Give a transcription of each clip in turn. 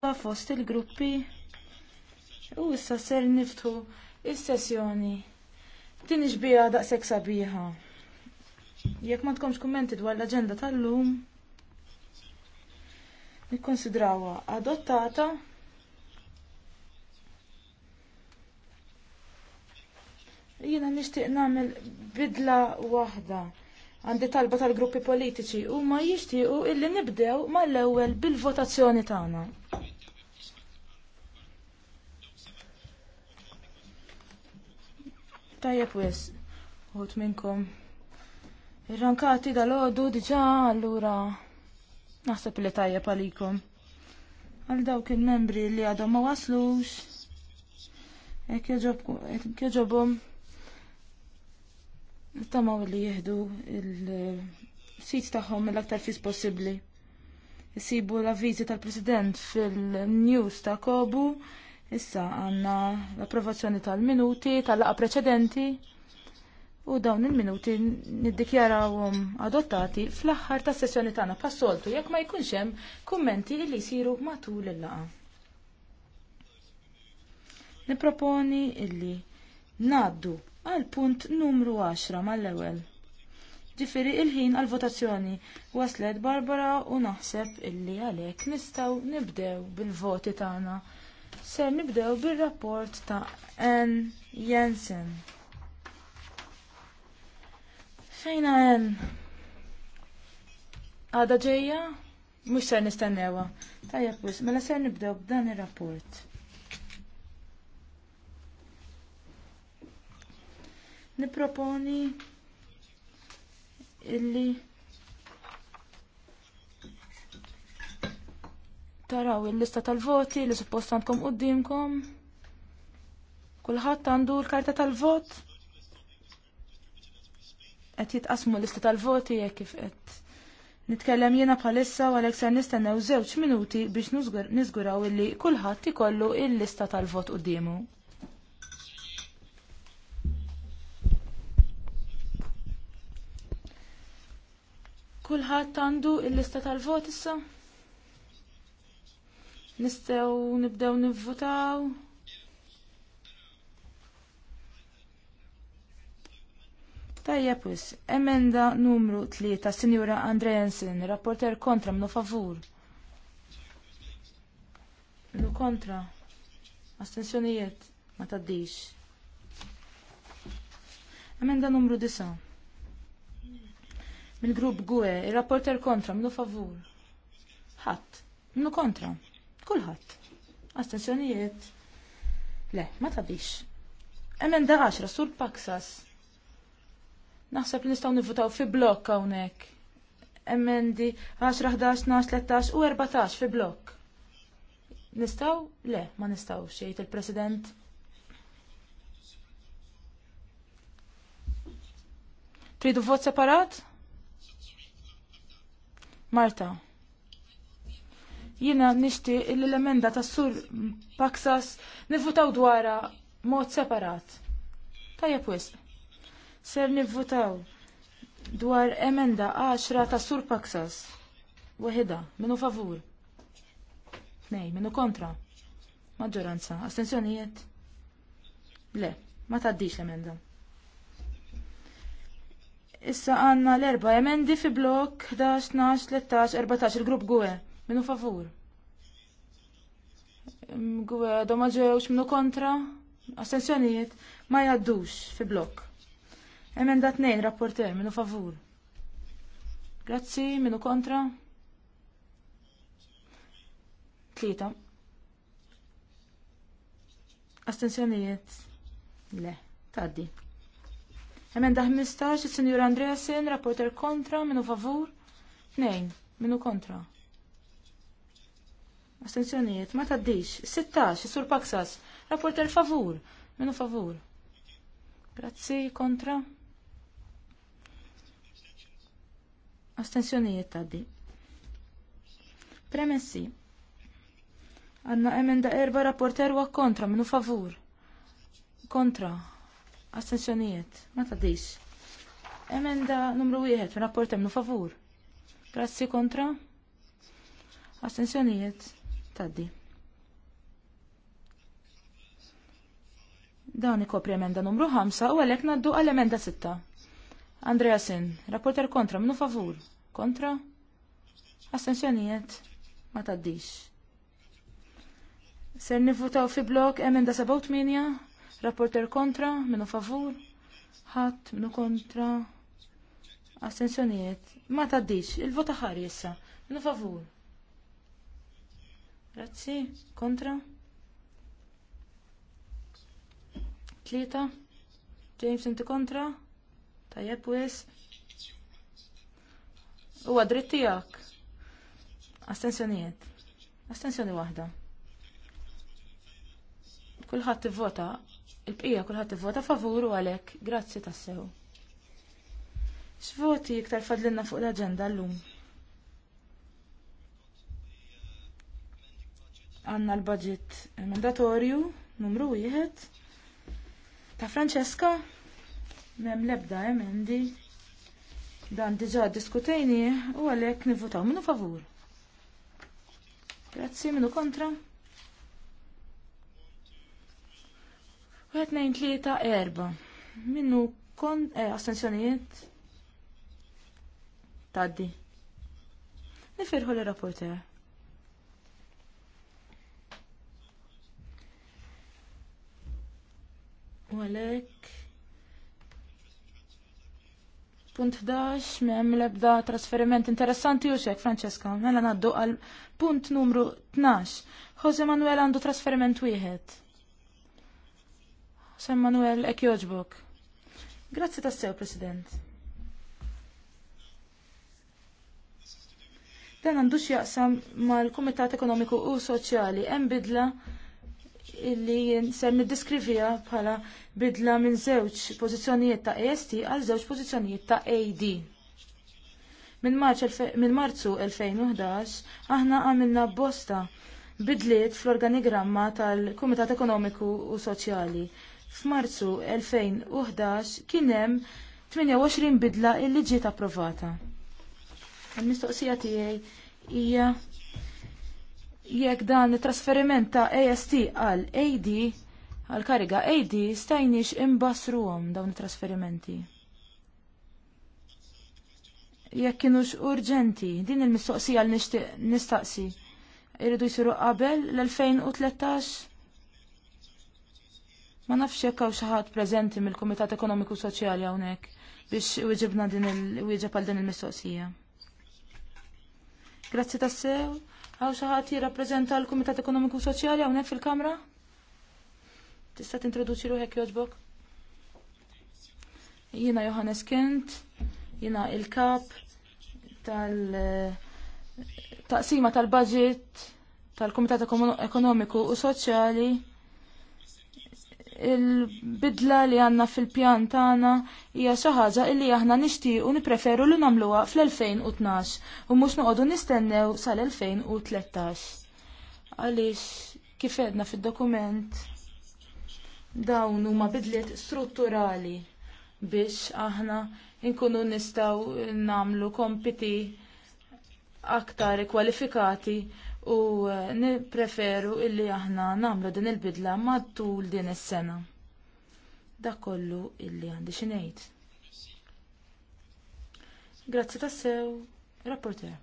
fost il-gruppi u issa ser niftu il-sessjoni din iġbija daqsek sabiħa. Jekk ma tkomx kummenti dwar l-agenda tal-lum, nikkonsidrawha adottata jiena nixtieq nagħmel bidla waħda għandi talba tal-gruppi politiċi u ma jixtiequ illi nibdew mal-ewwel bil-votazzjoni tagħna. Tajjeb wis, uħut minnkom. Irrankati dal-ħodu diġa allura naħseb li tajjeb għalikom. Għal dawk il-membri li għadhom ma waslux, ek joġobom tamaw li jihdu il-sit taħħom mill-aktar fis possibli. Sibu l-avvizi tal-President fil-news ta' Kobu Issa għanna l-approvazzjoni tal-minuti, tal-laqa preċedenti u dawn il-minuti niddikjarawhom adottati fl-aħħar ta' sessjoni tagħna passoltu jekk ma jkunx hemm kummenti li jsiru matul il-laqa. Niproponi illi ngħaddu għal punt numru 10 mal-ewwel. Ġifieri il-ħin għal votazzjoni waslet Barbara u naħseb illi għalhekk nistgħu nibdew bil-voti tagħna. Ser nibdew bir-rapport ta' N. Jensen. Fejna N? Għada ġeja? Mux ser nistennewa. Tajjeb mela ser nibdew b'dan ir-rapport. Niproponi illi taraw il-lista tal-voti li suppost għandkom qudiemkom. Kulħadd għandu l-karta tal-vot. Qed jitqasmu l-lista tal-voti jekk kif qed. Nitkellem jiena bħalissa u għalhekk se nistennew żewġ minuti biex niżguraw illi kulħadd ikollu l-lista tal-vot qudiemu. Kulħadd għandu l-lista tal-vot issa? Nistgħu nibdew nivvutaw. Tajja pus, emenda numru 3, Sinjura Andrejensen, rapporter kontra, mnu favur. Mnu kontra, astensjonijiet, ma taddix. Emenda numru 9. Mil-grupp GUE, rapporter kontra, mnu favur. Ħadd, mnu kontra. Kulħadd. Astensjonijiet? Le, ma tadix. Emenda 10, sur paksas. Naħseb li nistgħu nivutaw fi blokk hawnhekk. Emendi 10, 11, 12, 13 u 14 fi blokk. Nistaw? Le, ma nistaw xejt il-President. Tridu vot separat? Marta. Jiena nixtieq li l-emenda tas sur Paksas nifutaw dwarha mod separat. Tajja wisq. Ser nifutaw dwar emenda 10 tas sur Paksas. Weħida, minu favur. Nej, minu kontra. Maġġoranza, astensjonijiet? Le, ma taddix l-emenda. Issa għanna l-erba emendi fi blok 11, 12, 13, 14, il-grupp gwe. Minu favur. Gweda ma ġewx minu kontra. Astensjonijiet ma jaddux fi blok. Emenda nejn, rapporter minu favur. Grazzi, minu kontra. Tlieta. Astensjonijiet. Le, taddi. Emenda 15, il-Sinjur Andreasen, rapporter kontra, minu favur. Nejn, minu kontra. Astenzjonijiet, ma taddix. 16, sur paksas. Rapporter favur. Minu favur. Grazzi, kontra. Astenzjonijiet taddi. Premessi. Għanna emenda erba rapporter wa kontra, minu favur. Kontra. Astenzjonijiet, ma taddix. Emenda numru 1, rapporter minu favur. Grazzi, kontra. Astenzjonijiet, Taddi. Dan ikopri emenda numru 5 u għalek naddu għal emenda 6. Andrea Sin, rapporter kontra, minu favur. Kontra? Astensjonijiet? Ma taddix. Ser nivutaw fi blok emenda 78, rapporter kontra, minu favur. Ħadd minu kontra. Astensjonijiet? Ma taddix, il-vota ħari jissa. Minu favur. Grazzi. Kontra. Tlieta. James, inti kontra? Tajjeb wis. Huwa dritt tiegħek. Astensjonijiet. Astensjoni waħda. Kulħadd vota il-bqija kulħadd vota favur u għalhekk. Grazzi tassew. X'voti iktar fadlinna fuq l-aġenda llum? għanna l-budget mandatorju numru wieħed ta' Francesca nem lebda emendi dan diġa diskutejni u għalek nivvotaw minu favur. Grazzi minu kontra. U għet nejn tlieta erba. Minnu kon eh, astensjonijiet taddi. Nifirħu l-rapporter. U Punt 11, mem lebda trasferiment interessanti u xek, Francesca, mela naddu għal punt numru 12. Jose Manuel għandu trasferiment wieħed. Jose Manuel, ek joġbok. Grazzi tassew, President. Dan għandu jaqsam mal-Kumitat Ekonomiku u Soċjali, hemm bidla illi sem niddiskrivija bħala bidla minn żewġ pożizzjonijiet ta' AST e għal żewġ pożizzjonijiet ta' AD. Minn Marzu 2011 aħna għamilna bosta bidliet fl-organigramma tal-Kumitat Ekonomiku u Soċjali. F'Marzu 2011 kien hemm 28 bidla illi ġiet approvata. Il-mistoqsija tiegħi hija jekk dan it-trasferiment ta' AST għal AD għal kariga AD stajniex imbasruhom dawn it-trasferimenti. Jekk kienux urġenti, din il-mistoqsija l nistaqsi. Iridu jsiru qabel l-2013? Ma nafx jekk hawn xi ħadd preżenti mill-Kumitat Ekonomiku Soċjali hawnhekk biex wieġibna din il-wieġeb għal din il-mistoqsija. Grazzi tassew. Għaw xaħat jirrapprezenta l-Komitat Ekonomiku Soċjali għawnek fil-Kamra? Tista' tintroduċi ruħek joġbok? Jina Johannes Kent, jina il-kap tal-taqsima eh, tal-budget tal-Komitat Ekonomiku u Soċjali il-bidla li għanna fil-pjan tagħna hija xi ħaġa li aħna nixtiequ nippreferu li nagħmluha fl-2012 u mhux noqogħdu nistennew sal-2013. Għaliex kif edna fid-dokument dawn huma bidliet strutturali biex aħna nkunu nistgħu nagħmlu kompiti aktar kwalifikati u eh, nipreferu illi aħna nagħmlu din il-bidla matul din is-sena. Dak kollu illi għandi xi ngħid. Grazzi tassew, rapporter.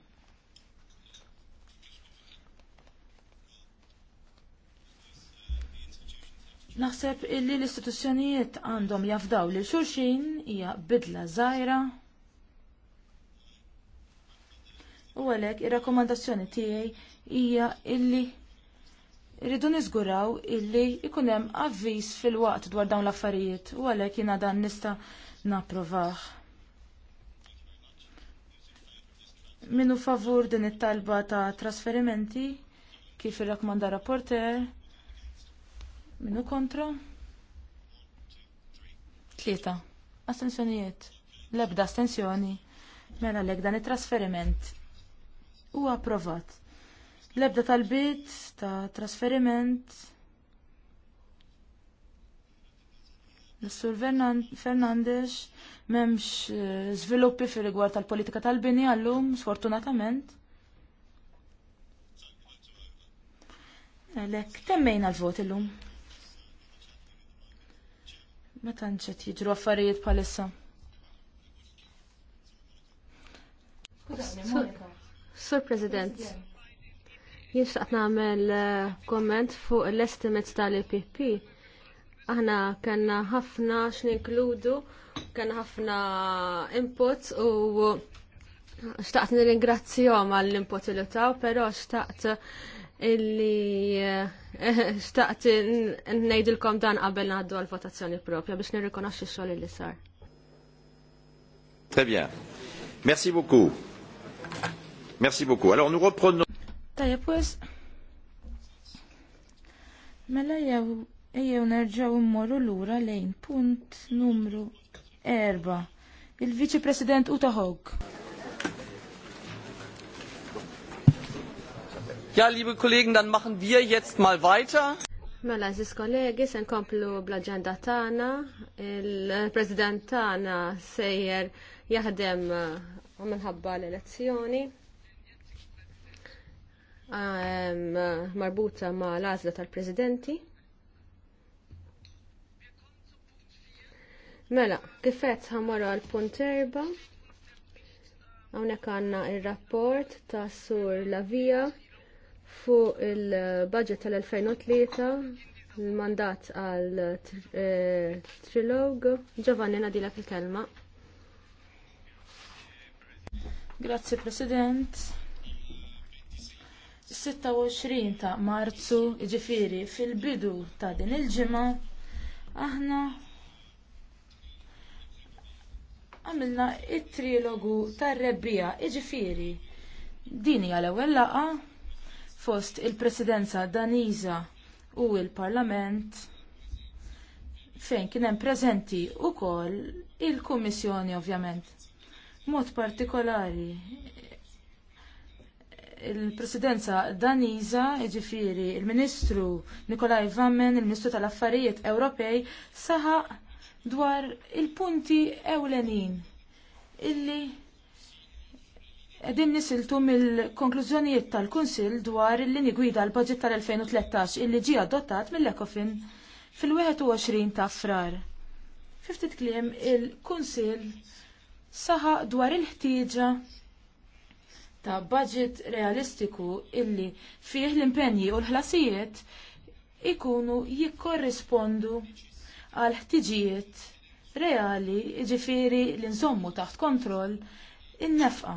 Naħseb illi l-istituzzjonijiet għandhom jafdaw li xulxin hija bidla żgħira. U għalhekk ir-rakkomandazzjoni tiegħi hija illi rridu niżguraw illi ikun hemm avviż fil-waqt dwar dawn l-affarijiet u għalhekk jiena dan nista' napprovah. Minu favur din it-talba ta' trasferimenti kif irrakmanda rapporter minu kontra tlieta astensjonijiet l-ebda astensjoni mela lek dan it-trasferiment huwa approvat l-ebda tal-bit ta' trasferiment. Mr. Fernandez memx eh, sviluppi fil rigward tal-politika tal-bini għallum, sfortunatament. Lek, temmejna l-vot illum. Meta nċet jiġru affarijiet palissa. Sur President. Jien xtaqt nagħmel eh, komment fuq l-estimates tal-IPP. Aħna kellna ħafna x'ninkludu, kellna ħafna inputs u xtaqt nirringrazzjahom għall input li taw, però xtaqt illi eh, xtaqt ngħidilkom dan qabel ngħaddu għall votazzjoni propja biex nirrikonoxxi x-xogħol li sar. Très bien. Merci beaucoup. Merci beaucoup. Alors nous reprenons Tajja pues, mela jew jew nerġaw immorru lura lejn punt numru erba' il-Viċi President Uta Hogg. Ja, liebe Kollegen, dann machen wir jetzt mal weiter. Mela, ziz kollegi, sen komplu bl-agenda tana, il-president tana sejjer jaħdem uh, minħabba l-elezzjoni marbuta ma' l-għażla tal-presidenti. Mela, kifet ħamara l-punt erba. Hawnhekk għandna ir-rapport ta' Sur Lavija fuq il-budget tal-2003 il-mandat għal eh, trilog. Giovanni nadilak il-kelma. Grazie President. 26 ta' marzu, jiġifieri fil-bidu ta' din il ġimgħa aħna għamilna t trilogu tar rebbija jiġifieri din hija l-ewwel laqgħa fost il-presidenza Daniża u l parlament fejn kien hemm preżenti wkoll il-Kummissjoni ovvjament. Mod partikolari il-presidenza Daniża, jiġifieri il-Ministru Nikolaj Vammen, il-Ministru tal-Affarijiet Ewropej, saħaq dwar il-punti ewlenin illi qegħdin nisiltu mill-konklużjonijiet tal-Kunsill dwar il-lini gwida l budget tal-2013 illi ġie adottat mill-Ekofin fil-21 ta' frar. Fiftit kliem il-Kunsill saħaq dwar il-ħtieġa ta' budget realistiku illi fih l-impenji u l-ħlasijiet ikunu jikkorrispondu għal ħtiġijiet reali jiġifieri l insommu taħt kontroll in-nefqa.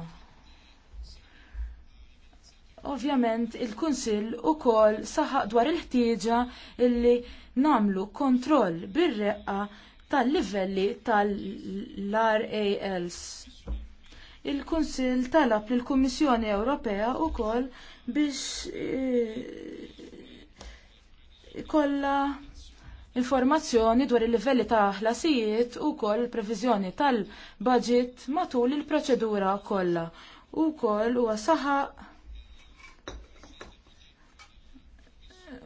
Ovvjament il-Kunsill ukoll saħaq dwar il-ħtieġa illi nagħmlu kontroll bir-reqqa tal-livelli tal-RALs il-Kunsill talab lill kummissjoni Ewropea wkoll biex eh, kollha informazzjoni dwar il-livelli ta' ħlasijiet u koll previżjoni tal-budget matul il-proċedura kollha. U koll huwa saħaq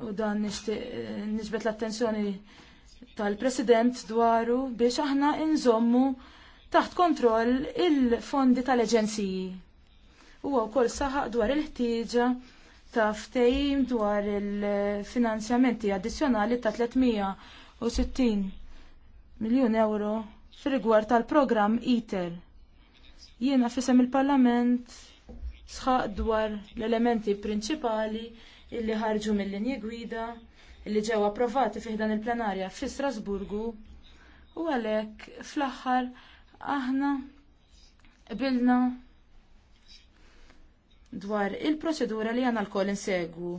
u dan nisbet eh, l-attenzjoni tal-President dwaru biex aħna inżommu taħt kontroll il-fondi tal-eġenziji. Huwa wkoll saħaq dwar il-ħtieġa ta' ftehim dwar il-finanzjamenti addizzjonali ta' 360 miljun euro fil rigward tal-programm ITER. Jiena fisem il-Parlament sħaq dwar l-elementi prinċipali illi ħarġu mill-linji gwida illi ġew approvati fih dan il-plenarja fi Strasburgu u għalhekk fl-aħħar aħna qbilna dwar il-proċedura li għana l-koll insegwu.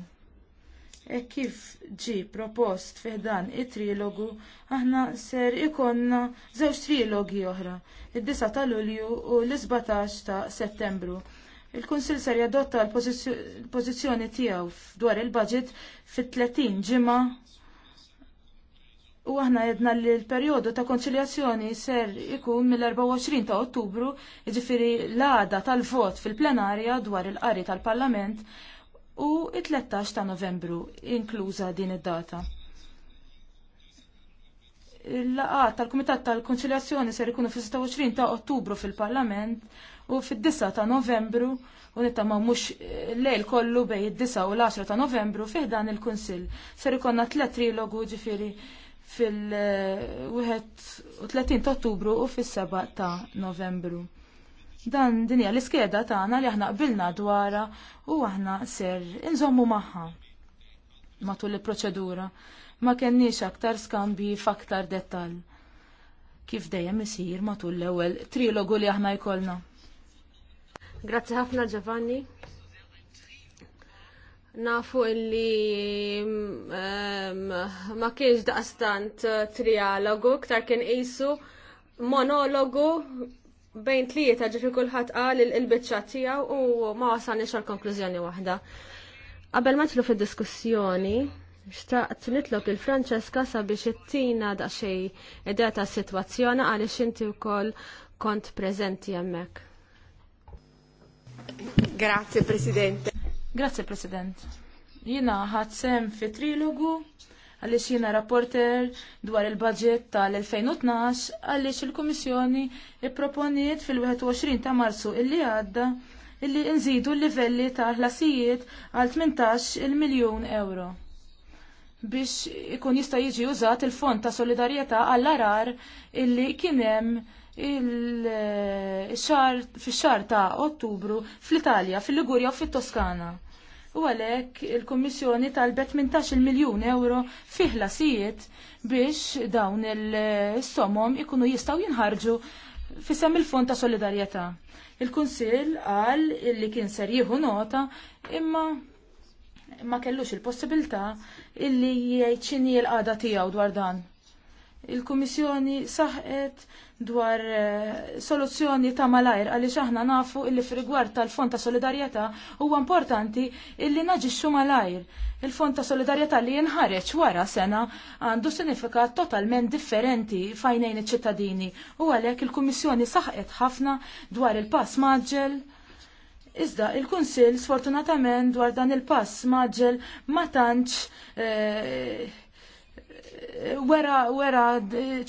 E kif ġi propost fiħdan it-trilogu, aħna ser ikonna żewġ trilogi oħra, id disa ta' Lulju u l-17 ta' Settembru. Il-Kunsil ser jadotta l-pożizzjoni tiegħu dwar il-budget fit-30 ġimgħa U aħna jedna li l-periodu ta' konċiljazzjoni ser ikun mill-24 ta' ottubru, ġifiri l-għada tal-vot fil-plenarja dwar il-qari tal-parlament u il-13 ta' novembru, inkluża din id-data. il għada tal-Kumitat tal-Konċiljazzjoni ser ikunu fil-26 ta' ottubru fil-Parlament u fil-9 ta' novembru u nittama mux lejl kollu bej id-9 u l-10 ta' novembru fiħdan il-Kunsill. Ser ikonna tlet trilogu ġifiri fil-31 ta' ottubru u fis-7 ta' novembru. Dan din hija l-iskeda tagħna li aħna qbilna dwarha u aħna ser inżommu magħha matul il-proċedura ma kenniex aktar skambi f'aktar detall kif dejjem isir matul l-ewwel trilogu li aħna jkollna. Grazzi ħafna Giovanni nafu illi mm, ehm, ma kienx daqstant eh, trialogu, ktar kien isu monologu bejn tlieta ġifi kulħadd qal il-biċċa tiegħu u ma wasalniex għal konklużjoni waħda. Qabel ma tlu fid-diskussjoni, xtaqt nitlob il franċeska sabiex ittina daqsxejn idea ta' sitwazzjoni għaliex inti wkoll kont preżenti hemmhekk. Grazie Presidente. Grazzi, President. Jina ħadsem fi trilogu għalix jina rapporter dwar il-budget tal-2012 għalix il-Komissjoni i-proponiet fil-21 ta' marzu illi għadda illi nżidu l-livelli ta' ħlasijiet għal 18 il-miljon euro biex ikun jista' jiġi użat il-fond ta' solidarjetà għall-arar illi kienem il-xar fi eh, xar ta' Ottubru fl-Italja, fil-Ligurja u fit-Toskana u għalhekk il-Kummissjoni talbet 18 miljun euro fiħla sijiet biex dawn il-somom ikunu jistgħu jinħarġu fisem il-Fond ta' Solidarjetà. Il-Kunsill qal li kien ser jieħu nota imma ma kellux il-possibilità illi jgħid x'inhi l-qagħda tiegħu dwar dan. Il-Kummissjoni saħqet dwar eh, soluzzjoni ta' malajr għaliex aħna nafu illi f'rigward tal-Fond ta' Solidarjetà huwa importanti illi naġixxu malajr. Il-Fond ta' Solidarjetà li jinħareġ wara sena għandu sinifikat totalment differenti fajnejn iċ-ċittadini u għalhekk il-Kummissjoni saħqet ħafna dwar il-pass maġġel Iżda, il-Kunsil sfortunatament dwar dan il-pass maġġel ma tantx eh, wera wera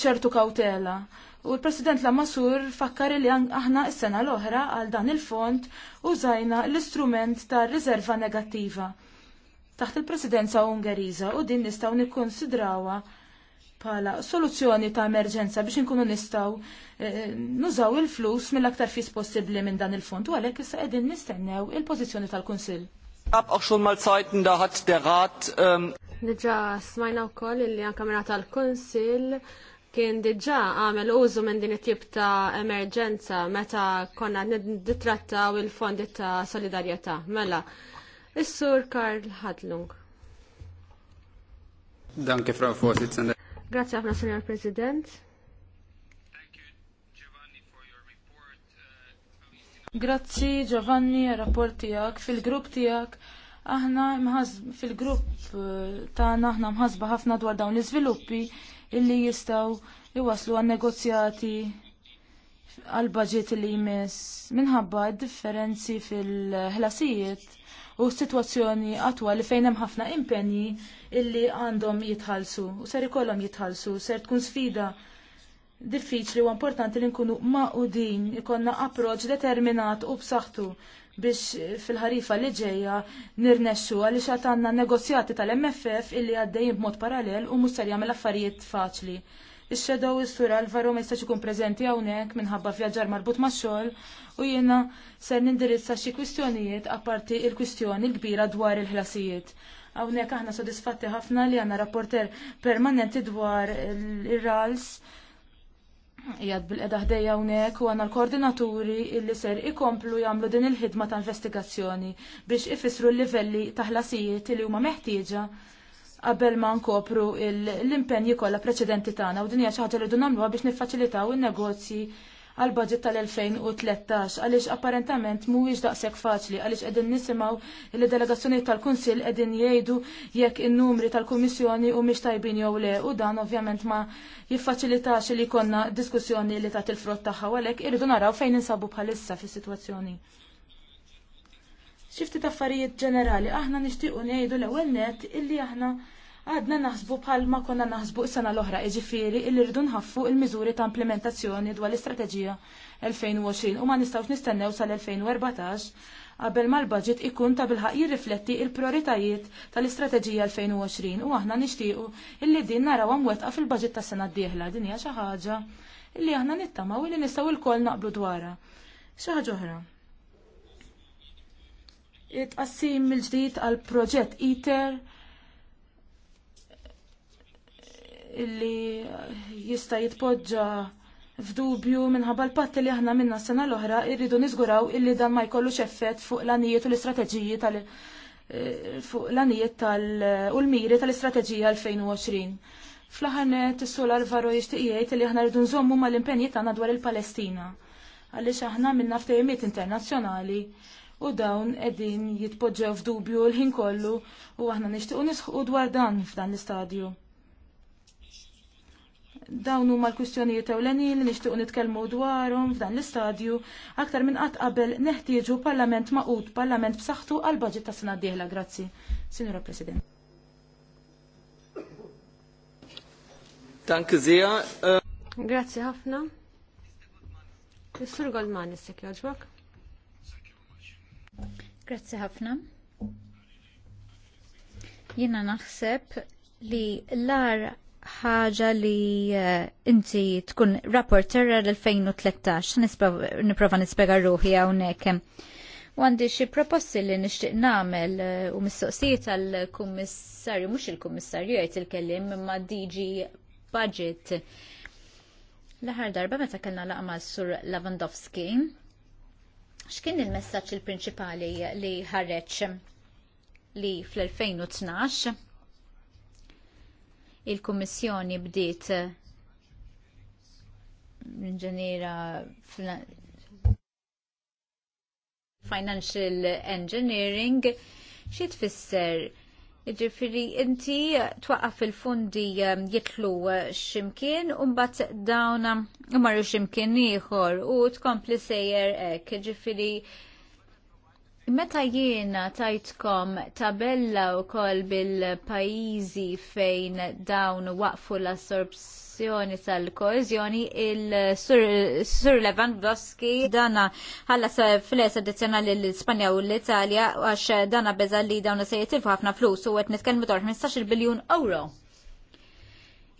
ċertu kautela. U l-President Lamassur fakkar li aħna s-sena l-oħra għal dan il-fond użajna l-istrument ta' riserva negattiva taħt il-Presidenza Ungeriża u din nistgħu nikkonsidrawha bħala soluzzjoni ta' emerġenza biex inkunu nistgħu eh, eh, nużaw il-flus mill-aktar fis possibbli minn dan il-fond u għalhekk issa qegħdin nistennew il-pożizzjoni tal-Kunsill. Gab auch schon mal Zeiten, da hat der Rat. Ähm, smajna wkoll li għan kamerata tal-Kunsill kien diġà għamel użu minn din it-tip ta' emerġenza meta konna nittrattaw il-fondi ta' solidarjetà. Mela, is-sur Karl Hadlung. Danke, Frau Vorsitzende. Grazie, Frau Signor President. Grazzi Giovanni, rapport tijak, fil-grupp tijak aħna fil-grupp eh, tagħna aħna mħasba ħafna dwar dawn l-iżviluppi illi jistaw iwaslu għan negozjati għal budget li jmiss minħabba differenzi fil-ħlasijiet u situazzjoni għatwa fejn hemm ħafna impenji illi għandhom jitħallsu u ser ikollhom jitħallsu ser tkun sfida diffiċli u importanti li nkunu maqudin ikonna approċ determinat u b'saħħtu biex fil-ħarifa li ġejja nirnexxu għaliex għad għandna negozjati tal-MFF illi għaddejjin b'mod parallel u mhux ser jagħmel affarijiet faċli. Ix-xedow is-sur Alvaro ma jistax ikun preżenti hawnhekk minħabba vjaġġar marbut max-xogħol u jiena ser nindirizza xi kwistjonijiet apparti l kwistjoni l-kbira dwar il-ħlasijiet. Hawnhekk aħna sodisfatti ħafna li għandna rapporter permanenti dwar ir-rals. il rals jgħad bil-qeda ħdejja hawnhekk u għandna l-koordinaturi illi ser ikomplu jagħmlu din il-ħidma ta' investigazzjoni biex ifissru l-livelli ta' ħlasijiet li huma meħtieġa qabel ma nkopru l-impenji kollha preċedenti tagħna u din hija xi ħaġa li nagħmluha biex niffaċilitaw in-negozji għal budget tal-2013 għaliex apparentament mhuwiex daqshekk faċli għaliex qegħdin nisimgħu li delegazzjoni tal-Kunsill qegħdin jgħidu jekk in-numri tal-Kummissjoni mhumiex tajbin jew le u dan ovvjament ma jiffaċilitax li jkollna diskussjoni li tagħti il-frott tagħha għalhekk irridu naraw fejn insabu bħalissa fis-sitwazzjoni xifti taffarijiet ġenerali, aħna nixtiequ ngħidu l-ewwel net illi aħna għadna naħsbu bħalma konna naħsbu s-sena l-oħra, iġifiri illi rridu nħaffu il-miżuri ta' implementazzjoni dwar l-istrateġija 2020 u ma nistawx nistennew sal-2014 qabel ma l-budget ikun ta' bilħaq jirrifletti il-prioritajiet tal-istrateġija 2020 u aħna nixtiequ illi din naraw wetqa fil-budget tas sena d-dieħla din hija xi ħaġa illi aħna u illi nistgħu lkoll naqblu dwarha. Xi ħaġa oħra. It-qassim il-ġdid għal proġett ITER illi jista' jitpoġġa f'dubju minħabba l-patti li aħna minna s-sena l-oħra irridu niżguraw illi dan ma jkollux effett fuq l-anijiet u l-istrateġiji tal- eh, fuq l-anijiet tal- u l-miri tal-istrateġija 2020. Fl-ħanet is-solar varo jixtieq jgħid li aħna rridu nżommu mal-impenji tagħna dwar il-Palestina għaliex aħna minna ftehimiet internazzjonali u dawn qegħdin jitpoġġew f'dubju l-ħin kollu u aħna nixtiequ nisħu dwar dan f'dan l-istadju dawn huma l-kwistjonijiet ewlenin li nixtiequ nitkellmu dwarhom f'dan l-istadju aktar minn qatt qabel neħtieġu parlament maqut, parlament b'saħħtu għal budget tas sena d-dieħla. Grazzi, Sinjura President. Danke zija. Äh, Grazzi ħafna. Mr. Goldman, issek joġbok. Grazzi ħafna. Jiena naħseb li l-ar ħaġa li eh, inti tkun rapporter l-2013, niprofa nispega ruħi għawnek. Għandi xie proposti li nishtiq namel eh, u mistoqsijiet għal-kummissarju, mux il-kummissarju għajt il-kellim ma DG Budget. L-ħar darba meta kellna laqma sur Lavandowski, x'kien il-messaġġ il-prinċipali li ħareġ li fl-2012 il-Kummissjoni bdiet eh, l inġeniera financial engineering xi tfisser Ġifiri, inti twaqqaf il-fundi eh, jitlu eh, ximkien un bat dawna marru ximkien ieħor u tkompli sejjer ek. Ġifiri, Meta jiena tajtkom tabella wkoll bil pajjiżi fejn dawn waqfu l-assorbzjoni tal-koezjoni, il-Sur Lewandowski dana ħalla fles addizzjonali l-Ispanja u l-Italja għax dana beza li dawn se jitilfu ħafna flus u għet nitkellmu dwar 15 biljun euro.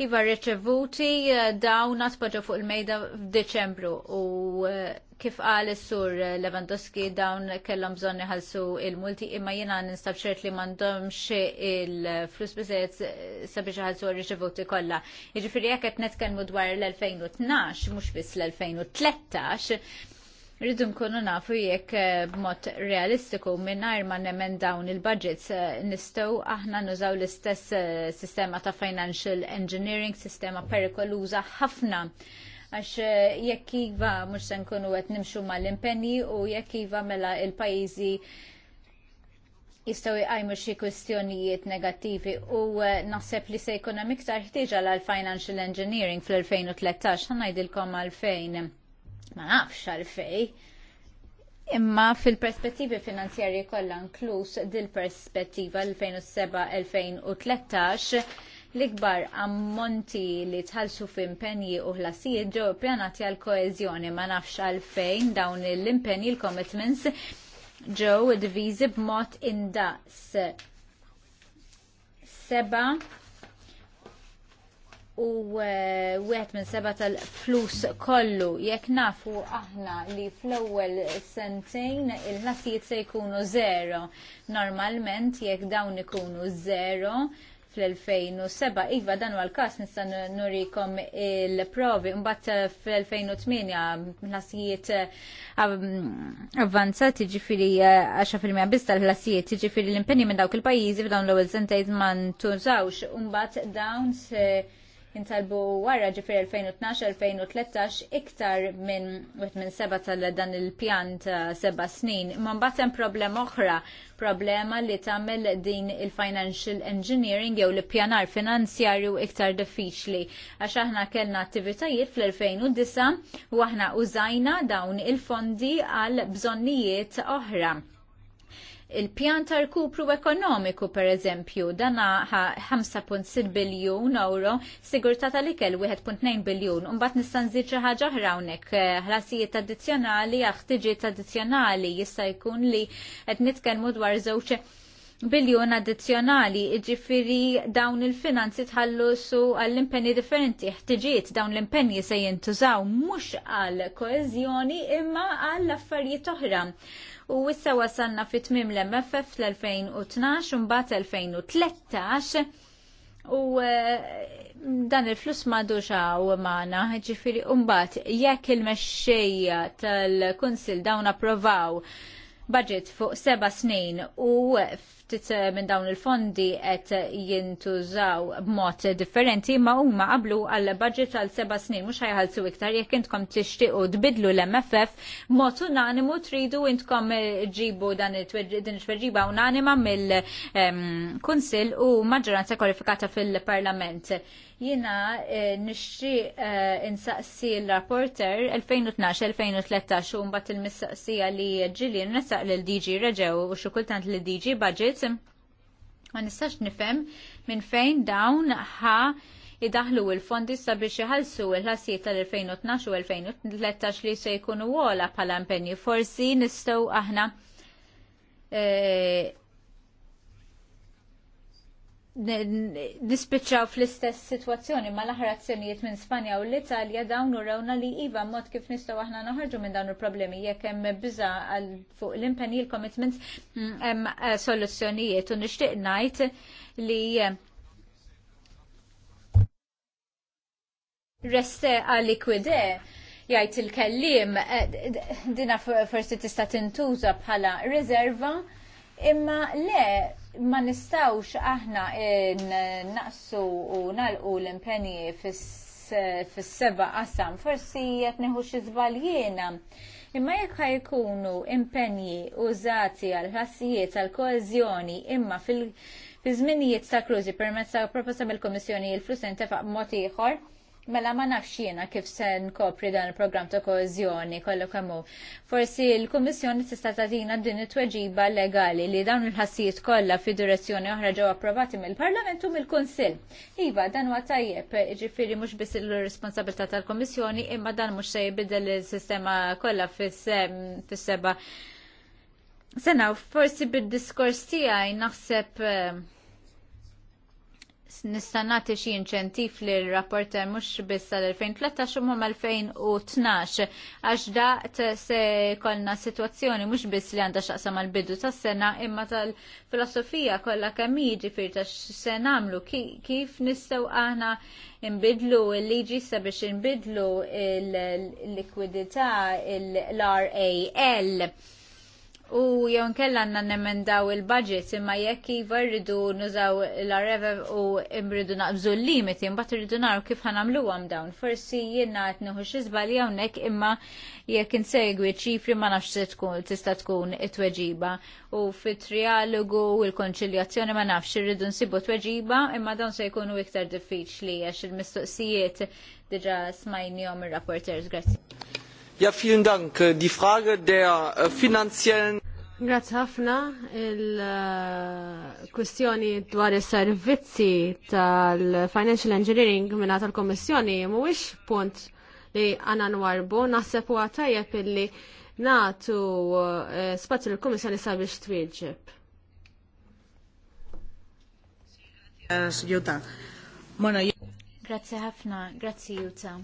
Iva reċevuti eh, dawn atpoġġa fuq il-mejda f'Deċembru u eh, kif għal sur Lewandowski dawn kellhom bżonn iħallsu il-multi imma jiena nistab ċert li m'għandhomx il-flus biżejjed eh, sabiex iħallsu r-riċevuti kollha. Jiġifieri jekk qed netkellmu dwar l-2012 mhux biss l-2013 Rridu nkunu nafu jekk eh, b'mod realistiku mingħajr ma nemendawn dawn il-budgets eh, nistgħu aħna nużaw l-istess eh, sistema ta' financial engineering, sistema perikoluża ħafna għax jekk iva mhux se nkunu qed nimxu mal-impenji u jekk iva mela il-pajjiżi jistgħu jqajmu xi kwistjonijiet negattivi u naħseb li se jkun hemm iktar ħtieġa l financial engineering fl-2013 ħanajdilkom għalfejn ma nafx għalfej. Imma fil-perspettivi finanzjarji kollha inkluż dil-perspettiva 2007-2013 l-ikbar ammonti li tħallsu f'impenji u ħlasijiet ġew pjanati għal koeżjoni ma nafx għalfejn dawn l-impenji l-commitments ġew divizi b'mod indaqs. Seba' u eh, wieħed minn seba tal-flus kollu jekk nafu aħna li fl-ewwel sentejn il-ħlasijiet se jkunu zero. Normalment jekk dawn ikunu zero fl-2007 iva dan huwa l-każ nista' nurikom il-provi mbagħad eh, fl-2008 ħlasijiet eh, avvanzati ġifieri 10% biss tal-ħlasijiet ġifieri l-impenni minn dawk il-pajjiżi f'dawn l-ewwel sentejn ma ntużawx u mbagħad dawn se intalbu wara ġifri 2012-2013 iktar minn minn seba tal dan il-pjan ta' seba snin. Man batem problema oħra, problema li tamel din il-financial engineering jew l-pjanar finanzjarju iktar diffiċli. Għax aħna kellna attivitajiet fl-2009 u aħna użajna dawn il-fondi għal bżonnijiet oħra il-pjan ta' rkupru ekonomiku per eżempju, dana 5.6 biljun euro, sigurta tal-ikel 1.2 biljun, bat nistan zid xi ħaġa ħrawnek, eh, ħlasijiet addizzjonali, ħtiġiet addizzjonali jista' jkun li qed nitkellmu dwar żewġ biljon addizzjonali, iġifiri dawn il-finanzi su għall-impenni differenti, ħtiġiet dawn l-impenni se jintużaw mhux għall koezjoni imma għall affarijiet oħra u issa wasanna fit tmim l-MFF l-2012 un bat 2013 u eh, dan il-flus madu xaw maħna ġifiri un bat jekk il mexxija tal-Kunsil dawn approvaw budget fuq seba snin u ftit eh, minn dawn il-fondi qed jintużaw b'mod differenti ma huma qablu għal budget għal seba' snin mhux ħajħalsu iktar jekk intkom tixtiequ tbidlu l-MFF mod unanimu tridu intkom eh, ġibu dan din it-tweġiba unanima mill-Kunsill ehm, u maġġoranza kwalifikata fil-Parlament jina eh, nixtri nixri insaqsi l-rapporter 2012-2013 u mbagħad il-missaqsija li ġili nessaq l-DG reġew u xukultant l-DG budget tal ma nistax nifhem minn fejn dawn ħa idaħlu il-fondi sabiex iħallsu il-ħassijiet tal-2012 u 2013 li se jkunu għola pal-ampenju. Forsi nistgħu aħna eh, nispiċċaw fl-istess situazzjoni ma l-aħħar azzjonijiet minn Spanja u l-Italja dawn urawna li iva mod kif nistgħu aħna naħarġu minn dawn il-problemi jekk hemm biża fuq l-impenji l-commitments mm, hemm eh, soluzzjonijiet u nixtieq ngħid li eh, reste liquide jgħid il-kellim eh, dina forsi tista' tintuża bħala riserva Imma le, ma nistawx aħna naqsu u nalqu l-impenji fis-seba qasam, forsi qed neħu xi żbaljiena. Imma jekk jkunu impenji użati għal ħassijiet għal koeżjoni imma fil-żminijiet ta' kruzi permezz ta' proposta mill-Kummissjoni il-flus intefaq mod ieħor, Mela ma nafx jiena kif se nkopri dan il-programm ta' koeżjoni kollu kemmu. Forsi l-Kummissjoni tista' tagħtina din it-tweġiba legali li dawn il-ħassijiet kollha fi direzzjoni oħra ġew approvati mill-Parlament u mill-Kunsill. Iva, dan huwa tajjeb, jiġifieri mhux biss il-responsabilità tal-Kummissjoni, imma dan mhux se jbidel is-sistema kollha fis-seba. Sena, forsi bid-diskors tiegħi naħseb eh, nista' nagħti xi inċentiv li rapporter mhux biss tal-2013 imma mal-2012 għax daqt se jkollna sitwazzjoni mhux biss li għandha x'aqsam mal bidu tas-sena imma tal-filosofija kollha kemm fir ta' se nagħmlu kif nistgħu aħna nbidlu l-liġi sabiex inbidlu l-likwidità l-RAL U jew nkella għandna nemendaw il-budget imma jekk iva rridu nużaw l-areve u imridu naqbżu l-limiti imbagħad rridu naraw kif għam dawn. Forsi jien qed nieħu xi żbalja hawnhekk imma jekk insegwi ċifri ma nafx se tkun tista' tkun it-tweġiba. U fit-trialogu u l-konċiljazzjoni ma nafx rridu nsibu tweġiba imma dawn se jkunu iktar diffiċli għax il-mistoqsijiet diġà għom ir-rapporters. Grazie. Ja, vielen Dank. Die Frage der äh, finanziellen Grazie ħafna il-kwistjoni äh, dwar is-servizzi tal-Financial Engineering minna tal-Kommissjoni mhuwiex punt li għana nwarbu naħseb huwa tajjeb illi natu äh, spazju l-Kommissjoni sabiex twieġeb. Eh, grazie ħafna, grazie Juta.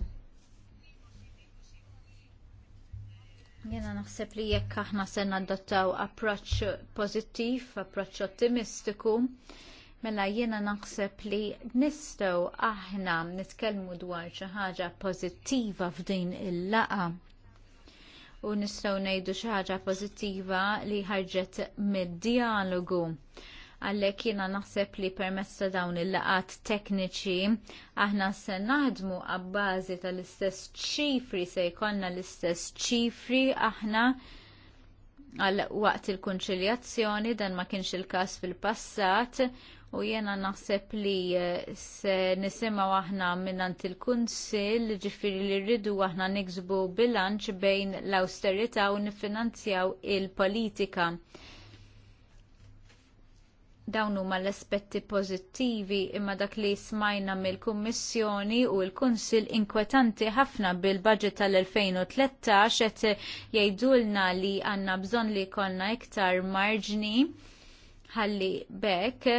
Jena naħseb li jekk aħna se nadottaw approċċ pożittiv, approċċ ottimistiku, mela jiena naħseb li nistgħu aħna nitkellmu dwar xi ħaġa pożittiva f'din il laqgħa U nistgħu ngħidu xi ħaġa pożittiva li ħarġet mid-dialogu għallek jina naħseb li permessa dawn il-laqat tekniċi aħna se naħdmu għabbażi tal-istess ċifri se jkollna l-istess ċifri aħna għal waqt il-konċiljazzjoni dan ma kienx il-kas fil-passat u jena naħseb li eh, se nisema aħna minnant il-kunsil ġifiri li rridu aħna nikzbu bilanċ bejn l-austerita u nifinanzjaw il-politika. il politika Dawn huma l-aspetti pożittivi imma dak li smajna mill-Kummissjoni u l-Kunsil inkwetanti ħafna bil-budget tal-2013 qed jgħidulna li għandna bżonn li jkollna iktar marġni ħalli bekk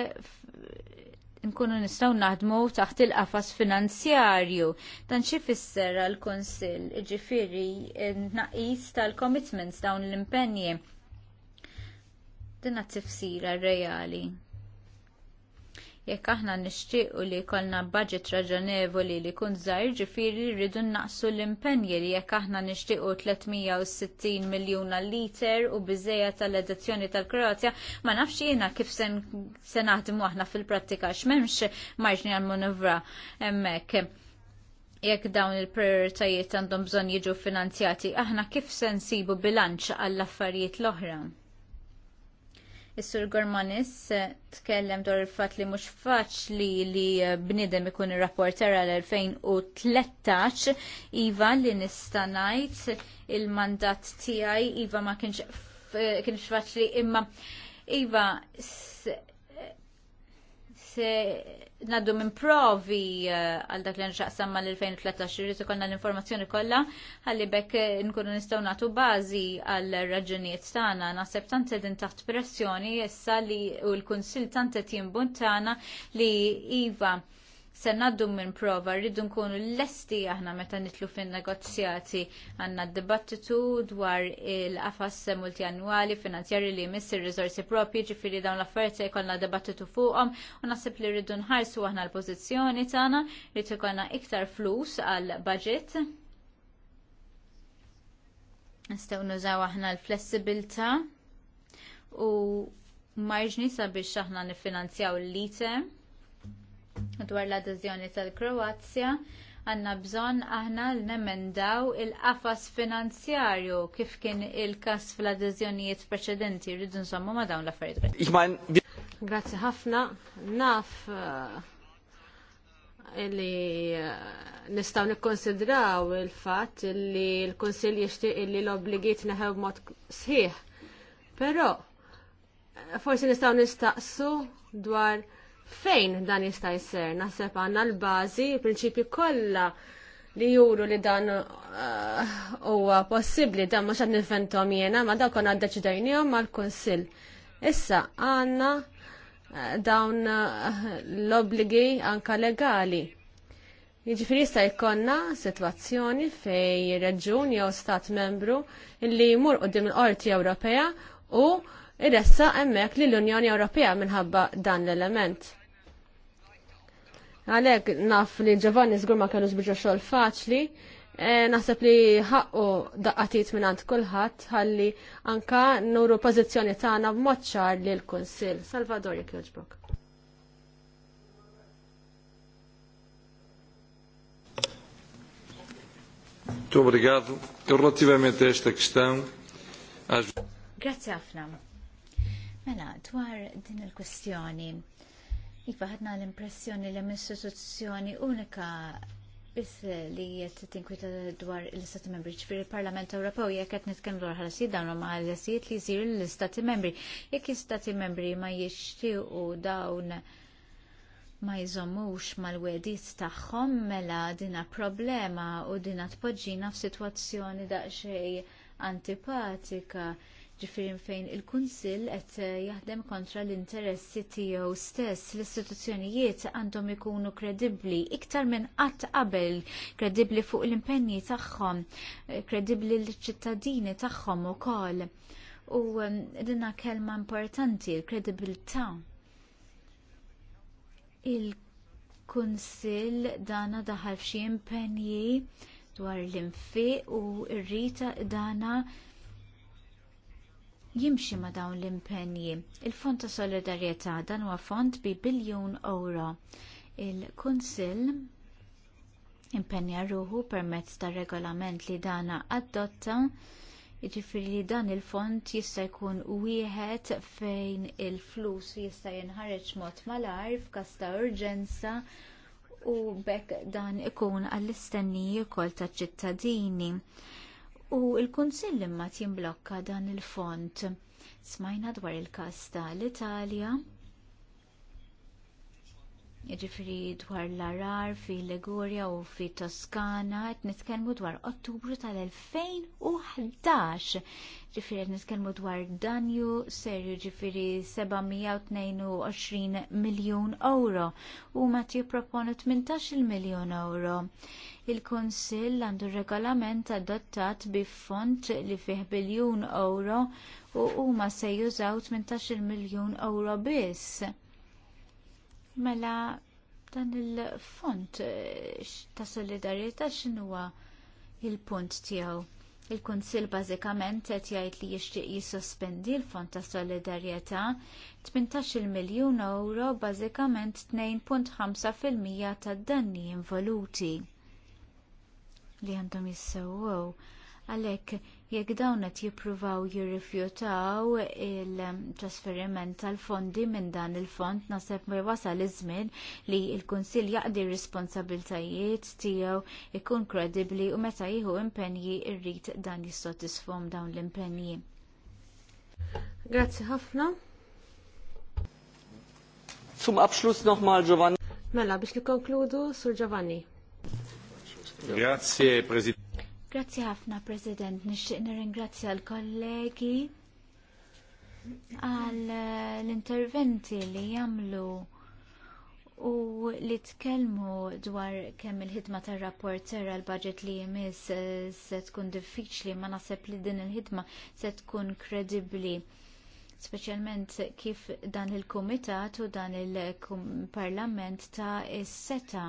nkunu nistgħu naħdmu taħt il-qafas finanzjarju. Dan xi fisser kunsill jiġifieri ġifiri naqis tal-commitments dawn l-impenji. Din tifsira reali. Jekk aħna nixtiequ li jkollna budget raġonevoli li jkun żgħir, ġifieri rridu naqsu l-impenji li jekk aħna nixtiequ 360 miljun liter u biżejja tal-edizzjoni tal-Kroatja, ma nafx jiena kif se naħdmu aħna fil-prattika x'memx marġni għal manovra hemmhekk jekk dawn il-prioritajiet għandhom bżonn jiġu finanzjati, aħna kif se nsibu bilanċ għall affarijiet l-oħra? Is-Sur Gormanis eh, tkellem dwar il-fatt li mhux faċli li eh, bnidem ikun ir-rapporter għal 2013 iva li nista' ngħid il-mandat tiegħi iva ma kienx eh, kienx faċli imma iva Eh, naddu minn provi eh, għal dak li nxaqsam mal-2013 irrid konna l-informazzjoni kollha ħalli bekk eh, nkunu nistgħu nagħtu bażi għal raġuniet tagħna. Naħseb tant din taħt pressjoni issa li u l-Kunsill tant qed jinbuntana li iva se naddu minn prova, rridu nkunu lesti aħna meta nitlu fin negozjati għanna dibattitu dwar il-qafas multiannuali finanzjari li jmiss il-rizorsi propri ġifiri dawn l-affarijiet se jkollna dibattitu fuqhom u naħseb li rridu nħarsu aħna l-pożizzjoni tagħna li ikollna iktar flus għal budget. Nistgħu nużaw aħna l-flessibilta u marġni sabiex aħna nifinanzjaw l-litem dwar l-adeżjoni tal-Kroazja għanna bżonn aħna l-nemendaw il-qafas finanzjarju kif kien il każ fl-adeżjonijiet preċedenti rridu nżommu ma dawn l-affarijiet. Mein... Grazzi ħafna. Naf eh, li eh, nistaw nikkonsidraw il-fatt li l-Konsil jishtiq li l-obligiet neħew mod sħiħ. Però eh, forsi nistaw nistaqsu dwar Fejn dan jista' jisser? Naħseb għandna l-bażi, l prinċipji kollha li juru li dan eh, huwa uh, possibbli dan mhux qed ninventom jiena, ma dawk konna ddeċidejnihom mal-Kunsill. Issa għandna eh, dawn eh, l-obligi anka legali. Jiġifieri jista' jkollna sitwazzjoni fej reġun jew stat membru li jmur qudiem il-Qorti Ewropea u irressa hemmhekk lill unjoni Ewropea minħabba dan l-element. Għalek naf li Giovanni zgur ma kellu zbiġa xogħol faċli, e, naħseb li ħaqqu daqqatit minn għand kulħadd ħalli anka nuru pożizzjoni tagħna b'moċċar ċar lil kunsill. Salvador jek joġbok. Muito obrigado. relativamente a esta questão. Grazie ħafna. Mela, dwar din il-kwestjoni, Iva ħadna l-impressjoni li hemm istituzzjoni unika biss li qed tinkwita dwar l-Istati Membri ġifieri il-Parlament Ewropew jekk qed nitkellmu dwar ħalasijiet dawn huma ħalasijiet li jsiru l-Istati Membri. Jekk l-Istati Membri ma jixtiequ dawn ma jżommux mal-wedit tagħhom mela dina problema u dina tpoġġina f'sitwazzjoni daqsxejn antipatika ġifirin fejn il-Kunsill qed eh, jaħdem kontra l-interessi tiegħu stess. L-istituzzjonijiet għandhom ikunu kredibbli iktar minn qatt qabel, kredibbli fuq l-impenni tagħhom, eh, kredibbli l-ċittadini tagħhom ukoll. U ehm, dinna kelma importanti, l-kredibilità. Il-Kunsill dana daħal f'xi impenji dwar l-infiq u r-rita dana jimxi ma dawn l-impenji. Il-Fond ta' Solidarjetà dan huwa fond bi biljun euro. Il-Kunsill impenja ruħu permezz tar regolament li dana adotta Jiġifieri li dan il-fond jista' jkun wieħed fejn il-flus jista' jinħareġ mod malajr f'każ ta' urġenza u bekk dan ikun għall-istenniji wkoll taċ ċittadini u l-Kunsill imma timblokka dan il-font. Smajna dwar il każ tal-Italja Jiġifieri dwar l-arar fi Liguria u fi Toskana, qed nitkellmu dwar Ottubru tal-2011. Ġifri għet nitkellmu dwar danju serju ġifri 722 miljun euro u ma proponu 18 miljun euro. Il-Kunsill għandu regolament adottat bi font li fih biljun euro u huma se jużaw 18 miljun euro biss Mela dan il-font eh, ta' solidarieta x'inhuwa il-punt tiegħu? Il-Kunsill bażikament qed jgħid li jixtieq jissospendi l-Fond ta' Solidarjetà 18 miljun euro bażikament 2.5% tad-danni involuti li għandhom jissewwew. Għalhekk jekk dawn qed jippruvaw jirrifjutaw il-trasferiment tal-fondi minn dan il-fond naħseb ma wasal iż-żmien li l-Kunsill jaqdi r responsabiltajiet tiegħu ikun kredibbli u meta jieħu impenji rrid dan jissodisfhom dawn l-impenji. Grazzi ħafna. Zum Abschluss nochmal Giovanni. Mela biex nikkonkludu Sur Giovanni. Grazie Presidente. Grazzi ħafna, President. Nixtieq nirringrazzja l-kollegi għal eh, l-interventi li jagħmlu u li tkellmu dwar kemm il-ħidma tar rapporter għal budget li jmiss eh, se tkun diffiċli ma naħseb li din il-ħidma se tkun kredibbli speċjalment kif dan il kumitat u dan il-Parlament ta' is-seta'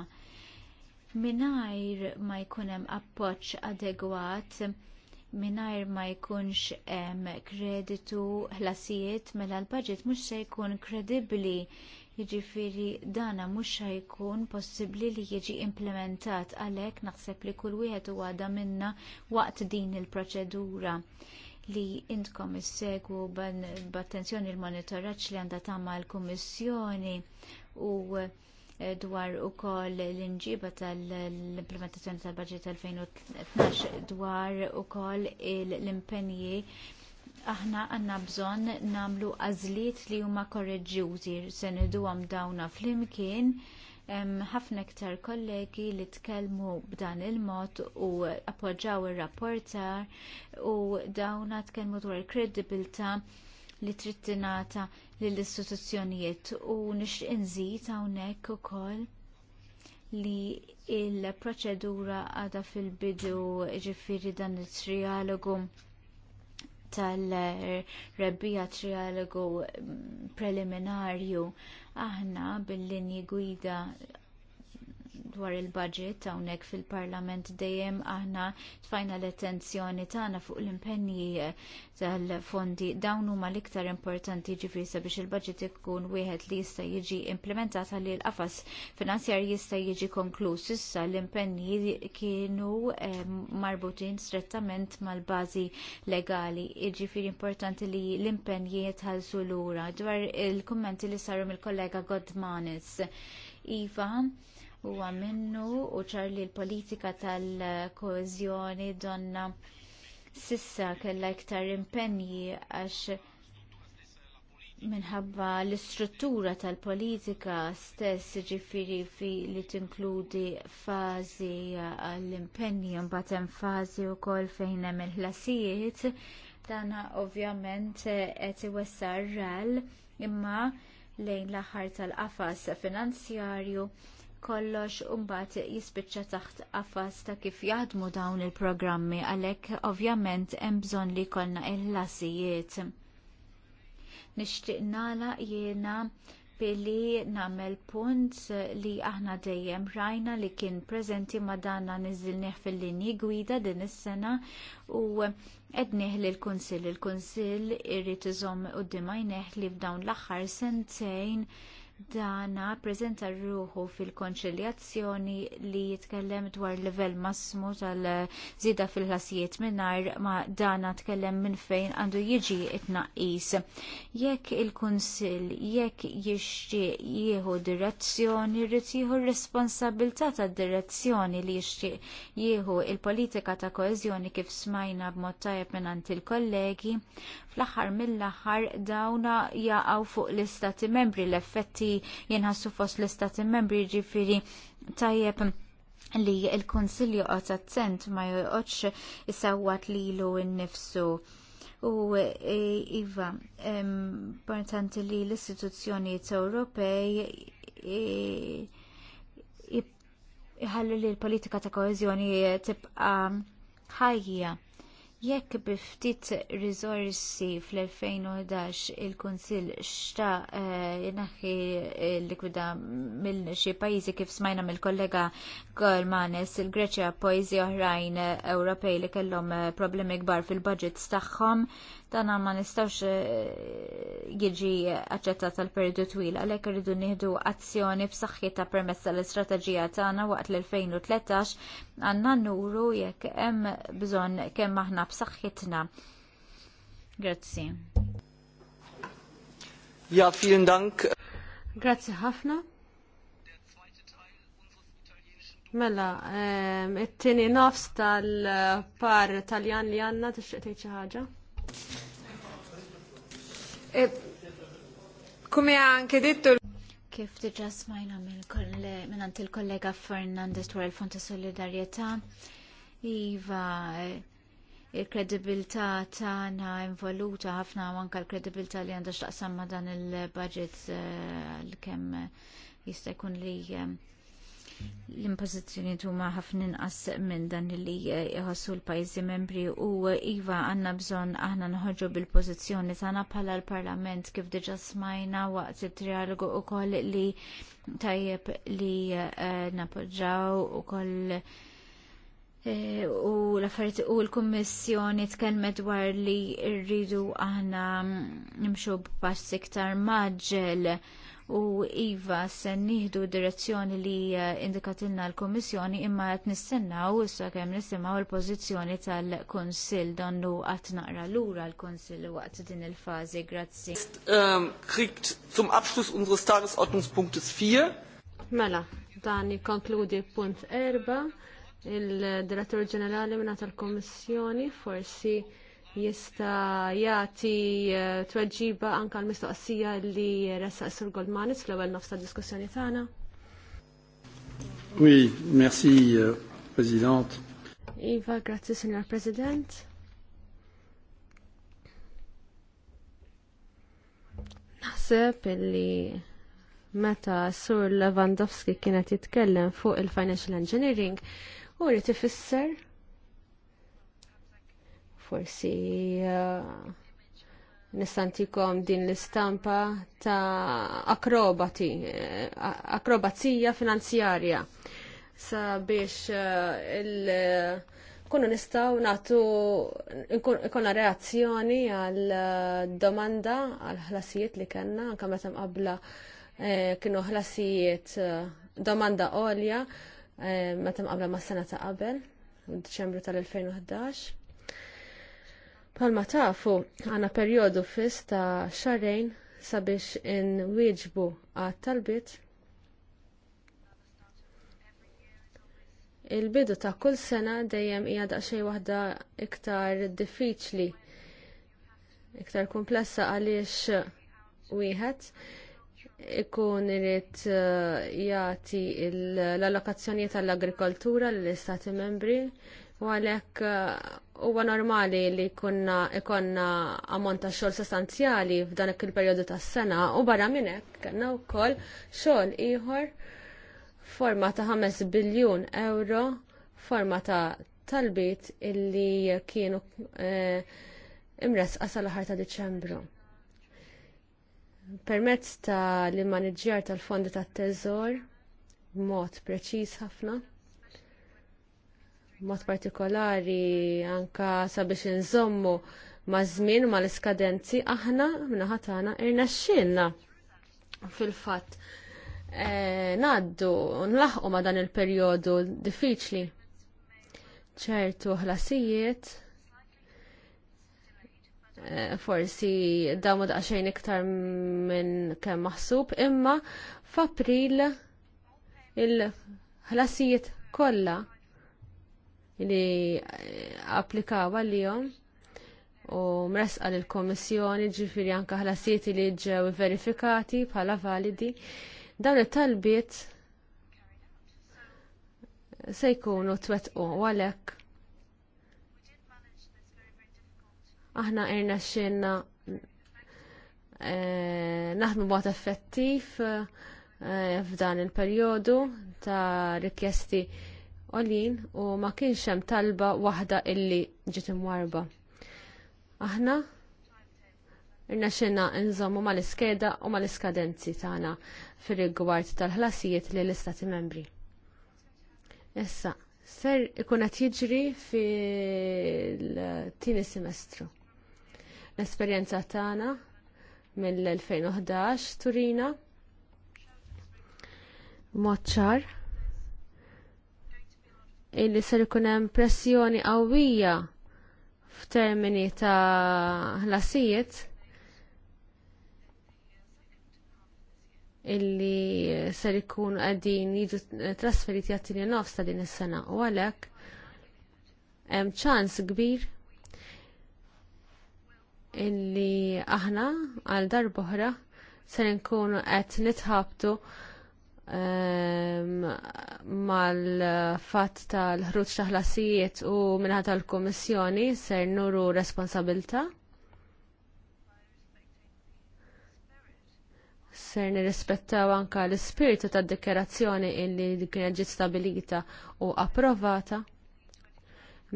Minajr ma jkun hemm appoġġ adegwat mingħajr ma jkunx hemm kreditu ħlasijiet mela l-budget mhux se jkun kredibbli jiġifieri dana mhux se jkun possibbli li jiġi implementat għalhekk naħseb li kull wieħed huwa minna waqt din il-proċedura li intkom issegwu b'attenzjoni l-monitoraġġ li għandha tagħmel l-Kummissjoni u Eh, dwar ukoll l-inġiba tal-implementazzjoni tal-budget 2012 dwar ukoll l-impenji aħna għandna bżonn nagħmlu għażliet li huma korreġjużi se għam dawna flimkien ħafna ktar kollegi li tkellmu b'dan il-mod u appoġġaw ir rapportar u dawna tkellmu dwar kredibilta li trid tingħata lill-istituzzjonijiet u nixtieq inżid hawnhekk ukoll li l proċedura għadha fil-bidu ġifiri dan it trialogu tal-rebbija trialogu preliminarju aħna bil-linji gwida dwar il-budget hawnhekk fil-Parlament dejjem aħna tfajna l-attenzjoni tagħna fuq l-impenji tal-fondi dawn huma l-iktar importanti ġifri sabiex il-budget ikun wieħed li jista' jiġi implementat għalli l-qafas finanzjar jista' jiġi konkluż issa l-impenji kienu eh, marbutin strettament mal-bażi legali. Jiġifieri importanti li l-impenji jitħallsu lura dwar il-kummenti li saru mill-kollega Godmanis. Iva, huwa minnu u ċarli l-politika tal-koezjoni donna sissa kellha iktar impenji għax minħabba l-istruttura tal-politika stess jiġifieri fi li tinkludi fażi għall-impenji mbagħad hemm fażi wkoll fejn hemm il-ħlasijiet dan ovvjament qed iwessar ral imma lejn l-aħħar tal-qafas finanzjarju kollox umbat jispiċċa taħt qafas ta' kif jaħdmu dawn il-programmi għalhekk ovvjament hemm bżonn li jkollna il-lasijiet. Nixtieq nagħlaq jiena billi nagħmel punt li aħna dejjem rajna li kien preżenti madana niżilnieh fil-linji gwida din is-sena u ednieh li l-Kunsill. Il-Kunsill jrid iżomm quddiem għajneh li f'dawn l-aħħar sentejn dana ppreżenta rruħu fil-konċiljazzjoni li jitkellem dwar livell massimu tal-żida fil-ħasijiet mingħajr ma dana tkellem minn fejn għandu jiġi it-tnaqqis. Jekk il-Kunsill jekk jixtieq jieħu direzzjoni jrid jieħu r-responsabilità tad-direzzjoni li jixtieq jieħu il-politika ta' koeżjoni kif smajna b'mod tajjeb mingħand il-kollegi fl-aħħar mill-aħħar dawna jaqgħu fuq l-istati membri l-effetti jenħassu fost l-istati membri ġifiri tajjeb li il-konsilju joqgħod attent ma joqgħodx isawwat lilu nnifsu. U e, Iva, importanti li l-istituzzjonijiet Ewropej e, jħallu li l-politika ta' koezjoni tibqa ħajja Jekk bi ftit riżorsi fl-2011 il-Kunsill xta eh, l likwida mill xi pajjiżi kif smajna mill-kollega manes, il-Greċja pajjiżi oħrajn Ewropej li kellhom eh, problemi kbar fil-budgets tagħhom dan ma nistgħux eh, jiġi aċċettat tal periodu twil għalhekk irridu nieħdu azzjoni b'saħħitha permezz tal-istrateġija tagħna waqt l-2013 għandna nuru jekk hemm bżonn kemm aħna b'saħħitna. Grazzi. Ja, vielen Dank. Grazzi ħafna. Mela, ehm, it-tini nofs tal-par taljan li għanna tixtieq tgħid xi ħaġa? E, Kumi anke dittu Kif diġa smajna minn il-kollega Fernandez dwar il-Fonti Solidarjetà, Iva, e, il-kredibilità tagħna involuta ħafna anke l-kredibilità li għandha x'taqsam dan il-budget e, l-kemm jista' jkun li l-impożizzjoni huma ħafna inqas minn dan li jħossu l-pajjiżi membri u iva għandna bżonn aħna nħoġġu bil-pożizzjoni tagħna bħala l-Parlament kif diġà smajna waqt it-trialogu ukoll li tajjeb li eh, napoġġaw ukoll eh, u l-affarijiet u l-Kummissjoni tkellmet dwar li rridu aħna nimxu b'pass iktar maġġel u Iva se nieħdu direzzjoni li eh, indikatilna l-Komissjoni imma qed nistennaw issa kemm nisimgħu l-pożizzjoni tal-Kunsill donnu għat naqra lura l-Kunsill waqt din il-fażi. Grazzi. Ähm, kriegt zum Abschluss unseres Tagesordnungspunktes 4. Mela, dan konkludi punt erba' il-Direttur Ġenerali minna tal-Komissjoni forsi jista jagħti eh, tweġiba anke l-mistoqsija li ressaq Sur Goldmanis fl-ewwel nofs tad-diskussjoni tagħna. Oui, merci, euh, President. Iva, grazzi, Signor President. Naħseb illi meta Sur Lewandowski kienet jitkellem fuq il-Financial Engineering, u rrit ifisser Forsi eh, nistantikom din l-istampa ta' akrobati, eh, akrobazija finanzjarja sabiex eh, il- kunu nistaw natu ikonna reazzjoni għal domanda għal ħlasijiet li kanna anka meta mqabla kienu ħlasijiet domanda għolja meta qabla ma' sena ta' qabel, Deċembru tal-2011. Palma tafu, għana periodu fis ta' xarrejn sabiex inwieġbu għat talbit il-bidu ta' kull sena dejjem hija daqsxejn waħda iktar diffiċli, iktar komplessa għaliex wieħed ikun irid eh, jagħti l-allokazzjonijiet għall agrikoltura lill istati membri U għalhekk eh, huwa normali li kunna ikonna ammonta ta' xogħol sostanzjali f'dan il-perjodu tas-sena u barra minn hekk kellna wkoll xogħol ieħor forma ta' 5 biljun euro forma ta' talbit illi kienu imres eh, imresqa sal-aħar ta' Diċembru. Permezz ta' l tal-fondi tat teżor b'mod preċiż ħafna mod partikolari anka sabiex inżommu ma' żmien ma' l-iskadenzi aħna minnaħat tagħna irnexxielna fil-fatt e, eh, naddu, nlaħqu ma' dan il-perjodu diffiċli. ċertu ħlasijiet eh, forsi dawn ma daqsxejn iktar minn kemm maħsub, imma f'April il-ħlasijiet kollha li eh, applikaw għalihom u mresqa l komissjoni ġifiri anka ħlasieti li ġew verifikati bħala validi. Dawn it-talbiet se jkunu twettqu għalhekk. Aħna irna xinna eh, naħdmu bħat effettiv eh, f'dan il-perjodu ta' rikjesti olin u ma kienx hemm talba waħda illi ġiet imwarba. Aħna xena nżommu mal-iskeda u mal-iskadenzi tagħna fir-rigward tal-ħlasijiet li l-istati membri. Issa, ser ikun qed jiġri fil-tieni semestru. L-esperjenza tagħna mill-2011 turina mod ċar illi ser ikun hemm pressjoni qawwija f'termini ta' ħlasijiet illi ser ikun qegħdin jiġu trasferiti għattini nofs ta' din is-sena u għalhekk hemm ċans kbir illi aħna għal darboħra ser nkunu qed nitħabtu Ehm, mal-fatt tal-ħruġ ta' ħlasijiet u minna tal-Komissjoni ser nuru responsabilta? Ser nirrispettaw anka l spiritu tad dikjerazzjoni illi kienet ġiet stabilita u approvata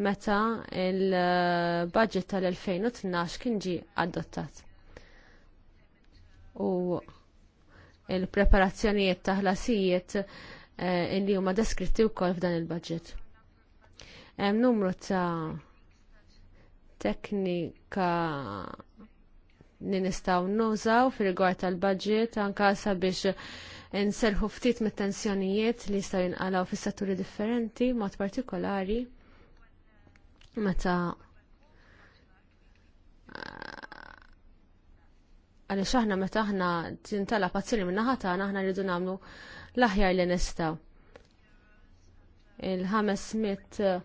meta il-budget tal-2012 kien ġie adottat. U il-preparazzjonijiet ta' ħlasijiet eh, illi huma deskritti wkoll f'dan il-budget. Hemm numru ta' teknika li nistgħu nużaw fir-rigward tal-budget anke sabiex inserħu ftit mit-tensjonijiet li jistgħu jinqalgħu fis-setturi differenti mod partikolari meta għaliex aħna meta aħna tintala pazzjoni minna ħatana aħna rridu nagħmlu l-aħjar li nistgħu. Il-500 eh,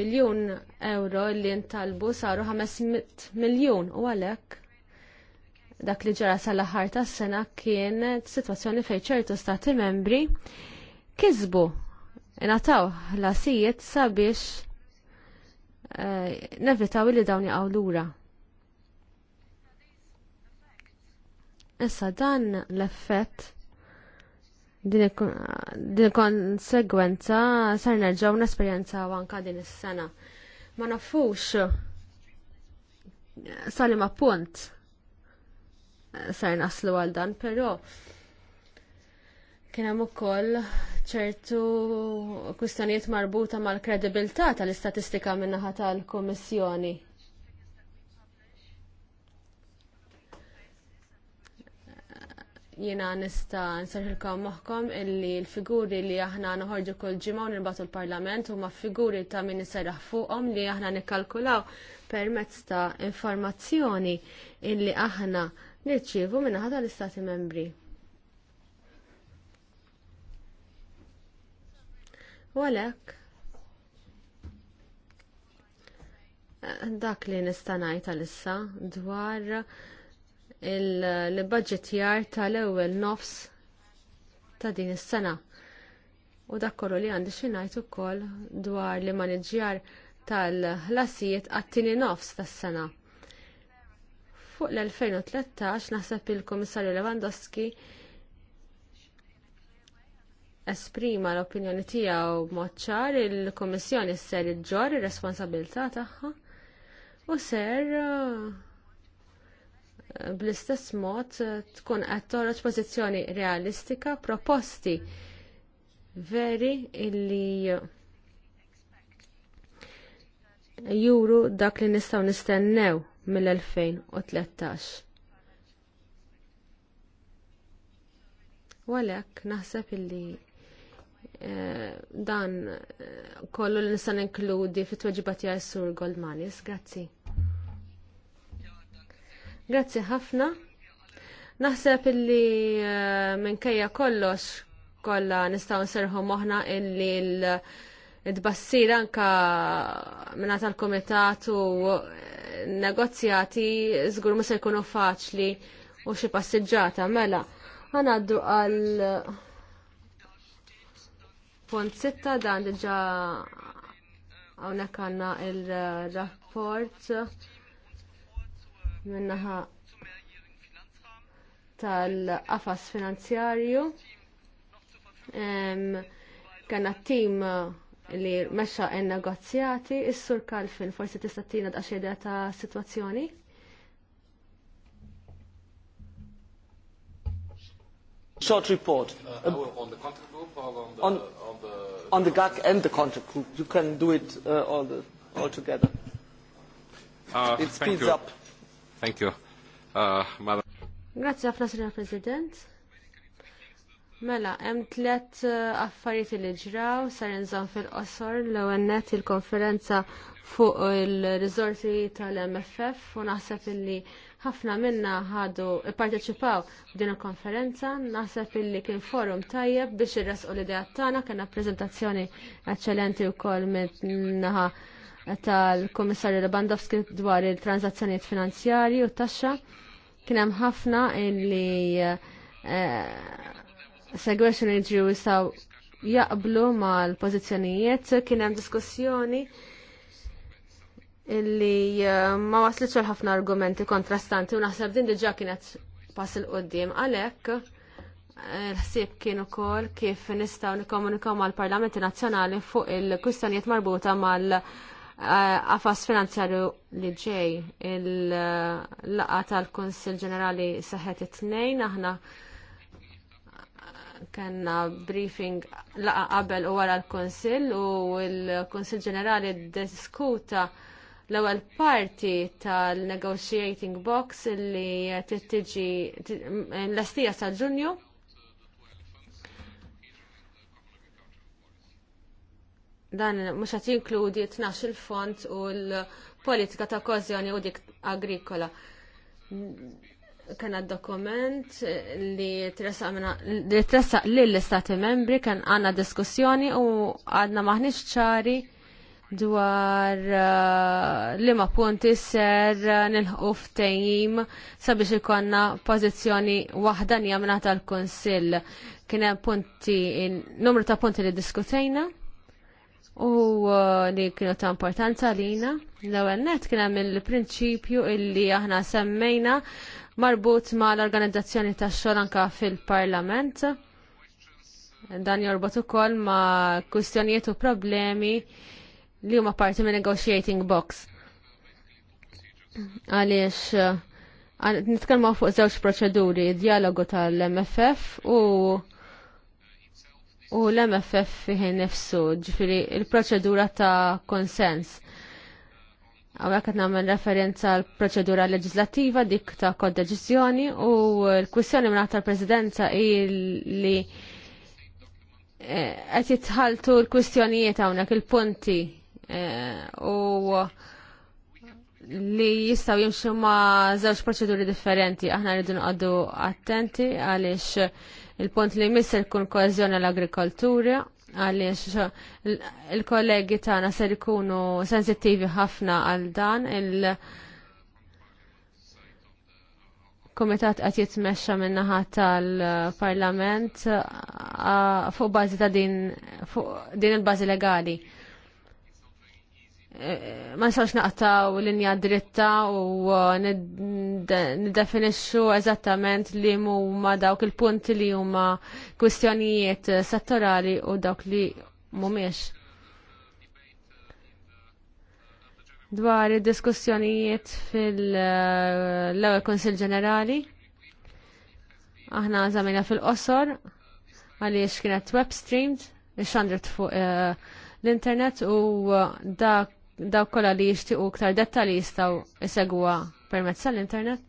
biljun euro li ntalbu saru 500 miljun u għalhekk dak li ġara sal-aħħar tas-sena kienet sitwazzjoni fejn ċertu stati membri kisbu ingħataw asijiet sabiex Eh, nevitaw li dawn jaqgħu lura. Issa dan l-effett din il konsegwenza sar nerġgħu nesperjenza anka din is-sena. Ma nafux sali ma punt eh, sar naslu għal dan, però kien hemm ukoll ċertu kwistjonijiet marbuta mal-kredibilità tal-istatistika minnaħa tal-Kummissjoni. Jiena nista nsarħilkom moħkom illi l-figuri li aħna noħorġu kull ġimgħa u nirbatu l-Parlament huma figuri ta' min nisserraħ fuqhom li aħna nikkalkulaw permezz ta' informazzjoni illi aħna nirċievu minnaħa tal-Istati Membri. U għalhekk dak li nista' ngħid għalissa dwar il jar tal-ewwel nofs ta' din is-sena. U dak kollu li għandi xi ngħid ukoll dwar li maniġjar tal-ħlasijiet għat-tieni nofs tas-sena. Fuq l-2013 naħseb il-Kummissarju Lewandowski esprima l-opinjoni tiegħu b'mod ċar il-Kummissjoni ser iġġor ir-responsabilità tagħha u ser eh, bl-istess mod tkun qed toħroġ pożizzjoni realistika, proposti veri illi juru dak li nistgħu nistennew mill-2013. U għalhekk naħseb illi Eh, dan eh, kollu li nista' inkludi fit-tweġibat jgħaj sur Goldmanis. Grazzi. Grazzi ħafna. Naħseb illi eh, minkejja kollox kollha nistgħu nserħu moħna illi l- id anka minna tal-komitat u negozjati zgur ma se jkunu faċli u xi passiġġata mela. Għanaddu għal pont sitta dan diġa għawnek għanna il-rapport minnaħa tal-qafas finanzjarju. Kanna tim li meċa il negozjati is-sur Kalfin, forsi tista' tina daqsxejda ta' situazzjoni? Short report. Uh, on the contact group or on the, on, on the... On the GAC and the contact group. You can do it uh, all, the, all together. Uh, it speeds you. up. Thank you. Uh, Grazie ħafna Sra President. Mela, hemm tliet uh, affarijiet li ġraw sar inżamm fil-qosor l net il-konferenza fuq il-riżorsi tal-MFF u naħseb illi ħafna minna ħadu parteċipaw f'din il-konferenza, naħseb illi kien forum tajjeb biex irresqu l-idea tagħna kena prezentazzjoni eċċellenti wkoll minnaħa tal-Komissarju Lewandowski dwar il-transazzjonijiet finanzjarji u taxxa. Kien hemm ħafna illi eh, il ġew jistgħu jaqblu mal-pożizzjonijiet, kien hemm diskussjoni illi eh, ma waslitx ħafna argumenti kontrastanti u naħseb din diġa kienet pass il qoddim għalhekk eh, l-ħsieb kien ukoll kif nistgħu nikkomunikaw mal-Parlamenti Nazzjonali fuq il-kwistjonijiet marbuta mal- għafas eh, finanzjarju li ġej il-laqa tal-Konsil Ġenerali saħet it-tnejn, aħna kanna briefing laqa qabel u wara l-Konsil u l-Konsil Ġenerali diskuta l-ewwel parti tal-negotiating box li tittiġi l-estija ta' ġunju. Dan mhux qed jinkludi tnax il-fond u l-politika ta' kozjoni u dik agrikola. Kena dokument li tressaq lill istati membri kien għandna diskussjoni u għadna maħniex ċari dwar uh, li ma punti ser eh, nilħu ftejim sabiex ikonna pożizzjoni waħda njamna tal konsil Kien hemm punti, numru ta' punti li diskutejna u uh, li kienu ta' importanza lina. L-ewwel net kien hemm il-prinċipju illi aħna semmejna marbut ma' l-organizzazzjoni tax-xogħol anke fil-Parlament dan jorbot ukoll ma' kwistjonijiet u problemi li huma parti minn negotiating box. Għaliex uh, nitkellmu fuq żewġ proċeduri, dialogu tal-MFF u u l-MFF fiħin nifsu, ġifiri il-proċedura ta' konsens. Għawek għet għamil referenza għal proċedura leġislativa dik ta' kod deċizjoni u l-kwissjoni minna tal-prezidenza li eh, għet jitħaltu l-kwistjonijiet għawnek il-punti Eh, u li jistaw jimxu ma' żewġ proċeduri differenti. Aħna rridu nqaddu attenti għaliex il-punt li jmisser kun koezjoni l-agrikoltura għaliex il-kollegi tagħna ser ikunu sensittivi ħafna għal dan il- Komitat qed jitmexxa min-naħa tal-Parlament fuq bażi ta' din fuq din il-bażi legali ma nsawx naqtaw linja dritta u uh, niddefinixxu eżattament li huma dawk il-punti li huma kwistjonijiet settorali u dawk li mhumiex. Dwar id-diskussjonijiet fil-ewwel uh, Kunsill Ġenerali. Aħna żamina fil-qosor għaliex kienet web streamed, ix fuq uh, l-internet u dak Dawk kolla li jishtiqu ktar dettali jistaw isegwa permezz tal-internet?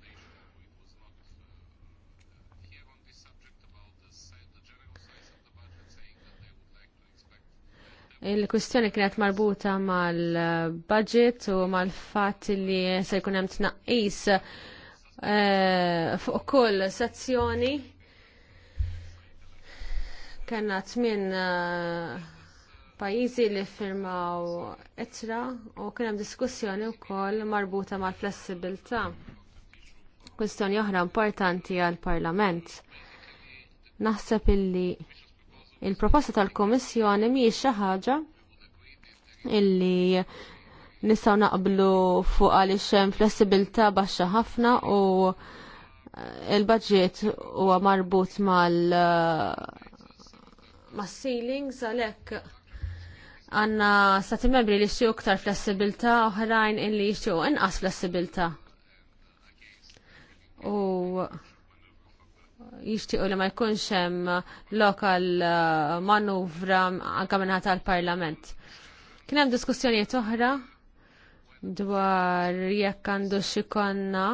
Il-kwistjoni kienet marbuta mal-budget u mal-fat li se jkun hemm tnaqqis eh, fuq kull sezzjoni. Kenna tmin uh, eh, pajjiżi li ffirmaw itra u kien hemm diskussjoni wkoll marbuta mal-flessibilità. Kwistjoni oħra importanti għall-Parlament. Naħseb illi il-proposta tal-Komissjoni mhijiex xi ħaġa illi nistgħu naqblu fuq għaliex hemm flessibilità baxxa ħafna u il-budget huwa marbut mal eh, ma ceilings għalhekk għanna stati membri li jistiju iktar flessibilta oħrajn in li xju inqas flessibilta. U jistiju li ma jkunx hemm lokal uh, manuvra anke minħat tal-Parlament. Kien hemm diskussjonijiet oħra dwar jekk għandu xikonna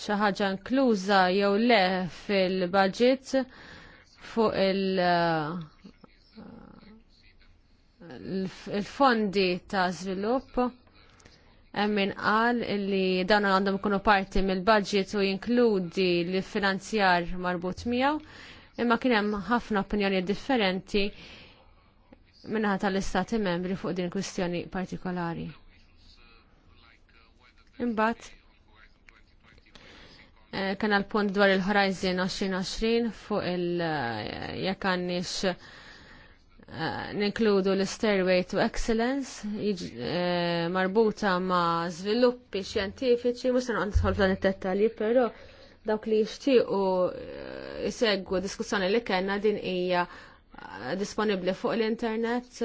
xi ħaġa inkluża jew le fil-budget fuq il- uh, il-fondi ta' svilupp min qal li dan għandhom ikunu parti mill-budget u jinkludi l-finanzjar marbut miegħu, imma kien hemm ħafna opinjoni differenti minnaħa tal-istati membri fuq din kwistjoni partikolari. Imbagħad eh, kien l-punt dwar il-Horizon 2020 fuq il-jekk eh, għandix Eh, ninkludu l-Stairway to Excellence eh, marbuta ma' sviluppi xjentifiċi, mhux se nidħol f'dan it tettalji però dawk li jixtiequ jisegwu eh, diskussjoni li kellna din hija disponibbli fuq l-internet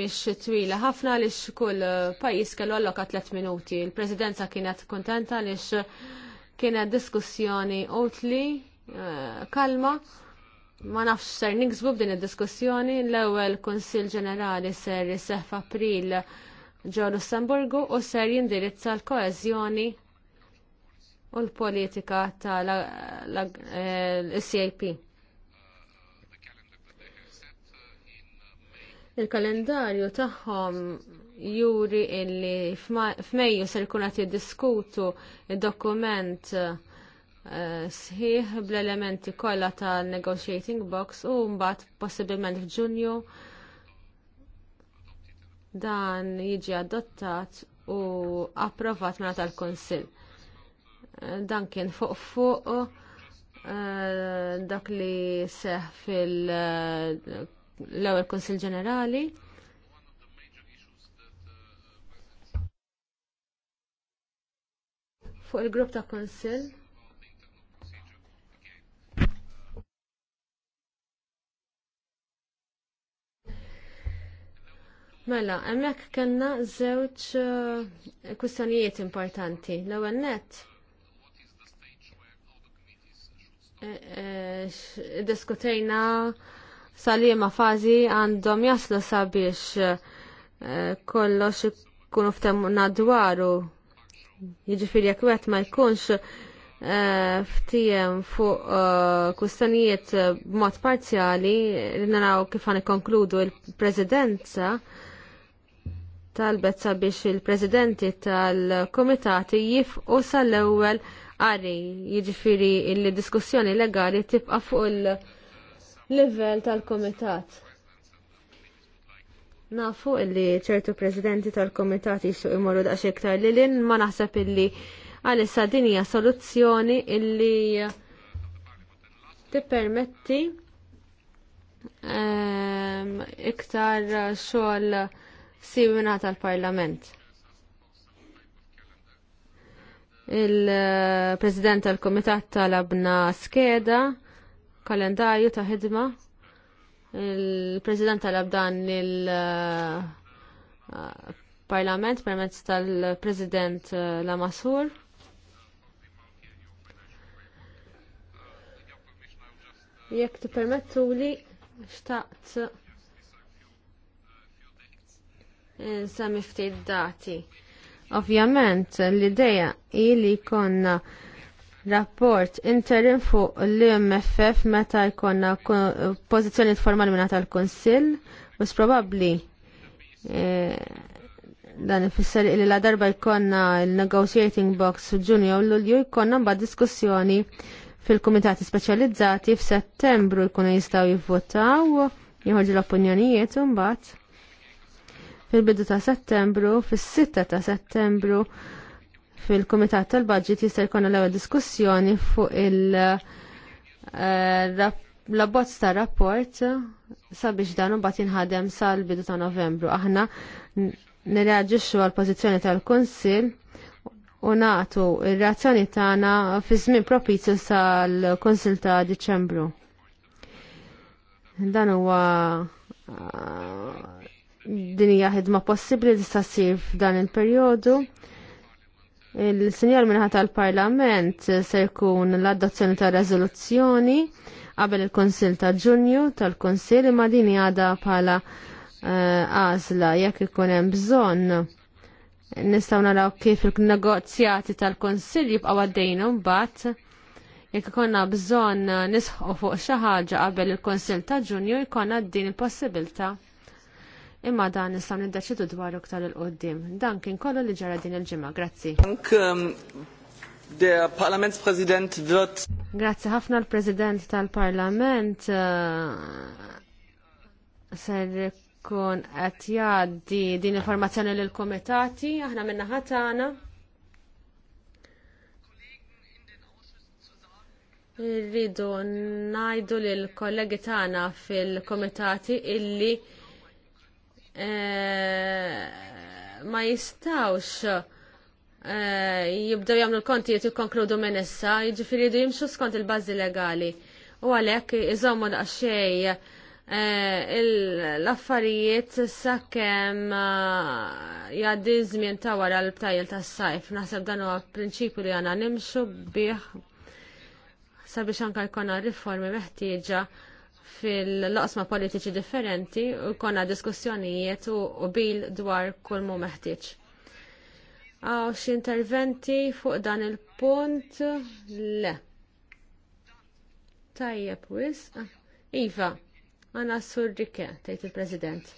mhix twila ħafna li kull pajjiż kellu alloka tliet minuti. Il-Presidenza kienet kuntenta li kienet diskussjoni utli, kalma ma nafx ser niksbu b'din id-diskussjoni l-ewwel Kunsill Ġenerali ser isseħħ f'April ġo Lussemburgu u ser jindirizza l-koeżjoni u l-politika tal-CAP. Eh, Il-kalendarju tagħhom juri illi f'Mejju ser jkun jiddiskutu id-dokument il sħiħ bl-elementi kollha tal-negotiating box u mbagħad possibilment f'Ġunju dan jiġi adottat u approvat mela tal-Kunsill. Dan kien fuq fuq eh, dak li seħ fil- ewwel Kunsill Ġenerali. Fuq il-grupp ta' Kunsill Mela, hemmhekk kellna żewġ eh, kwistjonijiet importanti. L-ewwel nett eh, eh, diskutejna salima fażi għandhom jaslu sabiex kollox ikunu ftem nadwaru, Jiġifieri jekk wieħed ma jkunx ftijem fuq kustanijiet b'mod parzjali, naraw kif għan konkludu il-prezidenza, talbet sabiex il-presidenti tal-komitati jifqu sal-ewwel qari, jiġifieri il-diskussjoni legali tibqa' fuq il-livell tal-komitat. Nafu illi ċertu presidenti tal kumitati jixtuq imorru daqs iktar li lin ma naħseb illi għalissa din hija soluzzjoni illi tippermetti ehm, iktar xogħol siwina tal-Parlament. Il-President tal-Komitat tal-abna skeda, kalendarju ta' ħidma. Il-President talab dan il-Parlament uh, permezz tal-President uh, la Masur. Jekk ti permettu li xtaqt nsemmi ftit dati. Ovvjament, l-ideja hi li konna rapport interim fuq l-MFF meta jkollna pożizzjoni formali minna tal-Kunsill u probabli eh, dan ifisser li la darba jkollna il negotiating box ġunju u Lulju jkollna mba diskussjoni fil-kumitati speċjalizzati f'Settembru jkunu jistgħu jivvotaw, jħorġu l-opinjonijiet u mbagħad fil-bidu ta' settembru, fis-6 ta' settembru fil-Kumitat tal-Budget jista' jkun l-ewwel diskussjoni fuq il eh, labbozz ta' rapport sabiex dan imbagħad jinħadem sal-bidu ta' Novembru. Aħna nirreaġixxu għal pożizzjoni tal-Kunsill u nagħtu il reazzjoni tagħna fi żmien propizju sal konsil ta' Diċembru. Dan huwa din hija ħidma possibbli li tista' ssir f'dan il-perjodu. il sinjor minħat tal-Parlament se jkun l-adozzjoni ta' rezoluzzjoni qabel il-Konsil ta' Ġunju tal-Konsil imma din għada bħala eh, għażla jekk ikun hemm bżonn. Nistgħu naraw kif il-negozjati tal-Konsil jibqgħu għaddejn imbagħad. jekk ikonna bżonn nisħu fuq xi ħaġa qabel il-Konsil ta' Ġunju jkollna din il-possibilta' imma dan nistgħu niddeċidu dwar iktar il qoddim Dan kien kollu li ġara din il-ġimgħa. Grazzi. Ehm, der Parlamentspräsident wird Grazzi ħafna l-President tal-Parlament eh, ser kun qed jgħaddi din informazzjoni lil komitati aħna minna ħatana. Rridu ngħidu lill kollegi tagħna fil-komitati illi Eh, ma jistawx eh, jibdew jagħmlu l-kontijiet konti jikkonkludu minn issa, jiġifieri jidu jimxu skont il-bażi legali. U għalhekk jizommu daqsxejn eh, l-affarijiet sakemm jaddi żmien ta' wara l ta' tas-sajf. Naħseb dan huwa prinċipju li għandna nimxu bih sabiex anke jkollna riformi meħtieġa fil-laqsma politiċi differenti u konna diskussjonijiet u bil dwar kull mu meħtieġ. Għaw interventi fuq dan il-punt? Le. Tajjeb wis. Ah, iva, għana surrike, tajt il-President.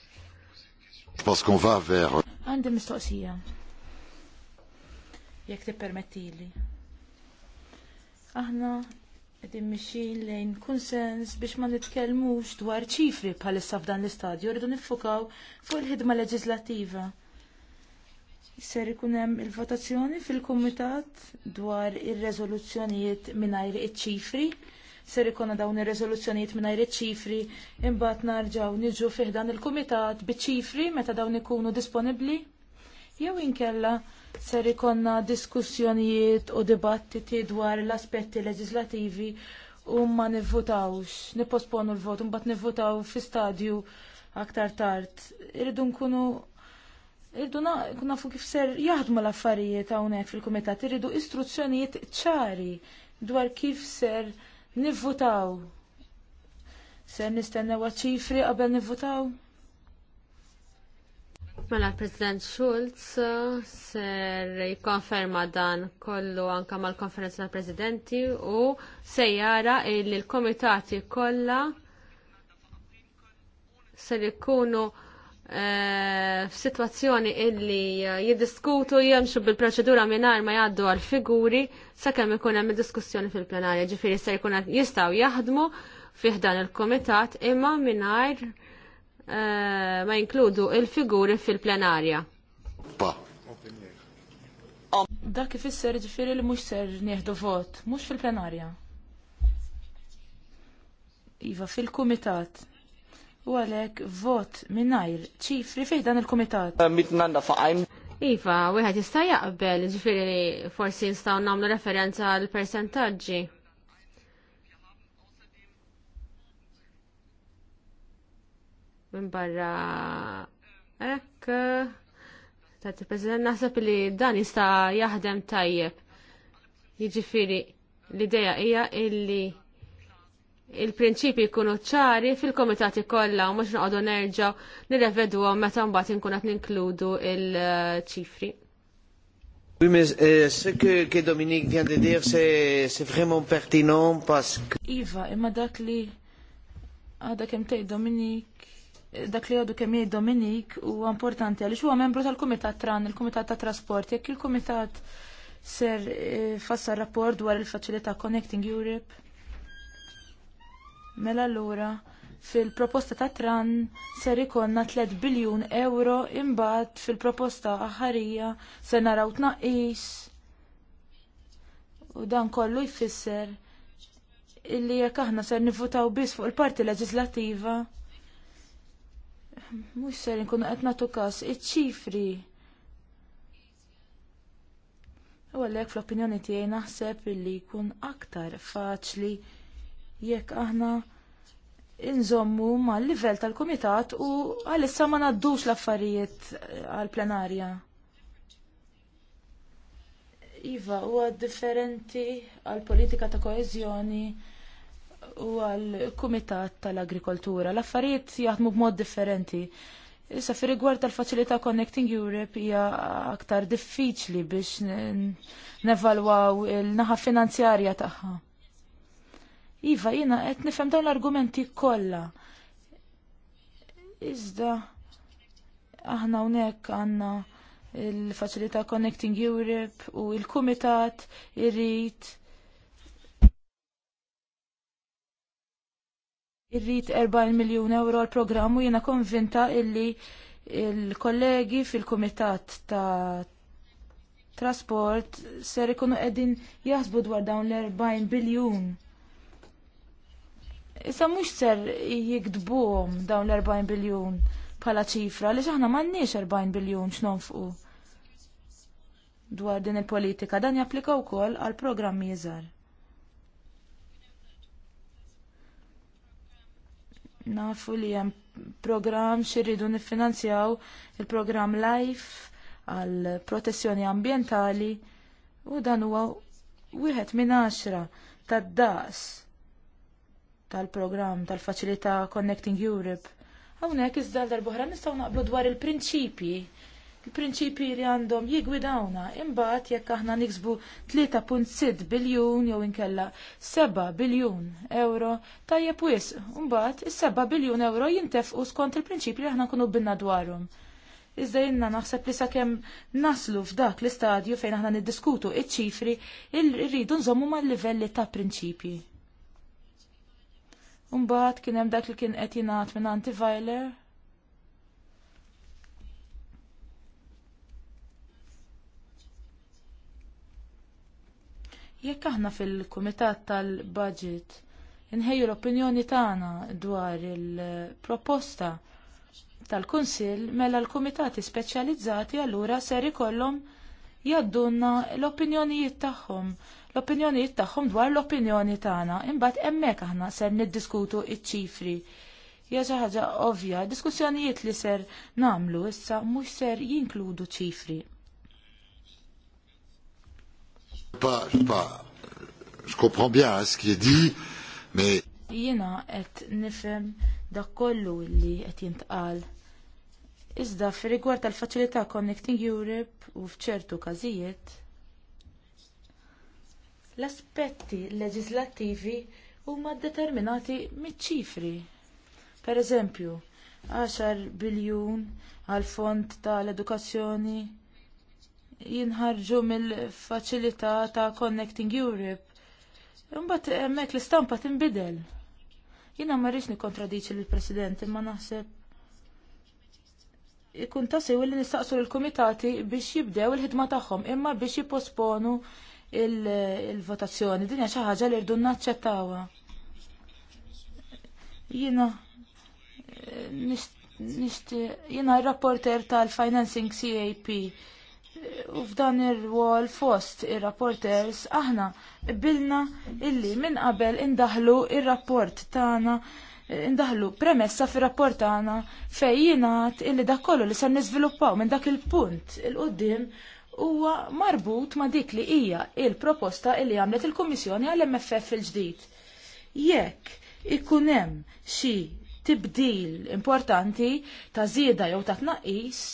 Parce va vers. Għandi mistoqsija. Jek ti permettili. Aħna Qegħdin mixin lejn kunsens biex ma nitkellmux dwar ċifri bħalissa f'dan l-istadju rridu niffukaw fuq il-ħidma leġislattiva. Ser ikun hemm il-votazzjoni fil-kumitat dwar ir-reżoluzzjonijiet mingħajr iċ-ċifri. Ser ikun dawn ir-reżoluzzjonijiet mingħajr iċ-ċifri imbagħad narġgħu niġu fih dan il-kumitat biċ-ċifri meta dawn ikunu disponibbli jew inkella ser ikonna diskussjonijiet u dibattiti dwar l-aspetti leġislativi u ma nivvutawx, nipposponu l-vot, mbagħad nivvutaw fi stadju aktar tard. Irridu nkunu Irridu nafu kif ser jaħdmu l-affarijiet hawnhekk fil-kumitat, irridu istruzzjonijiet ċari dwar kif ser nivvutaw. Ser nistennew ċifri qabel nivvutaw? Mela l-President Schulz uh, ser jikonferma dan kollu anka mal-konferenza tal-Presidenti u se jara li l-komitati kollha ser ikunu eh, f'sitwazzjoni illi eh, jiddiskutu jemxu bil-proċedura mingħajr ma jgħaddu għal figuri sakemm ikun hemm diskussjoni fil-plenarja, ġifieri se jkun jistgħu jaħdmu fih dan il-komitat imma mingħajr Eh, ma jinkludu il-figuri fil-plenarja. Pa. Dak ifisser ġifiri li mhux ser nieħdu vot, mhux fil-plenarja. Iva fil-kumitat. U għalhekk vot mingħajr ċifri fih dan il-kumitat. Äh, Mitnanda faqajn. Iva, wieħed jista' jaqbel ġifieri li forsi nistgħu nagħmlu referenza għal persentaġġi. minn barra hekk t President naħseb li dan jista' jaħdem tajjeb. Jiġifieri l-idea hija illi il-prinċipi jkunu ċari fil-komitati kollha u mhux noqogħdu nerġgħu nirrevedwhom meta mbagħad inkun qed ninkludu l ċifri Oui, mais euh, ce que, que Dominique vient de dire, c'est vraiment pertinent parce que... Iva, imma dak li għada dak li għadu kemm Dominik u importanti għaliex huwa membru tal-Kumitat Tran, il-Kumitat ta' Trasport, jekk il-Kumitat ser eh, fassa rapport dwar il-faċilità Connecting Europe. Mela allura fil-proposta ta' Tran ser ikonna 3 biljun euro imbagħad fil-proposta aħħarija se naraw tnaqqis u dan kollu jfisser illi jekk aħna ser nivvutaw biss fuq il-parti leġislattiva mux ser nkunu qed nagħtu każ iċ-ċifri. U għalhekk fl-opinjoni tiegħi naħseb li jkun aktar faċli jekk aħna inżommu mal livell tal-kumitat u għalissa ma ngħaddux l-affarijiet eh, għall-plenarja. Iva, huwa differenti għall politika ta' koeżjoni u għal Kumitat tal-Agrikoltura. L-affarijiet jaħdmu b'mod differenti. Issa fi rigward tal-faċilità Connecting Europe hija aktar diffiċli biex nevalwaw il-naħa finanzjarja tagħha. Iva, jina qed nifhem dawn l-argumenti kollha. Iżda aħna hawnhekk għandna il-faċilità Connecting Europe u il-Kumitat irrid irrit 40 miljon euro l-programmu jena konvinta illi il-kollegi fil-komitat ta' trasport ser ikunu qegħdin jaħsbu dwar dawn l-40 biljun. Issa mhux ser jikdbuħom dawn l-40 biljun bħala ċifra li aħna m'għandniex 40 biljun x'nonfqu dwar din il-politika dan japplika wkoll għal programmi iżgħar. Nafu li hemm programm xirridu niffinanzjaw il-programm Life għal protezzjoni ambjentali u dan huwa wieħed minn għaxra tad-daqs tal-programm tal-faċilità Connecting Europe. Hawnhekk iżda oħra nistgħu naqblu dwar il-prinċipji il prinċipji li għandhom jigwidawna imbagħad jekk aħna niksbu 3.6 biljun jew inkella 7 biljun euro tajjeb wisq imbagħad is-7 biljun euro jintefqu skont il-prinċipji li aħna nkunu binna dwarhom. Iżda jenna naħseb li sakemm naslu f'dak l-istadju fejn aħna niddiskutu iċ-ċifri irridu nżommu mal-livelli ta' prinċipji. Imbagħad kien hemm dak li kien qed jingħad minn Antiviler Jekk aħna fil-Kumitat tal-Budget inħejju l-opinjoni tagħna dwar il-proposta tal-Kunsill mela l-Kumitati speċjalizzati allura ser ikollhom jaddunna l-opinjonijiet tagħhom l-opinjonijiet tagħhom dwar l-opinjoni tagħna. Imbagħad hemmhekk aħna ser niddiskutu iċ-ċifri. Hija xi ħaġa ovvja, diskussjonijiet li ser nagħmlu issa mhux ser jinkludu ċifri. Pas, pas, je comprends bien hein, ce qui est dit, mais... Jina qed nifhem dak kollu li qed jintqal. Iżda fir-rigward tal-faċilità Connecting Europe u f'ċertu każijiet l-aspetti leġislattivi huma determinati miċ-ċifri. Pereżempju, 10 biljun għal fond tal-edukazzjoni, jinħarġu mill-faċilità ta' Connecting Europe. Imbagħad hemmhekk l-istampa tinbidel. Jiena ma rridx nikkontradiċi lill-President imma naħseb ikun tasew li nistaqsu l-komitati biex jibdew il-ħidma tagħhom imma biex jipposponu il-votazzjoni. Dinja xi ħaġa li rdu naċċettawha. Jiena eh, nixti jiena r-rapporter tal-Financing CAP u f'dan ir-rwol fost ir-rapporters aħna bilna illi minn qabel indaħlu ir-rapport tagħna indaħlu premessa fir-rapport tagħna fejn jingħad illi dak kollu li ser niżviluppaw minn dak il-punt il-qudiem huwa marbut ma' dik li hija il-proposta illi għamlet il-Kummissjoni għall-MFF il-ġdid. Jekk ikun hemm xi tibdil importanti ta' żieda jew ta' tnaqqis,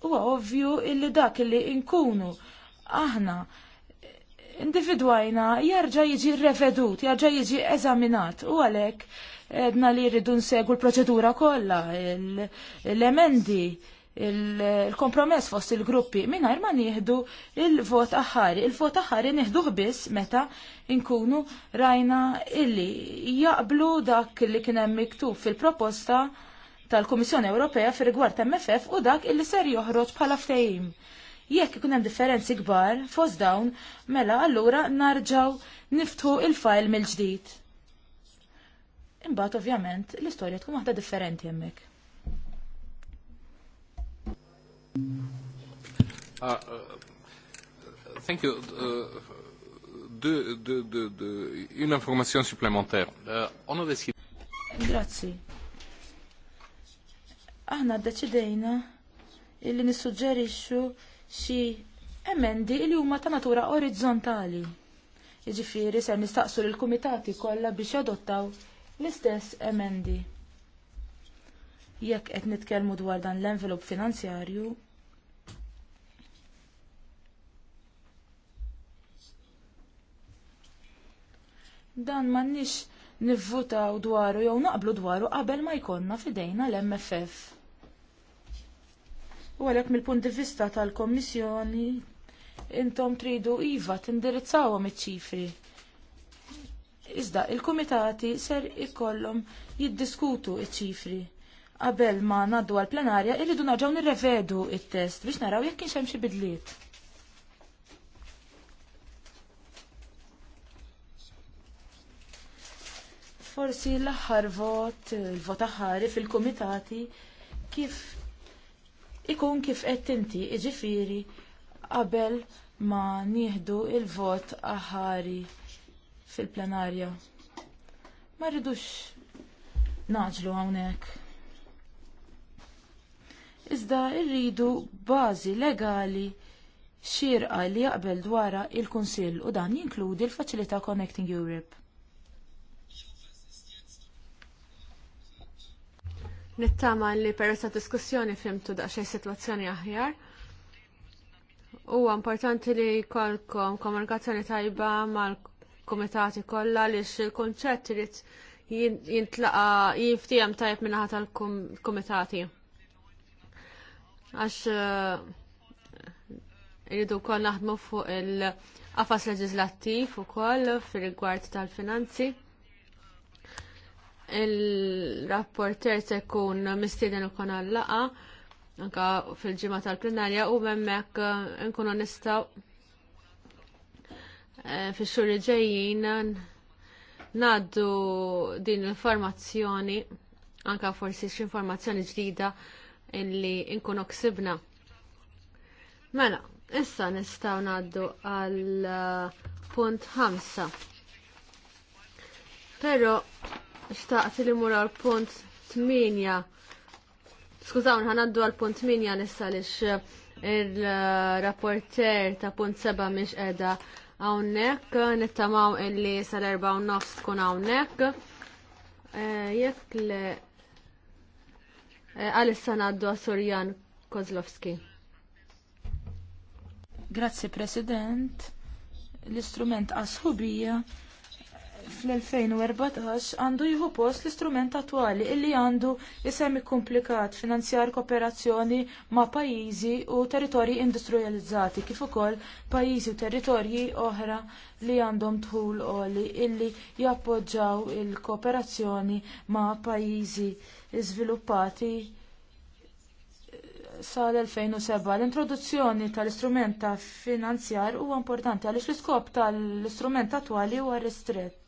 huwa ovvju illi dak illi inkunu aħna individwajna jarġa' jiġi revedut, jarġa' jiġi eżaminat u għalek edna li rridu nsegu l-proċedura kollha, l-emendi, il-kompromess fost il-gruppi mingħajr ma nieħdu il-vot aħari, Il-vot aħari nieħduh biss meta nkunu rajna illi jaqblu dak li kien hemm miktub fil-proposta tal-Kummissjoni Ewropea fir rigward MFF u dak illi ser joħroġ bħala ftehim. Jekk ikun hemm differenzi kbar fost dawn, mela allura narġaw niftħu il-fajl mill-ġdid. Imbagħad ovvjament l-istorja tkun waħda differenti hemmhekk. Uh, uh, thank you. Uh, de, de, de, de, une information supplémentaire. Uh, on a Grazie aħna ddeċidejna illi nissuġġerixxu xi emendi li huma ta' natura orizzontali. Jiġifieri se nistaqsu lill kumitati kollha biex jadottaw l-istess emendi. Jekk qed nitkellmu dwar dan l-envelop finanzjarju, dan m'għandniex nivvutaw dwaru jew naqblu dwaru qabel ma jkollna fidejna l-MFF. U għalhekk mill-punt di vista tal-Kommissjoni intom tridu iva tindirizzawhom iċ-ċifri. Iżda il-kumitati ser ikollhom jiddiskutu iċ-ċifri. Qabel ma ngħaddu għall plenarja irridu naġaw nirrevedu it-test biex naraw jekk kienx hemm xi bidliet. Forsi l-aħħar vot, il-vot aħħari fil-kumitati kif ikun kif qed inti jiġifieri qabel ma nieħdu l vot aħari fil-plenarja. Ma rridux naġlu hawnhekk. Iżda rridu bażi legali xirqa li jaqbel dwara il-Kunsill u dan jinkludi l-Faċilità Connecting Europe. Nittama li peress ta' diskussjoni fimtu daqsxejn sitwazzjoni aħjar. Huwa importanti li jkollkom komunikazzjoni tajba mal-kumitati kollha li x-kunċett irid jintlaqa jiftijem tajb minnaħa tal-komitati. Għax eh, irridu kol naħdmu fuq il-qafas leġislattiv u kol fil-rigward tal-finanzi il-rapporter se jkun mistieden ukoll għallaqa anka fil-ġimgħa tal-plenarja u hemmhekk eh, nkunu nistgħu eh, fix-xhur ġejjin ngħaddu din l-informazzjoni anka forsi x'informazzjoni ġdida illi nkunu ksibna. Mela, issa nistgħu ngħaddu għal eh, punt 5. Però xtaqt li mura l-punt 8. Skużawni, ħanaddu għal-punt 8 nissa lix il-rapporter ta' punt 7 miex edha għawnek, nittamaw illi sal-erba u nofs tkun għawnek. Eh, jekk le eh, għalissa naddu għasurjan Kozlovski. Grazzi President. L-istrument għasħubija fl-2014 għandu jieħu post l-istrument attwali illi għandu jisem komplikat finanzjar kooperazzjoni ma' pajjiżi u territorji industrializzati kif ukoll pajjiżi u territorji oħra li għandhom tħul oli illi jappoġġaw il-kooperazzjoni ma' pajjiżi iżviluppati sal-2007 l-introduzzjoni tal-istrument ta' finanzjar huwa importanti għaliex l-iskop tal-istrument attwali huwa ristret.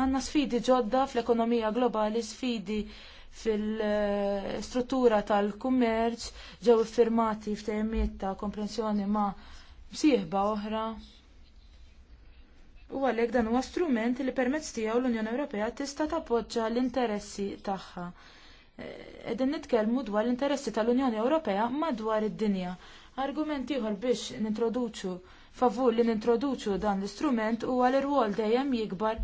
Għanna sfidi ġodda fl-ekonomija globali, sfidi fil-struttura tal-kummerċ, ġew firmati ftejmiet ta' komprensjoni ma' msieħba oħra. U għalhekk dan huwa strument li permezz tiegħu l-Unjoni Ewropea tista' tappoġġa l-interessi tagħha. E, qegħdin nitkellmu dwar l-interessi tal-Unjoni Ewropea madwar id-dinja. Argument ieħor biex nintroduċu favur li nintroduċu dan l-istrument huwa l-irwol dejjem jikbar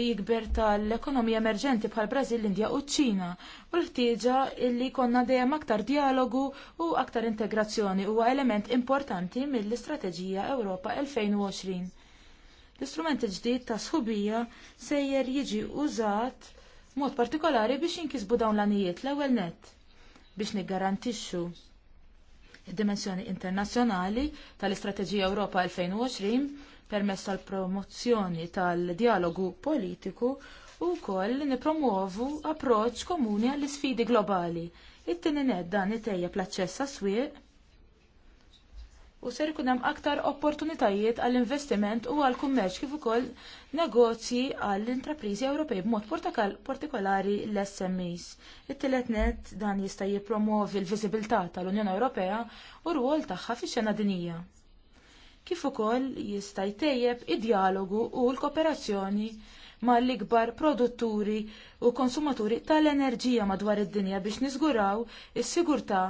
jikber tal-ekonomija emerġenti bħal Brażil, l-Indja u ċ-Ċina u l-ħtieġa li jkollna dejjem aktar dialogu u aktar integrazzjoni huwa element importanti mill-Istrateġija Ewropa 2020. L-istrument ġdid ta' sħubija sejjer jiġi użat mod partikolari biex jinkisbu dawn l-anijiet l-ewwel nett biex niggarantixxu id-dimensjoni internazzjonali tal-Istrateġija Ewropa 2020 permess tal-promozzjoni tal-dialogu politiku u wkoll nipromuovu approċċ komuni għall isfidi globali. It-tieni dan itejja l swieq u ser ikun hemm aktar opportunitajiet għall-investiment u għall-kummerċ kif ukoll negozji għall-intrapriżi Ewropej b'mod partikolari l-SMEs. It-tielet net dan jista' jippromovi l-viżibilità tal-Unjoni Ewropea u r-rwol tagħha fix-xena dinija kif ukoll jista' jtejjeb id-dialogu u l-kooperazzjoni mal-ikbar produtturi u konsumaturi tal-enerġija madwar id-dinja biex niżguraw is-sigurtà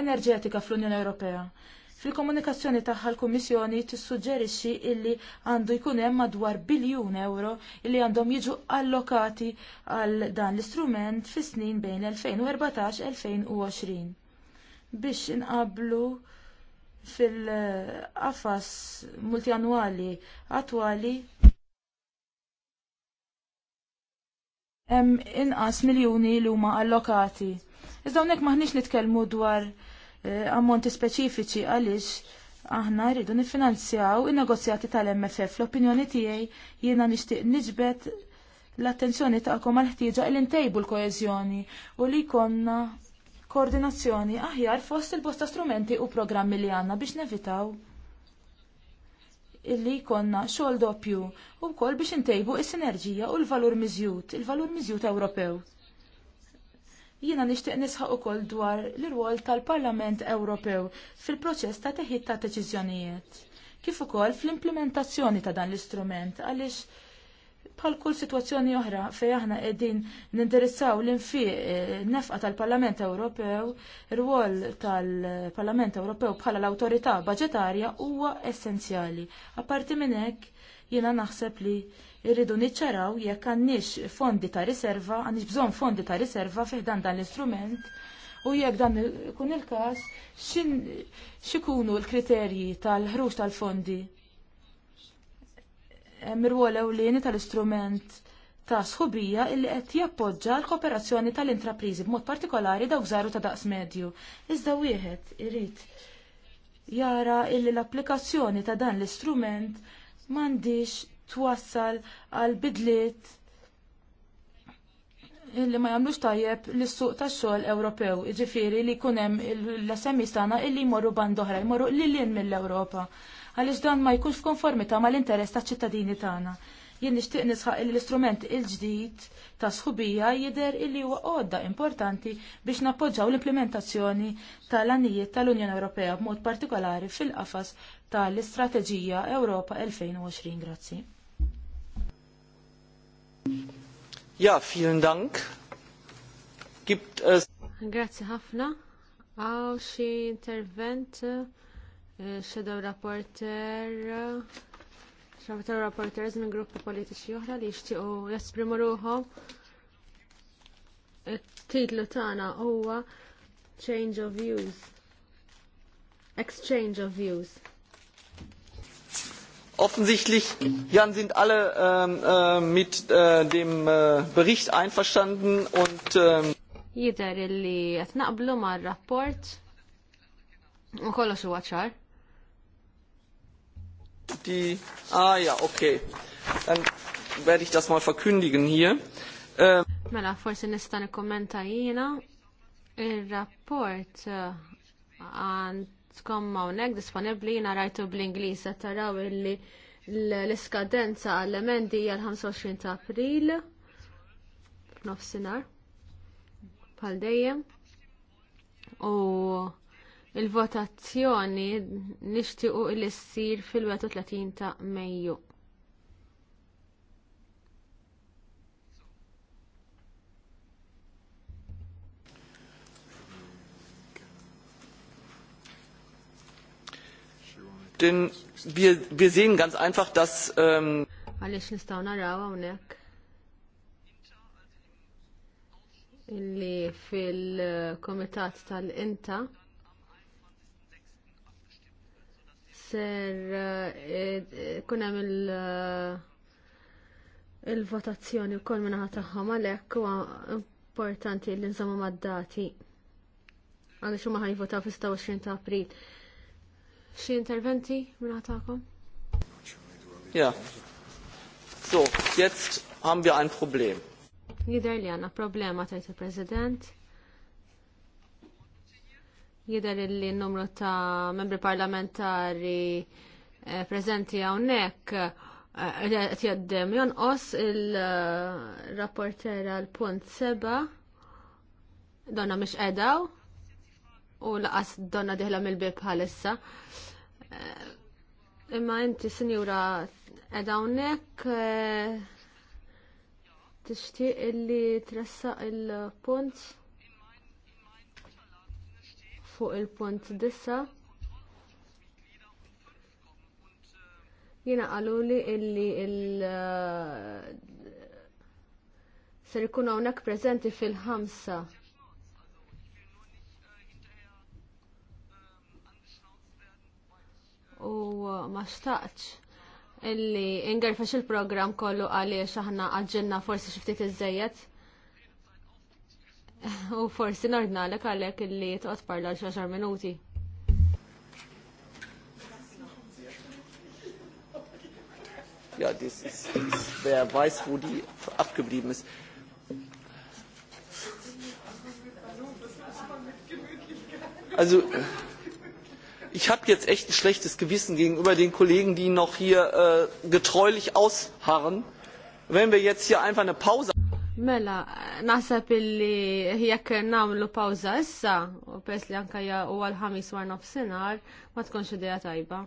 enerġetika fl-Unjoni Ewropea. Fil-komunikazzjoni tagħha l-Kummissjoni tissuġġerixxi illi għandu jkun hemm madwar biljun euro illi għandhom jiġu allokati għal dan l-istrument fis-snin bejn 2014-2020. Biex inqablu fil-qafas multianwali attwali hemm inqas miljuni li huma allokati. Iżda hawnhekk maħniex nitkellmu dwar eh, ammonti speċifiċi għaliex aħna rridu nifinanzjaw in-negozjati tal-MFF. L-opinjoni tiegħi jiena nixtieq niġbet l-attenzjoni tagħkom għal ħtieġa li ntejbu l-koeżjoni u li jkollna koordinazzjoni aħjar fost il-bosta strumenti u programmi li għandna biex nevitaw illi jkollna xogħol doppju u wkoll biex intejbu is-sinerġija u l-valur miżjud, il-valur miżjud Ewropew. Jiena nixtieq nisħaq ukoll dwar l-irwol tal-Parlament Ewropew fil-proċess ta' teħid ta' deċiżjonijiet. Kif ukoll fl-implementazzjoni ta' dan l-istrument għaliex bħal kull situazzjoni oħra fej aħna qegħdin nindirizzaw l-infiq eh, nefqa tal-Parlament Ewropew, ir-rwol tal-Parlament Ewropew bħala l-awtorità budġetarja huwa essenzjali. Apparti minn hekk jiena naħseb li irridu niċċaraw jekk għandniex fondi ta' riserva, għandniex bżonn fondi ta' riserva dan dan l-istrument u jekk dan ikun il-każ x'ikunu l-kriterji tal-ħruġ tal-fondi mirwol ewlieni tal-istrument ta' sħubija illi qed jappoġġa l-kooperazzjoni tal-intrapriżi b'mod partikolari dawk żaru ta' daqs medju. Iżda wieħed irid jara illi l-applikazzjoni ta' dan l-istrument m'għandix twassal għal bidliet illi ma jagħmlux tajjeb lis suq tax-xogħol Ewropew, jiġifieri li jkun hemm l-SMI tagħna illi jmorru band oħra, jmorru lil mill-Ewropa għalix dan ma jkunx f'konformità mal-interess taċ-ċittadini tagħna. Jien nixtieq nisħaq l-istrument il-ġdid ta' sħubija jidher illi huwa għodda importanti biex nappoġġaw l-implementazzjoni tal-anijiet tal-Unjoni Ewropea b'mod partikolari fil-qafas tal-Istrateġija Ewropa 2020. Grazzi. Ja, vielen Dank. Gibt es... Grazie ħafna. Għaw xie intervent Shadow Rapporter, Shadow rapporter minn gruppi politiċi oħra li jixtiequ jesprimu ruħhom. It-titlu tagħna huwa Change of Views. Exchange of Views. Offensichtlich, Jan, sind alle ähm, äh, mit äh, dem äh, Bericht einverstanden und. Ähm Jidher illi qed naqblu mar-rapport Und die, ah ja, okay, dann werde ich das mal verkündigen hier. Ähm. Mela, forsi nista' kommenta jina. il rapport eh, għandkom hawnhekk disponibbli jina rajtu bl-Ingliż qed taraw illi l-iskadenza għall-emendi hija 25 ta' April Nofsinar. Pal dejjem. U il-votazzjoni nixtiequ li ssir fil-31 ta' Mejju. Denn wir, ganz einfach, dass... Ähm naraw hawnhekk, Illi fil kumitat tal-inta. ser eh, eh, kunem eh, il-votazzjoni u kol minna taħħom għalek u importanti li nżamma mad-dati għalli xumma ħaj vota fi 26 ta' april. Xie interventi minna taħkom? Ja. So, jetzt haben wir ein Problem. Jider li għanna problema tajt il-President. Jidher li n-numru ta' membri parlamentari eh, preżenti hawnhekk eh, qed jgħaddem jonqos il-rapportera l-punt seba' donna mhix qedaw u laqas donna diħla mill-bib bħalissa. Eh, imma inti sinjura edha hawnhekk tixtieq illi tressaq il-punt fuq il-punt dissa. Jina għaluli illi il- uh, ser ikun hawnhekk preżenti fil-ħamsa. U uh, ma xtaqx illi ingerfax il-programm kollu għaliex aħna għagġilna forsi xi ftit iżejjed. U forsi nordna nordnalek għalek li toqgħod parla xi minuti. Ja, dis ist, das, wer weiß, wo die abgeblieben ist. Also, ich habe jetzt echt ein schlechtes Gewissen gegenüber den Kollegen, die noch hier äh, getreulich ausharren. Wenn wir jetzt hier einfach eine Pause Mela, naħseb illi jekk namlu pawza issa, u pers li anka u għal-ħamis war nofsinhar, ma tkunx idea tajba.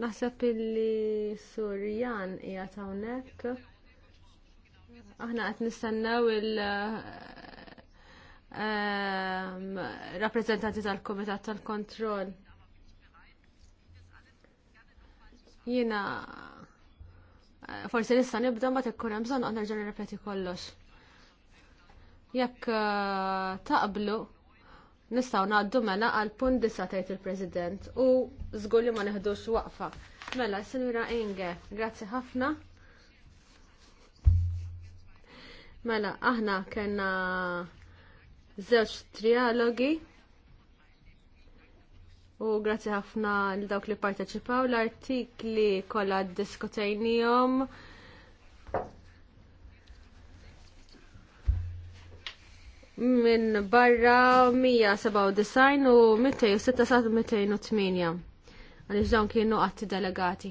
Naħseb illi Surjan hija hawnhekk. Aħna qed nistennew il- ehm, rappresentanti tal-Komitat tal-Kontroll. Jiena forsi nista' nibda ma tkun hemm bżonn nerġa' nirrepeti kollox. Jekk uh, taqblu nistgħu ngħaddu mela għal punt disa tgħid il-President u żgur li ma neħdux waqfa. Mela, Sinjura Inge, grazzi ħafna. Mela, aħna kena żewġ trialogi U grazzi ħafna l dawk li parteċipaw l-artikli kollha ddiskutejnijhom. Minn barra 197 u 206 208. Għaliex dawn kienu qatt delegati.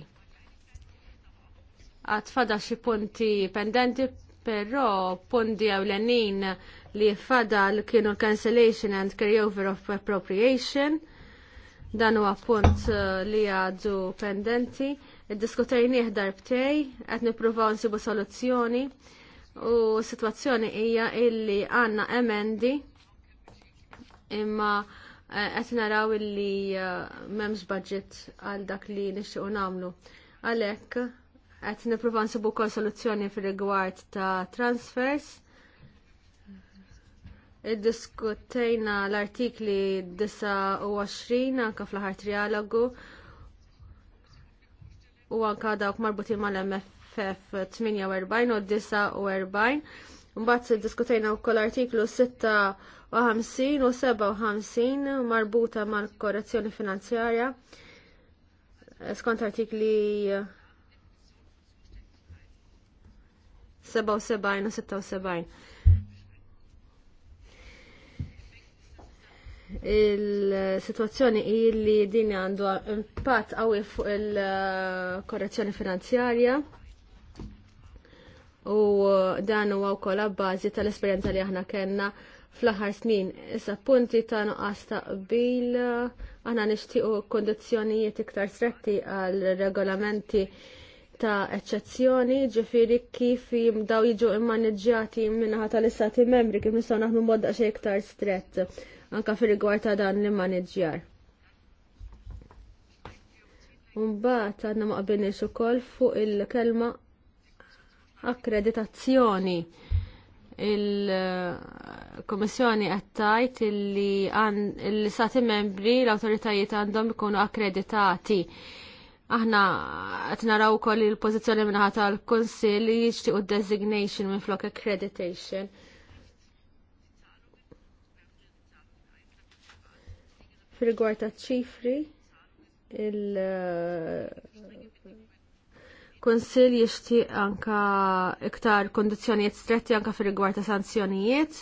Għat fada xi punti pendenti, però punti ewlenin li fada kienu l-cancellation and carryover of appropriation Dan huwa punt eh, li għadu pendenti. Id-diskutejnieh darbtej, qed nippruvaw nsibu soluzzjoni u s-sitwazzjoni hija illi għandna emendi imma eh, qed naraw illi eh, m'hemmx budget għal dak li nixtiequ nagħmlu. Għalhekk qed nippruvaw nsibu wkoll soluzzjoni fir-rigward ta' transfers iddiskutejna l-artikli 29 anke fl-aħħar trialogu u anke dawk marbutin mal-MFF 48 u 49. Mbagħad diskutejna wkoll artiklu 56 u 57 marbuta mal-korrezzjoni finanzjarja skont artikli 77 u 76. il-situazzjoni li din għandu impatt qawwi fuq il-korrezzjoni finanzjarja u dan huwa wkoll abbażi tal-esperjenza li aħna kellna fl-aħħar snin. Issa punti ta' nuqqas ta' qbil aħna nixtiequ kondizzjonijiet iktar stretti għal regolamenti ta' eċċezzjoni, ġifiri kif daw jiġu immaneġġjati minnaħa tal-istati membri kif nistgħu naħdmu modda xejn iktar strett anka fil-rigward ta' dan l-manager. Mbagħad għandna ma xukol ukoll fuq il-kelma akkreditazzjoni. Il-Komissjoni qed tgħid għan l sati membri l-awtoritajiet għandhom ikunu akkreditati. Aħna qed naraw ukoll il-pożizzjoni minnaħa tal-Kunsill li jixtiequ designation minn flok accreditation. Fil-rigward ta' ċifri, il-Konsil uh, jixtieq anka iktar kondizzjonijiet stretti anka fil-rigward ta' sanzjonijiet.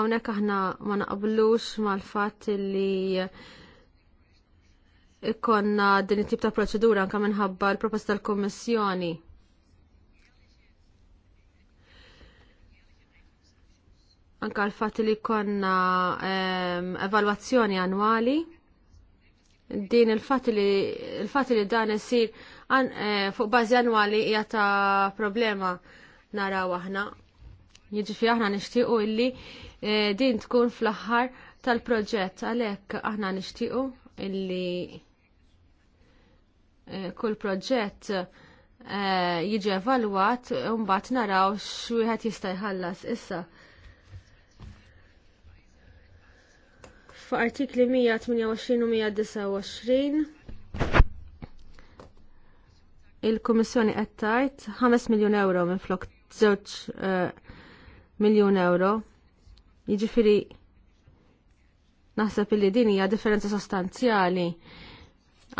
Hawnhekk aħna ma naqblux mal-fatt li ikonna din it-tip ta' proċedura anka minħabba l-proposta tal-Kummissjoni anka l-fat li konna ehm, evalwazzjoni annwali din il-fat li dan fat li dan eh, fuq bażi annwali hija ta' problema naraw aħna. Jiġifieri aħna nixtiequ illi eh, din tkun fl-aħħar tal-proġett għalhekk aħna nixtiequ illi eh, kull proġett jiġi evalwat u mbagħad naraw xwiħat jista' jħallas issa. f'artikli 128 u 129 il-Kummissjoni qed tgħid 5 miljun euro minn flok 2 eh, miljun euro. Jiġifieri naħseb illi din hija differenza sostanzjali.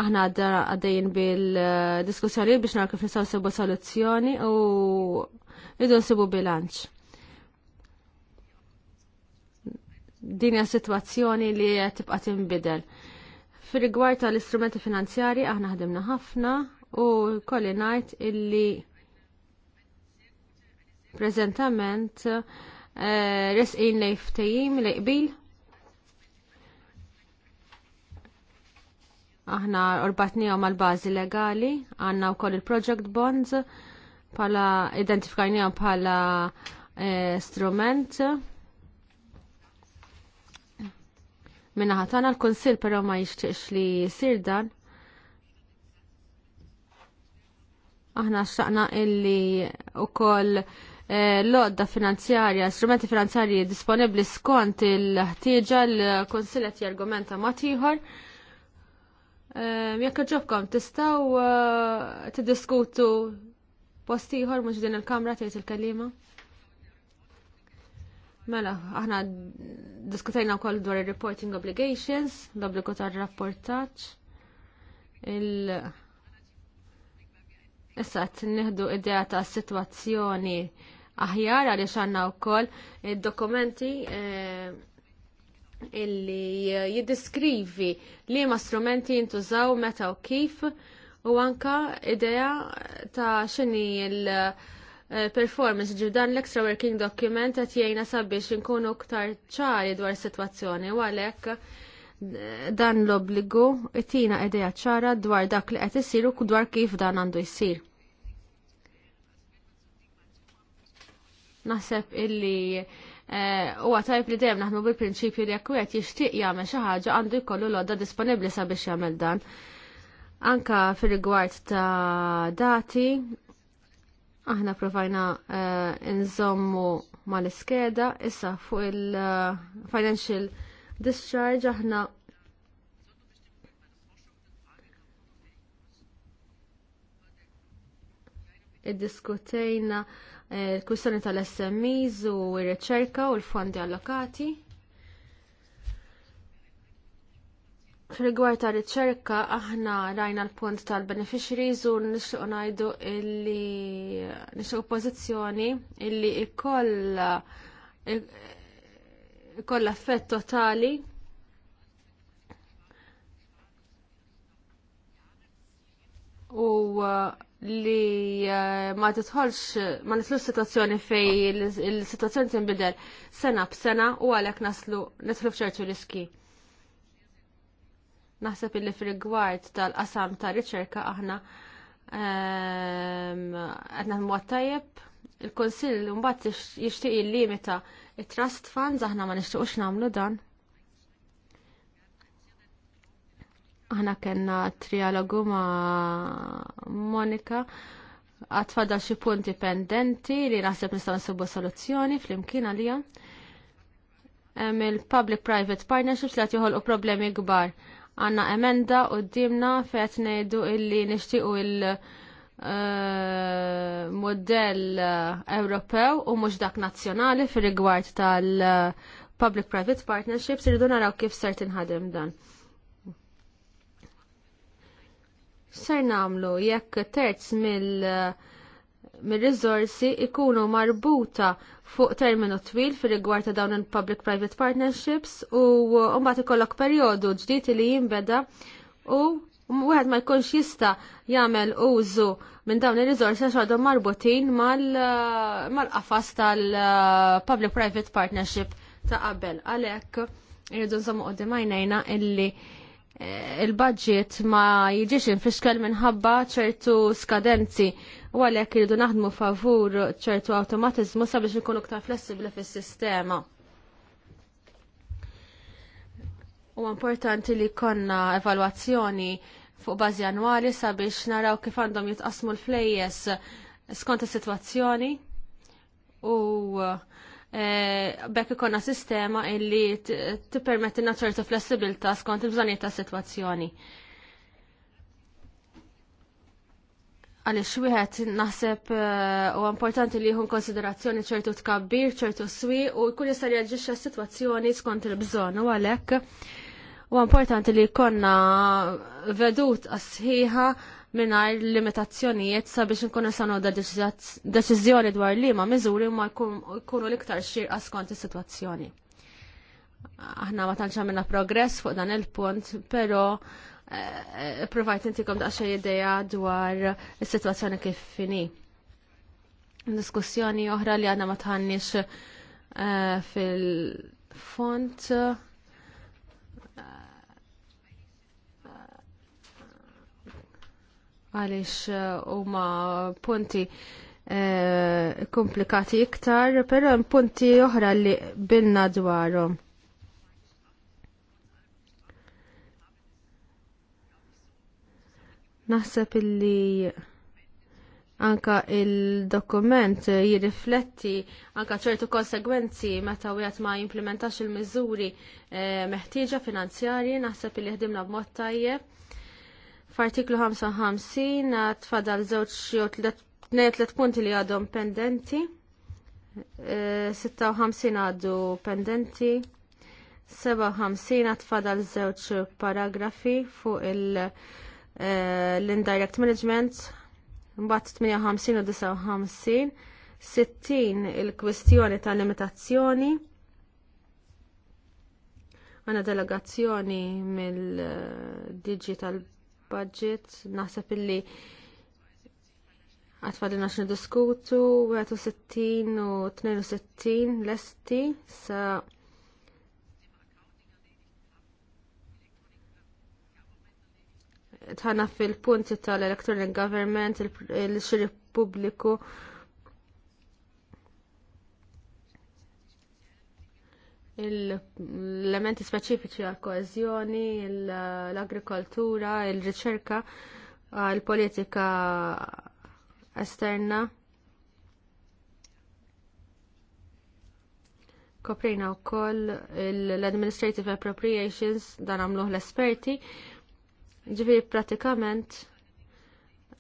Aħna għaddejjin bil-diskussjoni eh, biex naraw kif nistgħu nsibu soluzzjoni u rridu nsibu bilanċ. din situazzjoni sitwazzjoni li tibqa' tinbidel. Fir-rigward tal-istrumenti finanzjari aħna ħdimna ħafna u kolli ngħid illi preżentament eh, resqin lejn ftehim li qbil. Aħna orbatnijhom mal-bażi legali, għandna wkoll il-project bonds pala identifikajnijhom pala eh, strument Minna ħatana l-Konsil però ma jixtiex li jsir dan. Aħna xtaqna illi ukoll eh, l-odda finanzjarja, strumenti finanzjarji disponibli skont il-ħtieġa l-konsilet jargumenta ma tiħor. Eh, jekk ġobkom tistaw eh, tiddiskutu postiħor mhux din il-kamra tgħid il kalima Mela, aħna diskutajna wkoll dwar il-reporting obligations, l-obbligu tar rapportaċ. Il... Issa qed nieħdu idea ta' sitwazzjoni aħjar għaliex għandna wkoll id-dokumenti li eh, illi jiddiskrivi li ma strumenti jintużaw meta u kif u anka idea ta' x'inhi l- Eh, performance ġi dan l-extra working document qed jgħinna sabiex inkunu ktar ċari dwar is-sitwazzjoni u għalhekk eh, dan l-obbligu tina ideja ċara dwar dak li qed isir dwar kif dan għandu jsir. Naħseb illi eh, huwa għatajb li dejjem naħmu bil-prinċipju li jekk wieħed jixtieq jagħmel xi ħaġa għandu jkollu l-odda disponibbli sabiex jagħmel dan. Anka fir rigward ta' dati, Aħna provajna eh, nżommu mal-iskeda, issa fuq il-financial eh, discharge aħna id-diskutejna l-kwistjoni eh, tal-SMEs u r-riċerka u l-fondi allokati. Rigward ta' riċerka, aħna rajna l-punt tal-beneficiaries u nixuq najdu illi nixuq pozizjoni illi ikolla ikolla effett totali u uh, li uh, ma titħolx ma nitlux situazzjoni fej il-situazzjoni tinbidel sena b'sena u għalek naslu nitlu f'ċertu riski. Naħseb illi fil-gwart tal-qasam ta' riċerka aħna għadna ehm, naħdmu tajjeb il-Konsill mbagħad jixtieq il-limita il trust funds aħna ma nixtiequx nagħmlu dan. Aħna kellna trialogu ma' Monika għatfadal xi punti pendenti li naħseb nistgħu nsibu soluzzjoni fl-imkien għalija. il-public-private partnerships li qed joħolqu problemi kbar Għanna emenda u d-dimna fejt nejdu illi nishtiqu il-modell eh, eh, Ewropew u mux dak nazjonali fil-rigward tal-Public-Private Partnerships irridu naraw kif ser tinħadem dan. Ser namlu jekk terz mill- uh, mir-riżorsi ikunu marbuta fuq terminu twil fir rigward ta' dawn il-public private partnerships u mbagħad ikollok perjodu ġdid li jinbeda u wieħed ma jkunx jista' jagħmel użu minn dawn ir-riżorsi għax għadhom marbutin mal-qafas tal-public private partnership ta' qabel. Għalhekk irridu nżommu qudiem għajnejna illi eh, il-budget ma jiġix infixkel minħabba ċertu skadenzi u għalhekk iridu naħdmu favur ċertu awtomatiżmu sabiex ikunu aktar flessibbli fis-sistema. U importanti li konna evalwazzjoni fuq bażi annwali sabiex naraw kif għandhom jitqasmu l-flejjes skont is-sitwazzjoni u bekk ikonna sistema illi tippermettilna ċertu flessibilità skont il-bżonijiet tas-sitwazzjoni. għaliex wieħed naħseb eh, u importanti li jkun konsiderazzjoni ċertu tkabbir, ċertu swi u jkun jista' jaġġixxa s-sitwazzjoni skont il-bżonn u għalhekk u importanti li jkollna vedut għas-sħiħa mingħajr limitazzjonijiet sabiex nkunu sanu deċiżjoni dwar liema miżuri ma jkunu l-iktar xirqa skont is-sitwazzjoni. Aħna ma tantx għamilna progress fuq dan il-punt, però provajt intikom daqsa ideja dwar is-sitwazzjoni kif fini. Diskussjoni oħra li għanna ma tħannix eh, fil-font għalix eh, huma punti eh, komplikati iktar, pero punti oħra li binna dwarhom Naħseb illi anka il-dokument jirrifletti anka ċertu konsegwenzi meta wieħed ma jimplementax il-miżuri eh, meħtieġa finanzjarji naħseb li ħdimna b'mod tajjeb. F'artiklu 55 tfadal żewġ jew tliet punti li għadhom pendenti. 56 eh, għadu pendenti. 57 tfadal żewġ paragrafi fuq il- Eh, l-indirect management, mbagħad 58 u 59, 60 il-kwistjoni ta' limitazzjoni, għana delegazzjoni mill-digital budget, naħseb illi għatfadlina xnidiskutu, 60 u 62 l-esti sa' tħana fil-punti tal-electronic government, il-xiri pubbliku. l-elementi speċifiċi għal koezjoni, l-agrikoltura, il-riċerka, l-politika esterna. Koprejna u koll l-administrative appropriations dan għamluħ l-esperti Ġifiri pratikament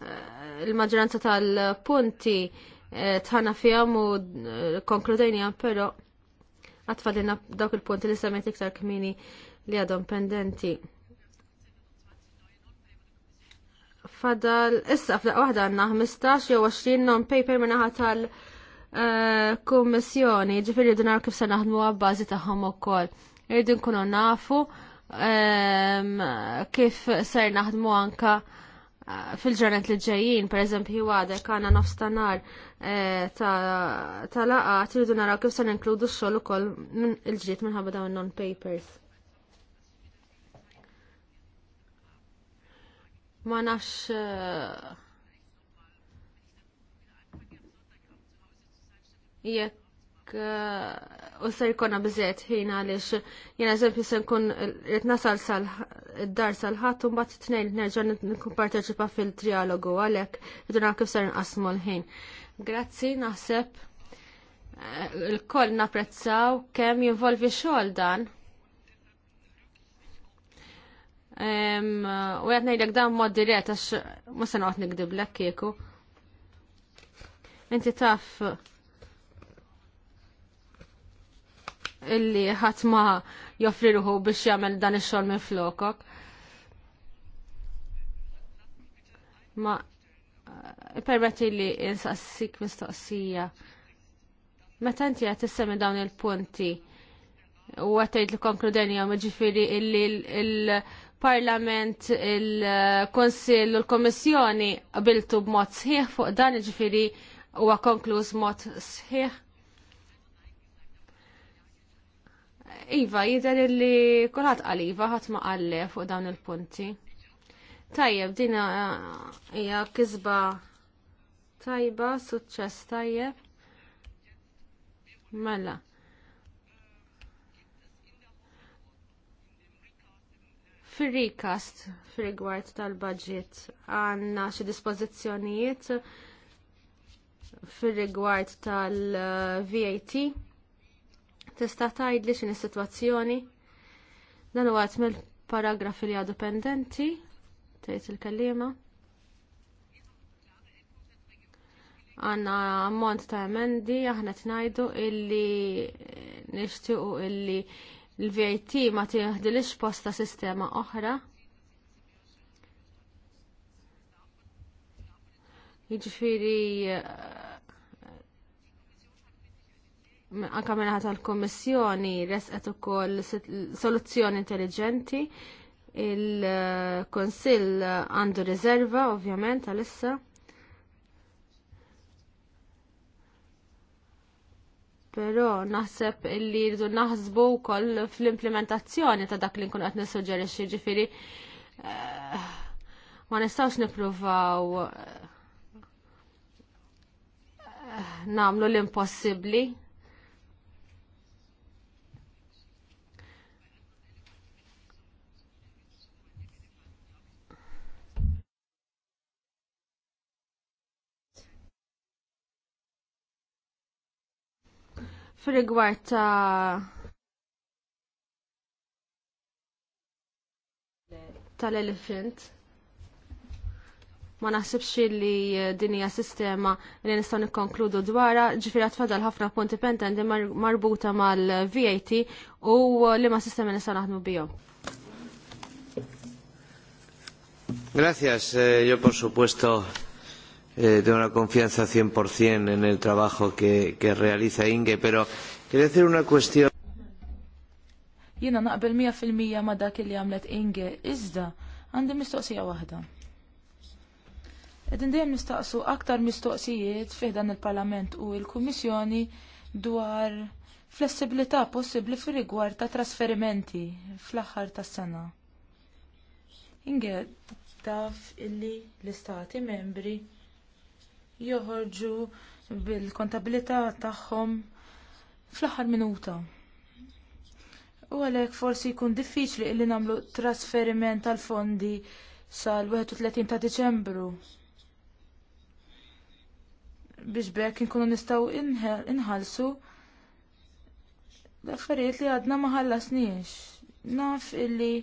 eh, il-maġranza tal-punti eh, tħana fjam u għam eh, pero għatfadina dawk il-punti li semmet iktar kmini li għadhom pendenti. Fadal, issa f'daqqa waħda għanna 15 jew 20 non-paper minnaħa tal- kummissjoni, ġifiri dinar kif se naħdmu għabbażi taħħom u koll. Irridin kunu nafu kif ser naħdmu anka eh, fil ġurnet li ġejjin, per eżempju, għada kana nofstanar eh, ta' laqa, tridu naraw kif ser inkludu x-xogħol ukoll il-ġiet minħabba dawn non-papers. Ma nafx eh, jekk Eh, u se jkollna biżiet ħin għaliex jien eżempju se nkun eh, qed nasal sal id-dar sal un u mbagħad nejn nerġa' nkun parteċipa fil-trialogu għalhekk iduna kif ser nqasmu l-ħin. Grazzi naħseb eh, l koll napprezzaw kemm jinvolvi xogħol dan. U għetna najdek dan mod dirett, għax ma sanqot nikdib l kieku. Inti taf illi ħadd ma joffri ruħu biex jagħmel dan ix-xogħol minn flokok. Ma eh, permetti li insaqsik mistoqsija. Meta inti qed issemmi dawn il-punti u qed tgħid li konkludenja jiġifieri illi il-Parlament, il-Konsill u l-Kommissjoni qabiltu b'mod sħiħ fuq dan jiġifieri huwa konkluż mod sħiħ Iva, jidher li kulħadd qal Iva ħadd ma qalle fuq dawn il-punti. Tajjeb, dina eh, hija kisba tajba, suċċess tajjeb. Mela. Fir-recast fir-rigward tal-budget għandna xi dispożizzjonijiet fir-rigward tal-VAT tista' tgħidli x'in is-sitwazzjoni? Dan huwa qed mill-paragrafi li għadu pendenti, tgħid il-kellima. Għanna ammont ta' emendi, aħna tnajdu illi nixtiequ illi l-VAT ma tieħdilix posta sistema oħra. Jiġifieri anka ħata tal-Kommissjoni resqet ukoll soluzzjoni intelligenti il-Konsill għandu riserva ovvjament għalissa. Però naħseb li rridu naħsbu wkoll fl-implementazzjoni ta' dak li nkun qed nissuġġerixxi ġifieri eh, ma nistgħux nippruvaw eh, nagħmlu l-impossibbli Fil-rigward ta' tal elefant ma naħsibx li dinija sistema li nistgħu nikkonkludu dwarha, ġifieri tfadal ħafna punti pendenti marbuta mal-VAT u li ma sistema nistgħu naħdmu bihom. Gracias, eh, yo por supuesto eh, de una confianza 100% en el trabajo que, que realiza Inge, pero quería hacer una cuestión. Jina naqbel 100% ma dak li għamlet Inge, iżda għandi mistoqsija waħda. Edin dejjem nistaqsu aktar mistoqsijiet fih dan il-Parlament u il-Kummissjoni dwar flessibilità possibbli fi rigward ta' trasferimenti fl-aħħar tas-sena. Inge taf illi l-istati membri joħorġu bil-kontabilità tagħhom fl-aħħar minuta. U għalhekk forsi jkun diffiċli li nagħmlu trasferiment tal-fondi sal-31 ta' Diċembru biex bekk inkunu nistgħu inħalsu l-affarijiet li għadna ma ħallasniex. Naf illi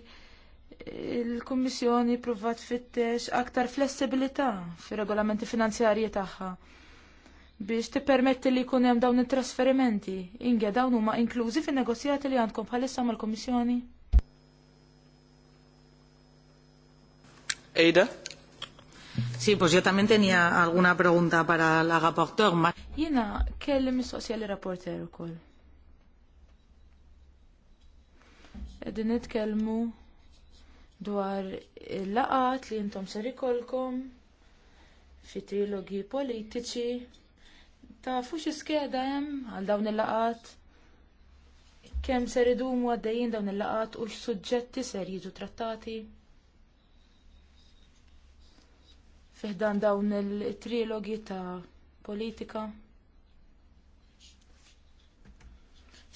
il-Kummissjoni pruvat fittex aktar flessibilità fir regolamenti finanzjarji tagħha biex tippermetti li jkun hemm dawn it-trasferimenti. Inge dawn huma inklużi fin-negozjati li għandkom bħalissa mal-Kummissjoni? Ejda: Sì, pues yo también tenía alguna pregunta para la rapporteur. Ma... Jina, kelli mistoqsija li rapporter ukoll. Edin nitkellmu dwar il-laqat li jintom ser ikolkom fi trilogi politiċi. Ta' fux iskeda hemm għal dawn il-laqat kemm ser idumu għaddejjin dawn il-laqat u x ser jiġu trattati. Fiħdan dawn il-trilogi ta' politika.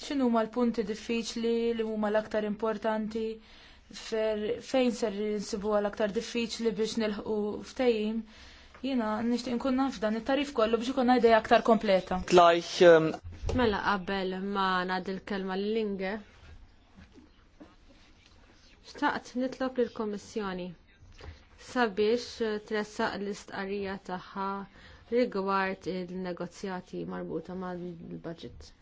X'inhuma l-punti diffiċli li huma l-aktar importanti fejn ser nsibu għal aktar diffiċli biex nilħu ftejim, jina nishtiq nkun naf dan it-tarif kollu biex ikun idea aktar kompleta. Um, mela qabel ma nad il-kelma l-linge, xtaqt nitlob lill komissjoni sabiex tressaq l-istqarrija tagħha rigward il negozjati marbuta mal-budget.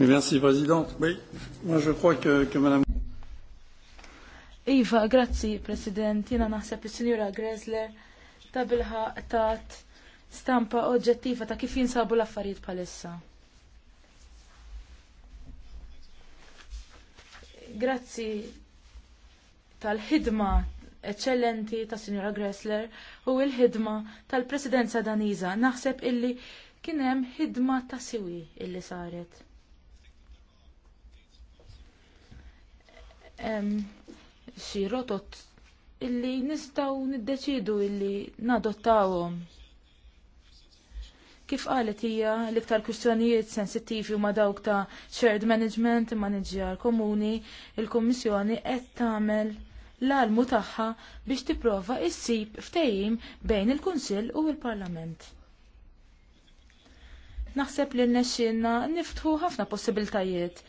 Oui, merci, Présidente. Oui, moi je crois que, que Madame. Iva, grazzi, President. Jena naħseb il-Sinjura Grezler ta' bilħa tat stampa oġġettiva ta' kif jinsabu l-affarijiet palissa. Grazzi tal-ħidma eccellenti ta' Sinjura Gressler u l-ħidma tal-Presidenza Daniza. Naħseb illi kienem ħidma ta' siwi illi saret. xi rotot illi nistgħu niddeċidu illi nadottawhom. Kif qalet hija l-iktar kwistjonijiet sensittivi huma dawk ta' shared management, manager komuni, il-Kummissjoni qed tagħmel l-almu tagħha biex tipprova ssib ftehim bejn il-Kunsill u l-Parlament. Naħseb li l-nexxinna niftħu ħafna possibiltajiet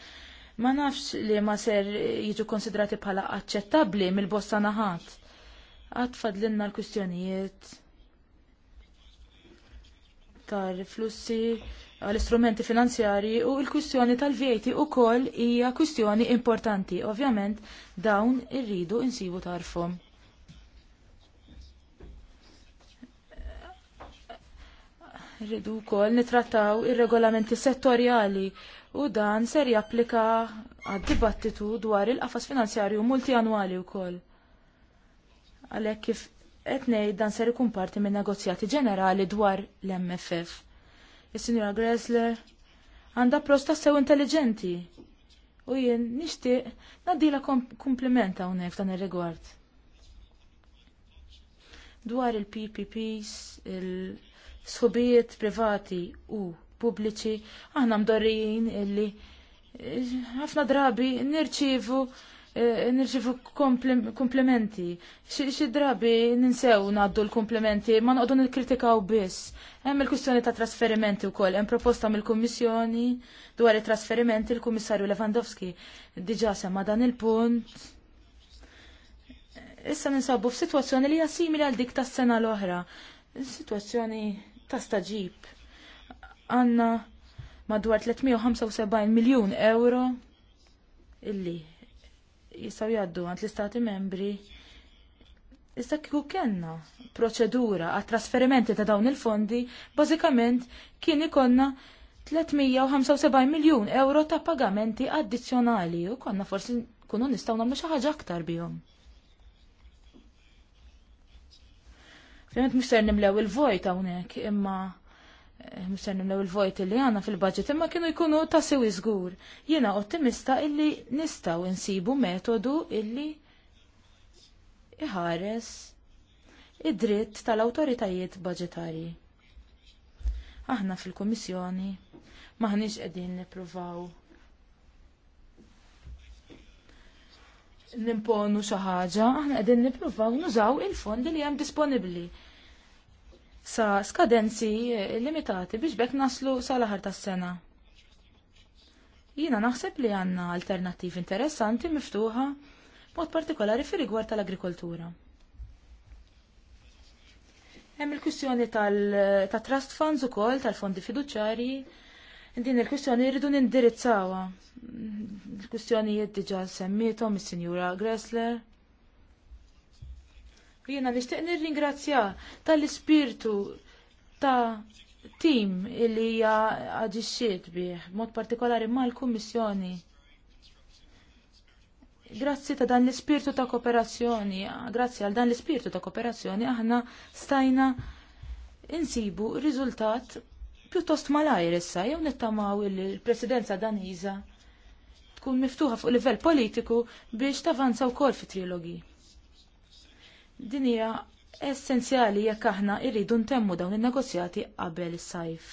Ma nafx li ma ser jiġu konsidrati bħala aċċettabbli mill-bosta naħat. Għad fadlinna l-kustjonijiet tal-flussi għall-istrumenti finanzjarji u l-kwistjoni tal-vjeti wkoll hija kwistjoni importanti. Ovvjament dawn irridu insibu tarfhom. Rridu wkoll nitrattaw ir-regolamenti settorjali u dan ser japplika għad-dibattitu dwar il-qafas finanzjarju multianwali wkoll. Għalhekk kif qed ngħid dan ser ikun parti minn negozjati ġenerali dwar l-MFF. Is-Sinjura Gressler għandha prosta sew intelligenti u jien nixtieq naddila komplimenta hawnhekk f'dan ir-rigward. Dwar il-PPPs, il-sħubijiet privati u pubbliċi, aħna mdorrijin illi ħafna drabi nirċivu eh, nirċivu komplimenti. Xi drabi ninsew naddu l-komplimenti, ma noqdu nikkritikaw biss. Hemm il-kwistjoni ta' trasferimenti wkoll, hemm proposta mill-Kummissjoni dwar it-trasferimenti l-Kummissarju Lewandowski diġà semma dan il-punt. Issa ninsabu f'sitwazzjoni li hija simili għal dik tas-sena l-oħra. Sitwazzjoni ta' staġib għanna madwar 375 miljon euro illi jistaw jaddu għant l-istati membri. Issa kiku kenna proċedura għat trasferimenti ta' dawn il-fondi, bażikament kien ikonna 375 miljon euro ta' pagamenti addizzjonali u konna forsi kunu nistaw namlu xi ħaġa aktar bihom. Fimt mux ser nimlew il-vojt hawnhekk, imma Eh, mser nimlew il-vojt li għanna fil-budget imma kienu jkunu ta' sewi żgur. Jiena ottimista illi nistaw insibu metodu illi iħares id-dritt tal-awtoritajiet budgetari. Aħna fil-Kummissjoni maħniex qegħdin nippruvaw nimponu xi ħaġa, aħna qegħdin nippruvaw nużaw il-fondi li hemm disponibbli sa skadenzi limitati biex bekk naslu sa laħar tas-sena. Jina naħseb li għanna alternattivi interessanti miftuħa mod partikolari fi rigward tal-agrikoltura. Hemm il-kwistjoni tal-trust funds ukoll tal-fondi fiduċjarji din il-kwistjoni rridu nindirizzawa. Il-kwistjonijiet diġa semmietom is-Sinjura Gressler. Jiena nixtieq nirringrazzja tal-ispirtu ta' tim illi hija aġixxiet bih, mod partikolari mal-Kummissjoni. Grazzi ta' dan l-ispirtu ta' kooperazzjoni, grazzi għal dan l-ispirtu ta' kooperazzjoni, aħna stajna insibu riżultat pjuttost malajr issa, jew nittamaw il-presidenza daniża tkun miftuħa fuq livell politiku biex tavanza wkoll fi trilogi. Din hija essenzjali jekk aħna rridu ntemmu dawn in-negozjati qabel is-sajf.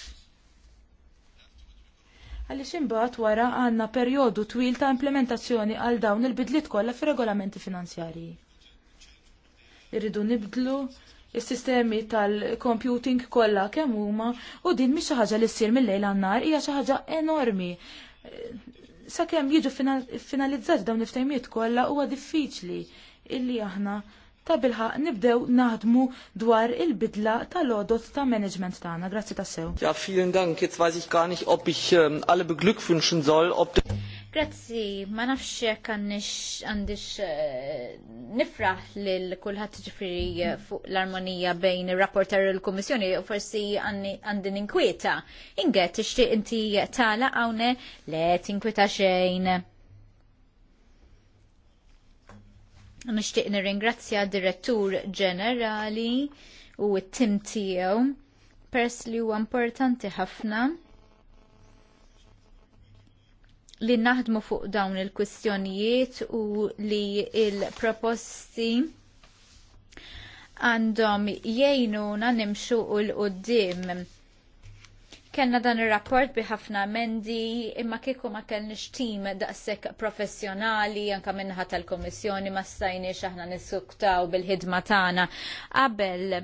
Għaliex imbagħad wara għandna perjodu twil ta' implementazzjoni għal dawn il-bidliet kollha fir-regolamenti finanzjarji. Irridu nibdlu is-sistemi tal-computing kollha kemm huma u din mhix xi ħaġa li ssir mill-lejl għan-nar hija xi ħaġa enormi sakemm jiġu finalizzati dawn il-ftejmiet kollha huwa diffiċli illi aħna ta' bilħa nibdew naħdmu dwar il-bidla tal-odot ta' management tagħna. Grazzi ta' sew. Ja, vielen Dank. Jetzt weiß ich gar nicht, ob ich ähm, alle beglückwünschen soll, ob Grazzi, ma nafx jekk għandix äh, nifraħ lil kulħadd ġifiri äh, fuq l-armonija bejn ir-rapporter u l-Kummissjoni u forsi għandi ninkwieta. Inget tixtieq inti tala hawnhekk le tinkwita xejn. Nixtieq nirringrazzja d direttur ġenerali u t-tim tiegħu pers li huwa importanti ħafna li naħdmu fuq dawn il-kwistjonijiet u li il-proposti għandhom jgħinuna nimxu u l-qoddim Kenna dan ir-rapport bi ħafna mendi imma kieku ma kellniex tim daqshekk professjonali anke minnaħa tal-Kummissjoni ma stajniex aħna nisuktaw bil-ħidma tagħna qabel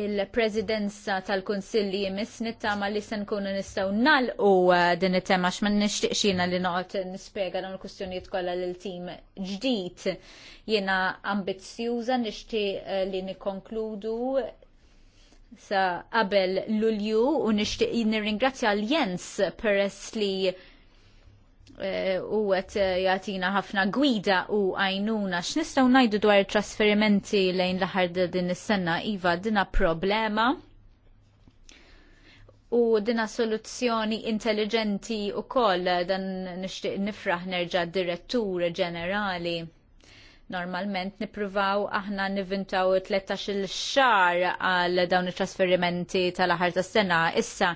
il presidenza tal-konsilli jimis nittama li sen kunu nistaw u uh, din it-tema x'man nixtieqxina li noqgħod nispjega dawn il-kustjonijiet kollha lil tim ġdid. Jiena ambizzjuża nixtieq uh, li nikkonkludu sa qabel Lulju u nixtieq nirringrazzja l Jens peress li eh, u għet eh, jgħatina ħafna gwida u għajnuna x'nistgħu ngħidu dwar trasferimenti lejn l-aħħar din is-sena iva dina problema u dina soluzzjoni intelligenti u koll dan nixtieq nifraħ nerġa' direttur ġenerali Normalment nippruvaw aħna nivintaw 13 xar għal dawn it-trasferimenti tal-aħar tas-sena. Issa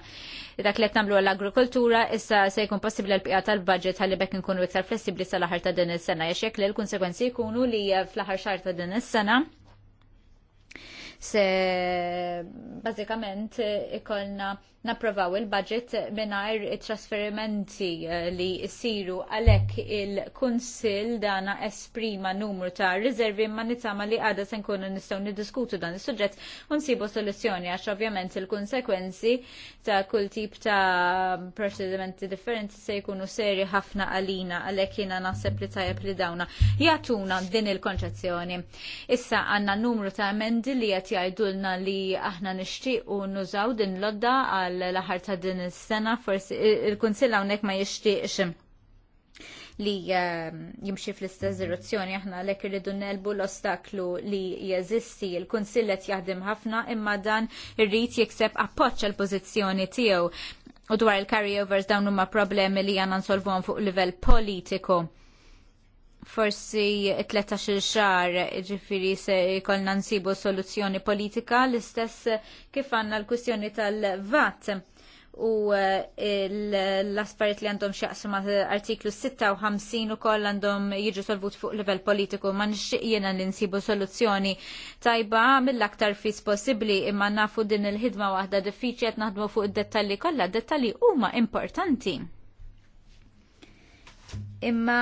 dak li nagħmlu għall-agrikoltura, issa se jkun possibbli l pijat tal-budget għalli bekk nkunu iktar flessibbli sal-aħar ta' din is-sena. Jaxek li l-konsekwenzi jkunu li fl-aħar xar ta' din is-sena se bażikament ikolna napprovaw il-budget mingħajr il trasferimenti eh, li jsiru għalhekk il-Kunsill dana esprima numru ta' riservi ma nitama li għada se nkunu nistgħu niddiskutu dan is-suġġett u nsibu soluzzjoni għax ovvjament il-konsekwenzi ta' kull tip ta' procedimenti differenti se jkunu seri ħafna għalina għalhekk jiena naħseb li tajjeb li dawna jagħtuna din il-konċezzjoni. Issa għandna numru ta' emendi li qed jgħidulna li aħna nixtiequ nużaw din lodda għal l-aħħar ta' din is-sena forsi il-Kunsill hawnhekk ma jixtieqx li ehm, jimxi fl-istess direzzjoni aħna għalhekk irridu nelbu l-ostaklu li jeżisti il-Kunsill qed jaħdem ħafna imma dan irrid jikseb appoġġ għall pożizzjoni tiegħu. U dwar il-carryovers dawn huma problemi li għandna nsolvuhom fuq livell politiku forsi 13 xar ġifiri se jkollna nsibu soluzzjoni politika l-istess kif għanna l-kwistjoni tal-VAT u eh, l-asparit li għandhom xaqsu ma artiklu 56 u koll għandhom jiġu solvut fuq level politiku ma nxieq jiena li nsibu soluzzjoni tajba mill-aktar fis possibli imma nafu din il-ħidma waħda diffiċli qed naħdmu fuq id-dettalji kollha dettalji huma importanti. Imma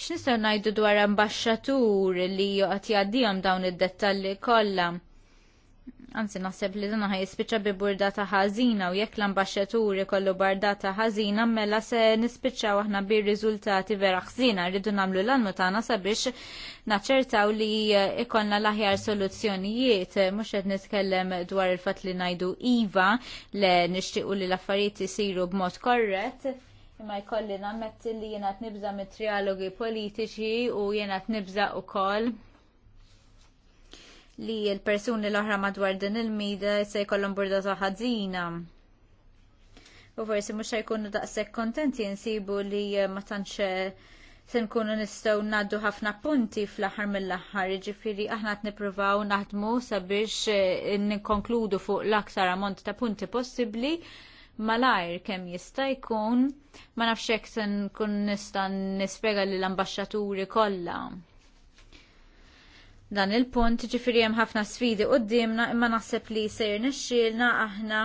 x'nistgħu ngħidu dwar ambasċatur li joqgħod jgħaddihom dawn id-dettalji kollha. Anzi naħseb li dan jispiċċa bi burdata ħażina u jekk l-ambasċatur ikollu bardata ħażina mela se nispiċċaw aħna bir riżultati vera ħżina rridu nagħmlu l-anmu tagħna sabiex naċċertaw li ikollna l-aħjar soluzzjonijiet mhux qed nitkellem dwar il-fatt li ngħidu iva le nixtiequ li l-affarijiet isiru b'mod korrett imma jkolli nammetti li jenat nibza mit-trialogi politiċi u jenat nibza u koll li l-persuni l-oħra madwar din il-mida se jkollhom burda taħħażina. U forsi mhux se jkunu daqshekk kontenti jinsibu li eh, ma tantx eh, se nkunu nistgħu ngħaddu ħafna punti fl-aħħar mill-aħħar, jiġifieri aħna t nippruvaw naħdmu sabiex eh, nikkonkludu fuq l-aktar ammont ta' punti possibbli malajr kemm jista' jkun ma nafx hekk se nkun nista' nispjega lill ambaxxaturi kollha. Dan il-punt ġifieri hemm ħafna sfidi qudiemna imma naħseb li jsir nixxielna aħna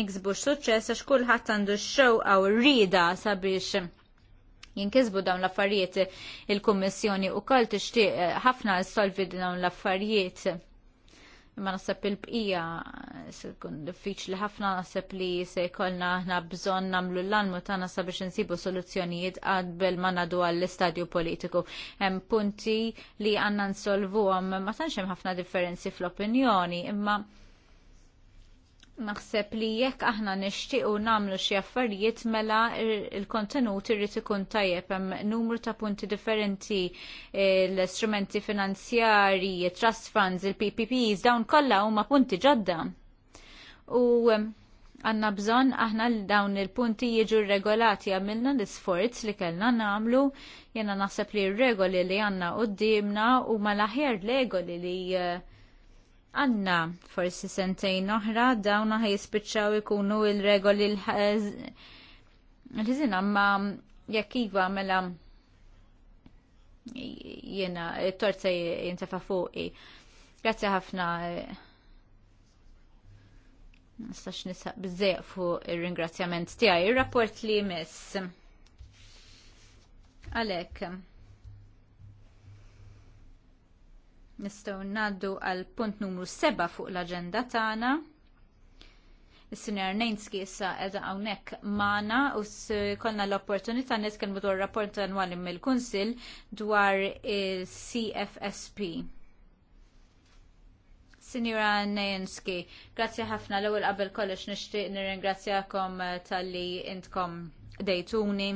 niksbu suċċess għax kulħadd għandu x-xewqa u rrida sabiex jinkisbu dawn l-affarijiet il-Kummissjoni u kol tixtieq ħafna solvi dawn l-affarijiet imma naħseb il-bqija se tkun diffiċli ħafna naħseb li se jkollna aħna bżonn nagħmlu l-anmu tagħna sabiex insibu soluzzjonijiet qabel ma nadu għall-istadju politiku. Hemm punti li għandna nsolvuhom ma tantx hemm ħafna differenzi fl-opinjoni, imma Naħseb li jekk aħna nixtiequ nagħmlu xi affarijiet mela il-kontenut irrid ikun tajjeb hemm numru ta' punti differenti l-istrumenti finanzjarji, trust funds, il-PPPs, dawn kollha huma punti ġodda. U għanna bżonn aħna l dawn il-punti jiġu regolati għamilna l-isforz li kellna nagħmlu jiena naħseb li r-regoli li għandna qudiemna huma l-aħjar regoli li uh, għanna forsi sentejn oħra dawna ħajispiċċaw ikunu il-regoli l-ħizina għamma jekk iva mela jena torta jintafa fuqi. Grazzi ħafna nistax nisaq bizzeq fuq ir-ringrazzjament tijaj. Ir-rapport li jmiss. Għalhekk. Nistgħu ngħaddu għal punt numru 7 fuq l-aġenda tagħna. Is-sinjar Nejnski issa qiegħda hawnhekk magħna u konna l-opportunità nitkellmu dwar rapport annwali mill-Kunsill dwar il-CFSP. Sinjura Nejnski, grazzi ħafna l-ewwel qabel kollox nixtieq nirringrazzjakom talli intkom dejtuni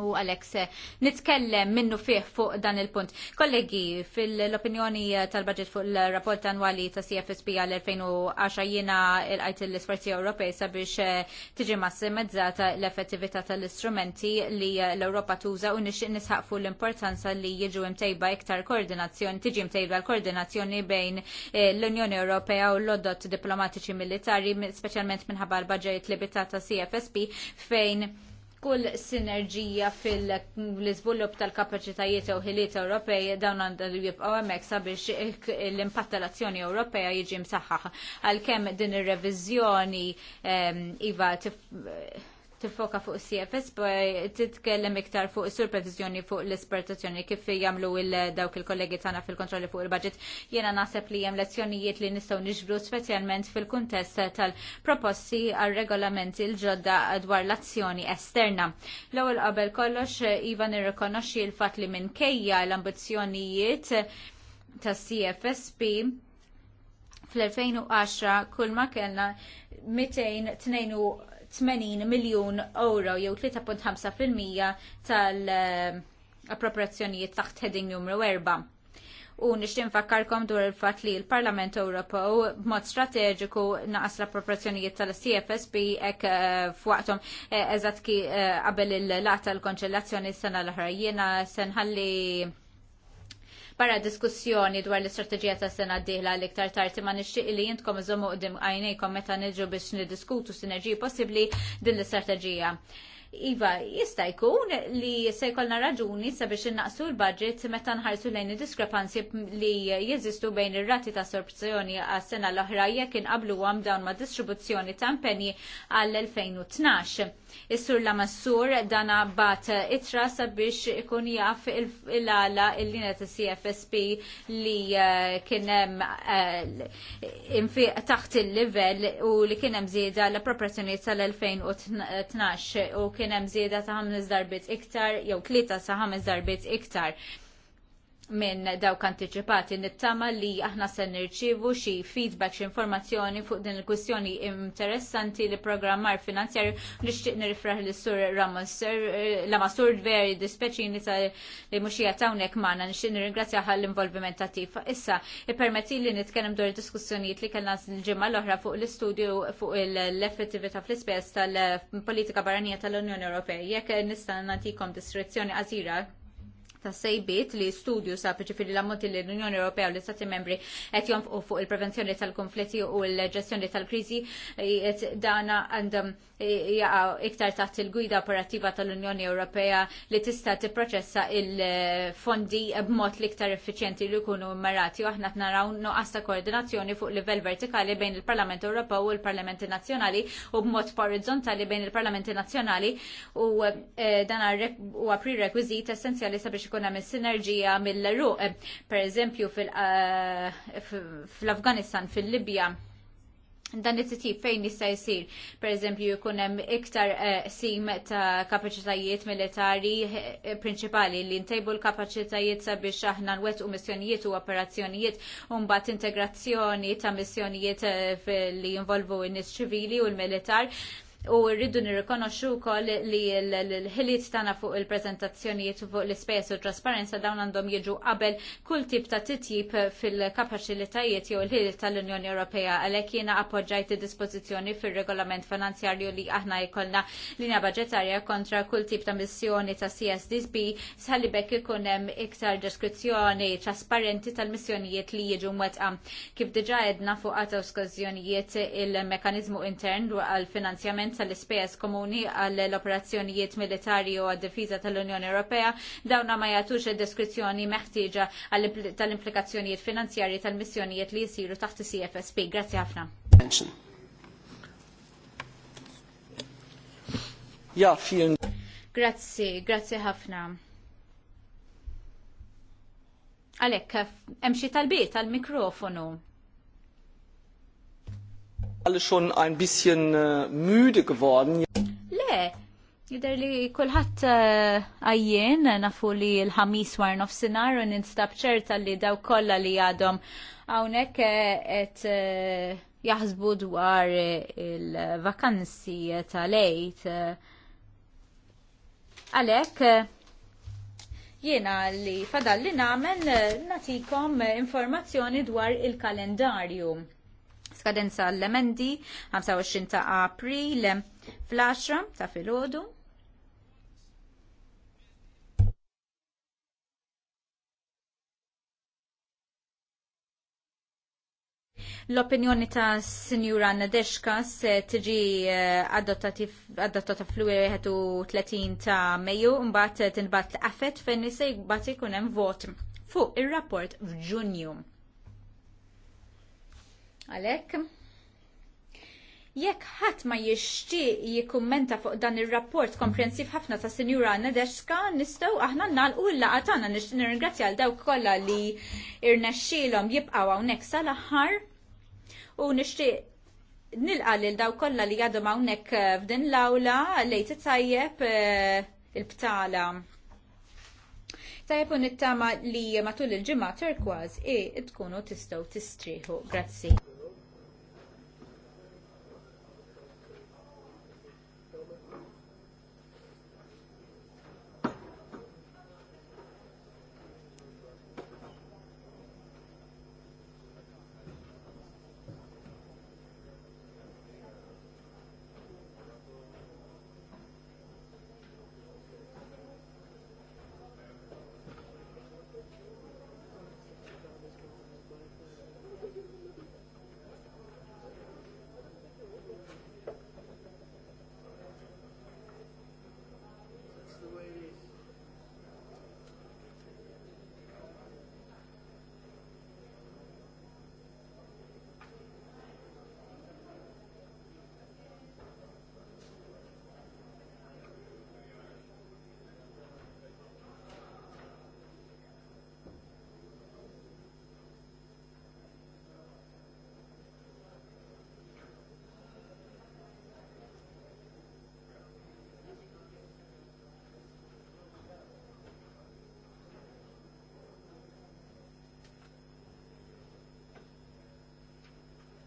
U Alex, nitkellem minnu fih fuq dan il-punt. Kollegi, fil-opinjoni tal-budget fuq l rapport annwali ta' CFSP għal-2010 jina il-għajt l-Isforzi Ewropej sabiex eh, tiġi massimizzata l-effettività tal-istrumenti li l-Europa tuża u nixtieq nisħaq fuq l-importanza li jiġu imtejba iktar koordinazzjoni, tiġi imtejba l-koordinazzjoni bejn eh, l-Unjoni Ewropea u l-oddot diplomatiċi militari, speċjalment minħabba l-budget li bitata CFSP fejn kull sinerġija fil-izvolup tal-kapacitajiet u ħiliet Ewropej dawn għandu jibqgħu hemmhekk sabiex l-impatt tal-azzjoni Ewropea jiġi msaħħaħ għalkemm din ir-reviżjoni ehm, iva tifoka fuq CFS bej titkellem iktar fuq supervizjoni fuq l-espertazzjoni kif jagħmlu il dawk il-kollegi tagħna fil-kontrolli fuq il-budget. Jiena naħseb li hemm lezzjonijiet li nistgħu niġbru speċjalment fil-kuntest tal-proposti għal regolamenti l-ġodda dwar l-azzjoni esterna. L-ewwel qabel kollox iva nirrikonoxxi l-fatt li minkejja l-ambizzjonijiet tas CFSP fl-2010 kull ma kellna 200 80 miljun euro jew 3.5% tal-appropriazzjonijiet taħt heading numru 4. U nixtin fakkarkom dwar il-fat li l-Parlament Ewropew b'mod strateġiku naqas l-appropriazzjonijiet tal-CFSB ek eh, f'waqthom eh, eżatt ki eh, qabel il lata l-konċellazzjoni s-sena l ħrajjena Jiena senħalli Barra diskussjoni dwar l-istrateġija ta' sena d-dieħla l tarti ma nixtieq li jintkom iżommu qdim għajnejkom meta niġu biex niddiskutu sinerġiji possibbli din l-istrateġija. Iva, jista' jkun li se jkollna raġuni sabiex innaqsu l-budget meta nħarsu lejn id-diskrepanzi li jeżistu bejn ir-rati ta' sorpzjoni għas sena l-oħra jekk inqablu dawn ma' distribuzzjoni ta' impenji għall-2012. Is-sur la massur dana bat itra sabiex ikun jaf il-għala il-lina ta' CFSP li eh, kienem eh, taħt il-level u li kienem zieda la proporzjoni tal-2012 u kienem zieda ta' ħames darbit iktar jew tlieta sa' ħames darbit iktar minn dawk antiċipati nittama li aħna se nirċievu xi feedback xi informazzjoni fuq din il-kwistjoni interessanti li programmar finanzjarju nixtieq nirrifraħ lis sur Ramos eh, la sur veri dispeċini ta' li mhux hija hawnhekk magħna nixtieq nirringrazzja għall-involviment tattiv. Issa, ippermetti li nitkellem dwar diskussjonijiet li kellna l-ġimgħa l-oħra fuq l-istudju fuq l-effettività fl-ispess tal-politika barranija tal-Unjoni Ewropea. Jekk nista' nagħtikom diskrezzjoni għażira ta' sejbiet li studju sa' ġifiri l-ammonti li l-Unjoni Ewropea u l-Istati Membri qed jonfqu fuq il-prevenzjoni tal konfletti u l-ġestjoni tal-kriżi eh, dana għandhom eh, jaqa' iktar taħt il-gwida operattiva tal-Unjoni Ewropea li tista' tipproċessa il-fondi b'mod l-iktar effiċjenti li jkunu marati u aħna naraw noqas ta' koordinazzjoni fuq livell vertikali bejn il-Parlament Ewropew u l-Parlamenti Nazzjonali u b'mod orizzontali bejn il-Parlamenti Nazzjonali u eh, dan huwa prerequisite essenzjali sabiex tkun hemm sinerġija mill Per eh, pereżempju fil-Afganistan, eh, fil-Libja, dan it-tip fejn jista' jsir. Pereżempju jkun hemm iktar eh, sim ta' kapaċitajiet militari prinċipali li ntejbu l-kapaċitajiet sabiex aħna nwettqu missjonijiet u operazzjonijiet u mbagħad integrazzjoni ta' missjonijiet li jinvolvu n-nies ċivili u l-militar u rridu nirrikonoxxu wkoll li l-ħiliet tagħna fuq il-preżentazzjonijiet fuq l-ispejjeż u trasparenza dawn għandhom jiġu qabel kull tip ta' titjib fil-kapaċilitajiet jew il-ħiliet tal-Unjoni Ewropea għalhekk jiena appoġġajt id-dispożizzjoni fir-regolament finanzjarju li aħna jkollna linja baġetarja kontra kull tip ta' missjoni ta' CSDB sħalli bekk ikun hemm iktar deskrizzjoni trasparenti tal-missjonijiet li jiġu mwettqa. Kif diġà għedna fuq għata il-mekanizmu intern għal finanzjament finanzjament tal-ispejjeż komuni għall operazzjonijiet militari u għad-difiża tal-Unjoni Ewropea dawna ma jagħtux id-deskrizzjoni meħtieġa tal-implikazzjonijiet finanzjarji tal-missjonijiet li jsiru taħt CFSP. Grazzi ħafna. Ja, fjern. Grazzi, grazie ħafna. Għalek, emxie tal bi tal-mikrofonu. Alle schon ein bisschen äh, müde geworden. Le, jider li kullħat äh, għajjen nafu li l-ħamis war nofsinar u ninstab ċerta li daw kolla li għadhom għawnek äh, et jaħsbu dwar il-vakanzi tal-lejt. Għalhekk jiena li fadalli namen natikom informazzjoni dwar il-kalendarju. Skadenza l-emendi 25 ta' April fl-10 ta' filgħodu. L-opinjoni ta' Sinjura Nadeshka se tiġi eh, adottata fl-31 ta' Mejju mbagħad tinbat l fejn se jibgħat ikun hemm vot fuq ir-rapport f'Ġunju. Għalhekk jekk ħadd ma jixtieq jikkummenta fuq dan ir-rapport komprensiv ħafna ta' Sinjura Nedeska, nistgħu aħna nagħlqu l-laqgħa tagħna nirringrazzja għal dawk kollha li irnexxielhom jibqgħu hawnhekk sal-aħħar u nixtieq nilqa' lil dawk kollha li għadhom hawnhekk eh, f'din l-awla lejn tittajjeb eh, il-btala. Tajjeb u nittama li matul il-ġimgħa turkważ i tkunu tistgħu tistrieħu. Grazzi.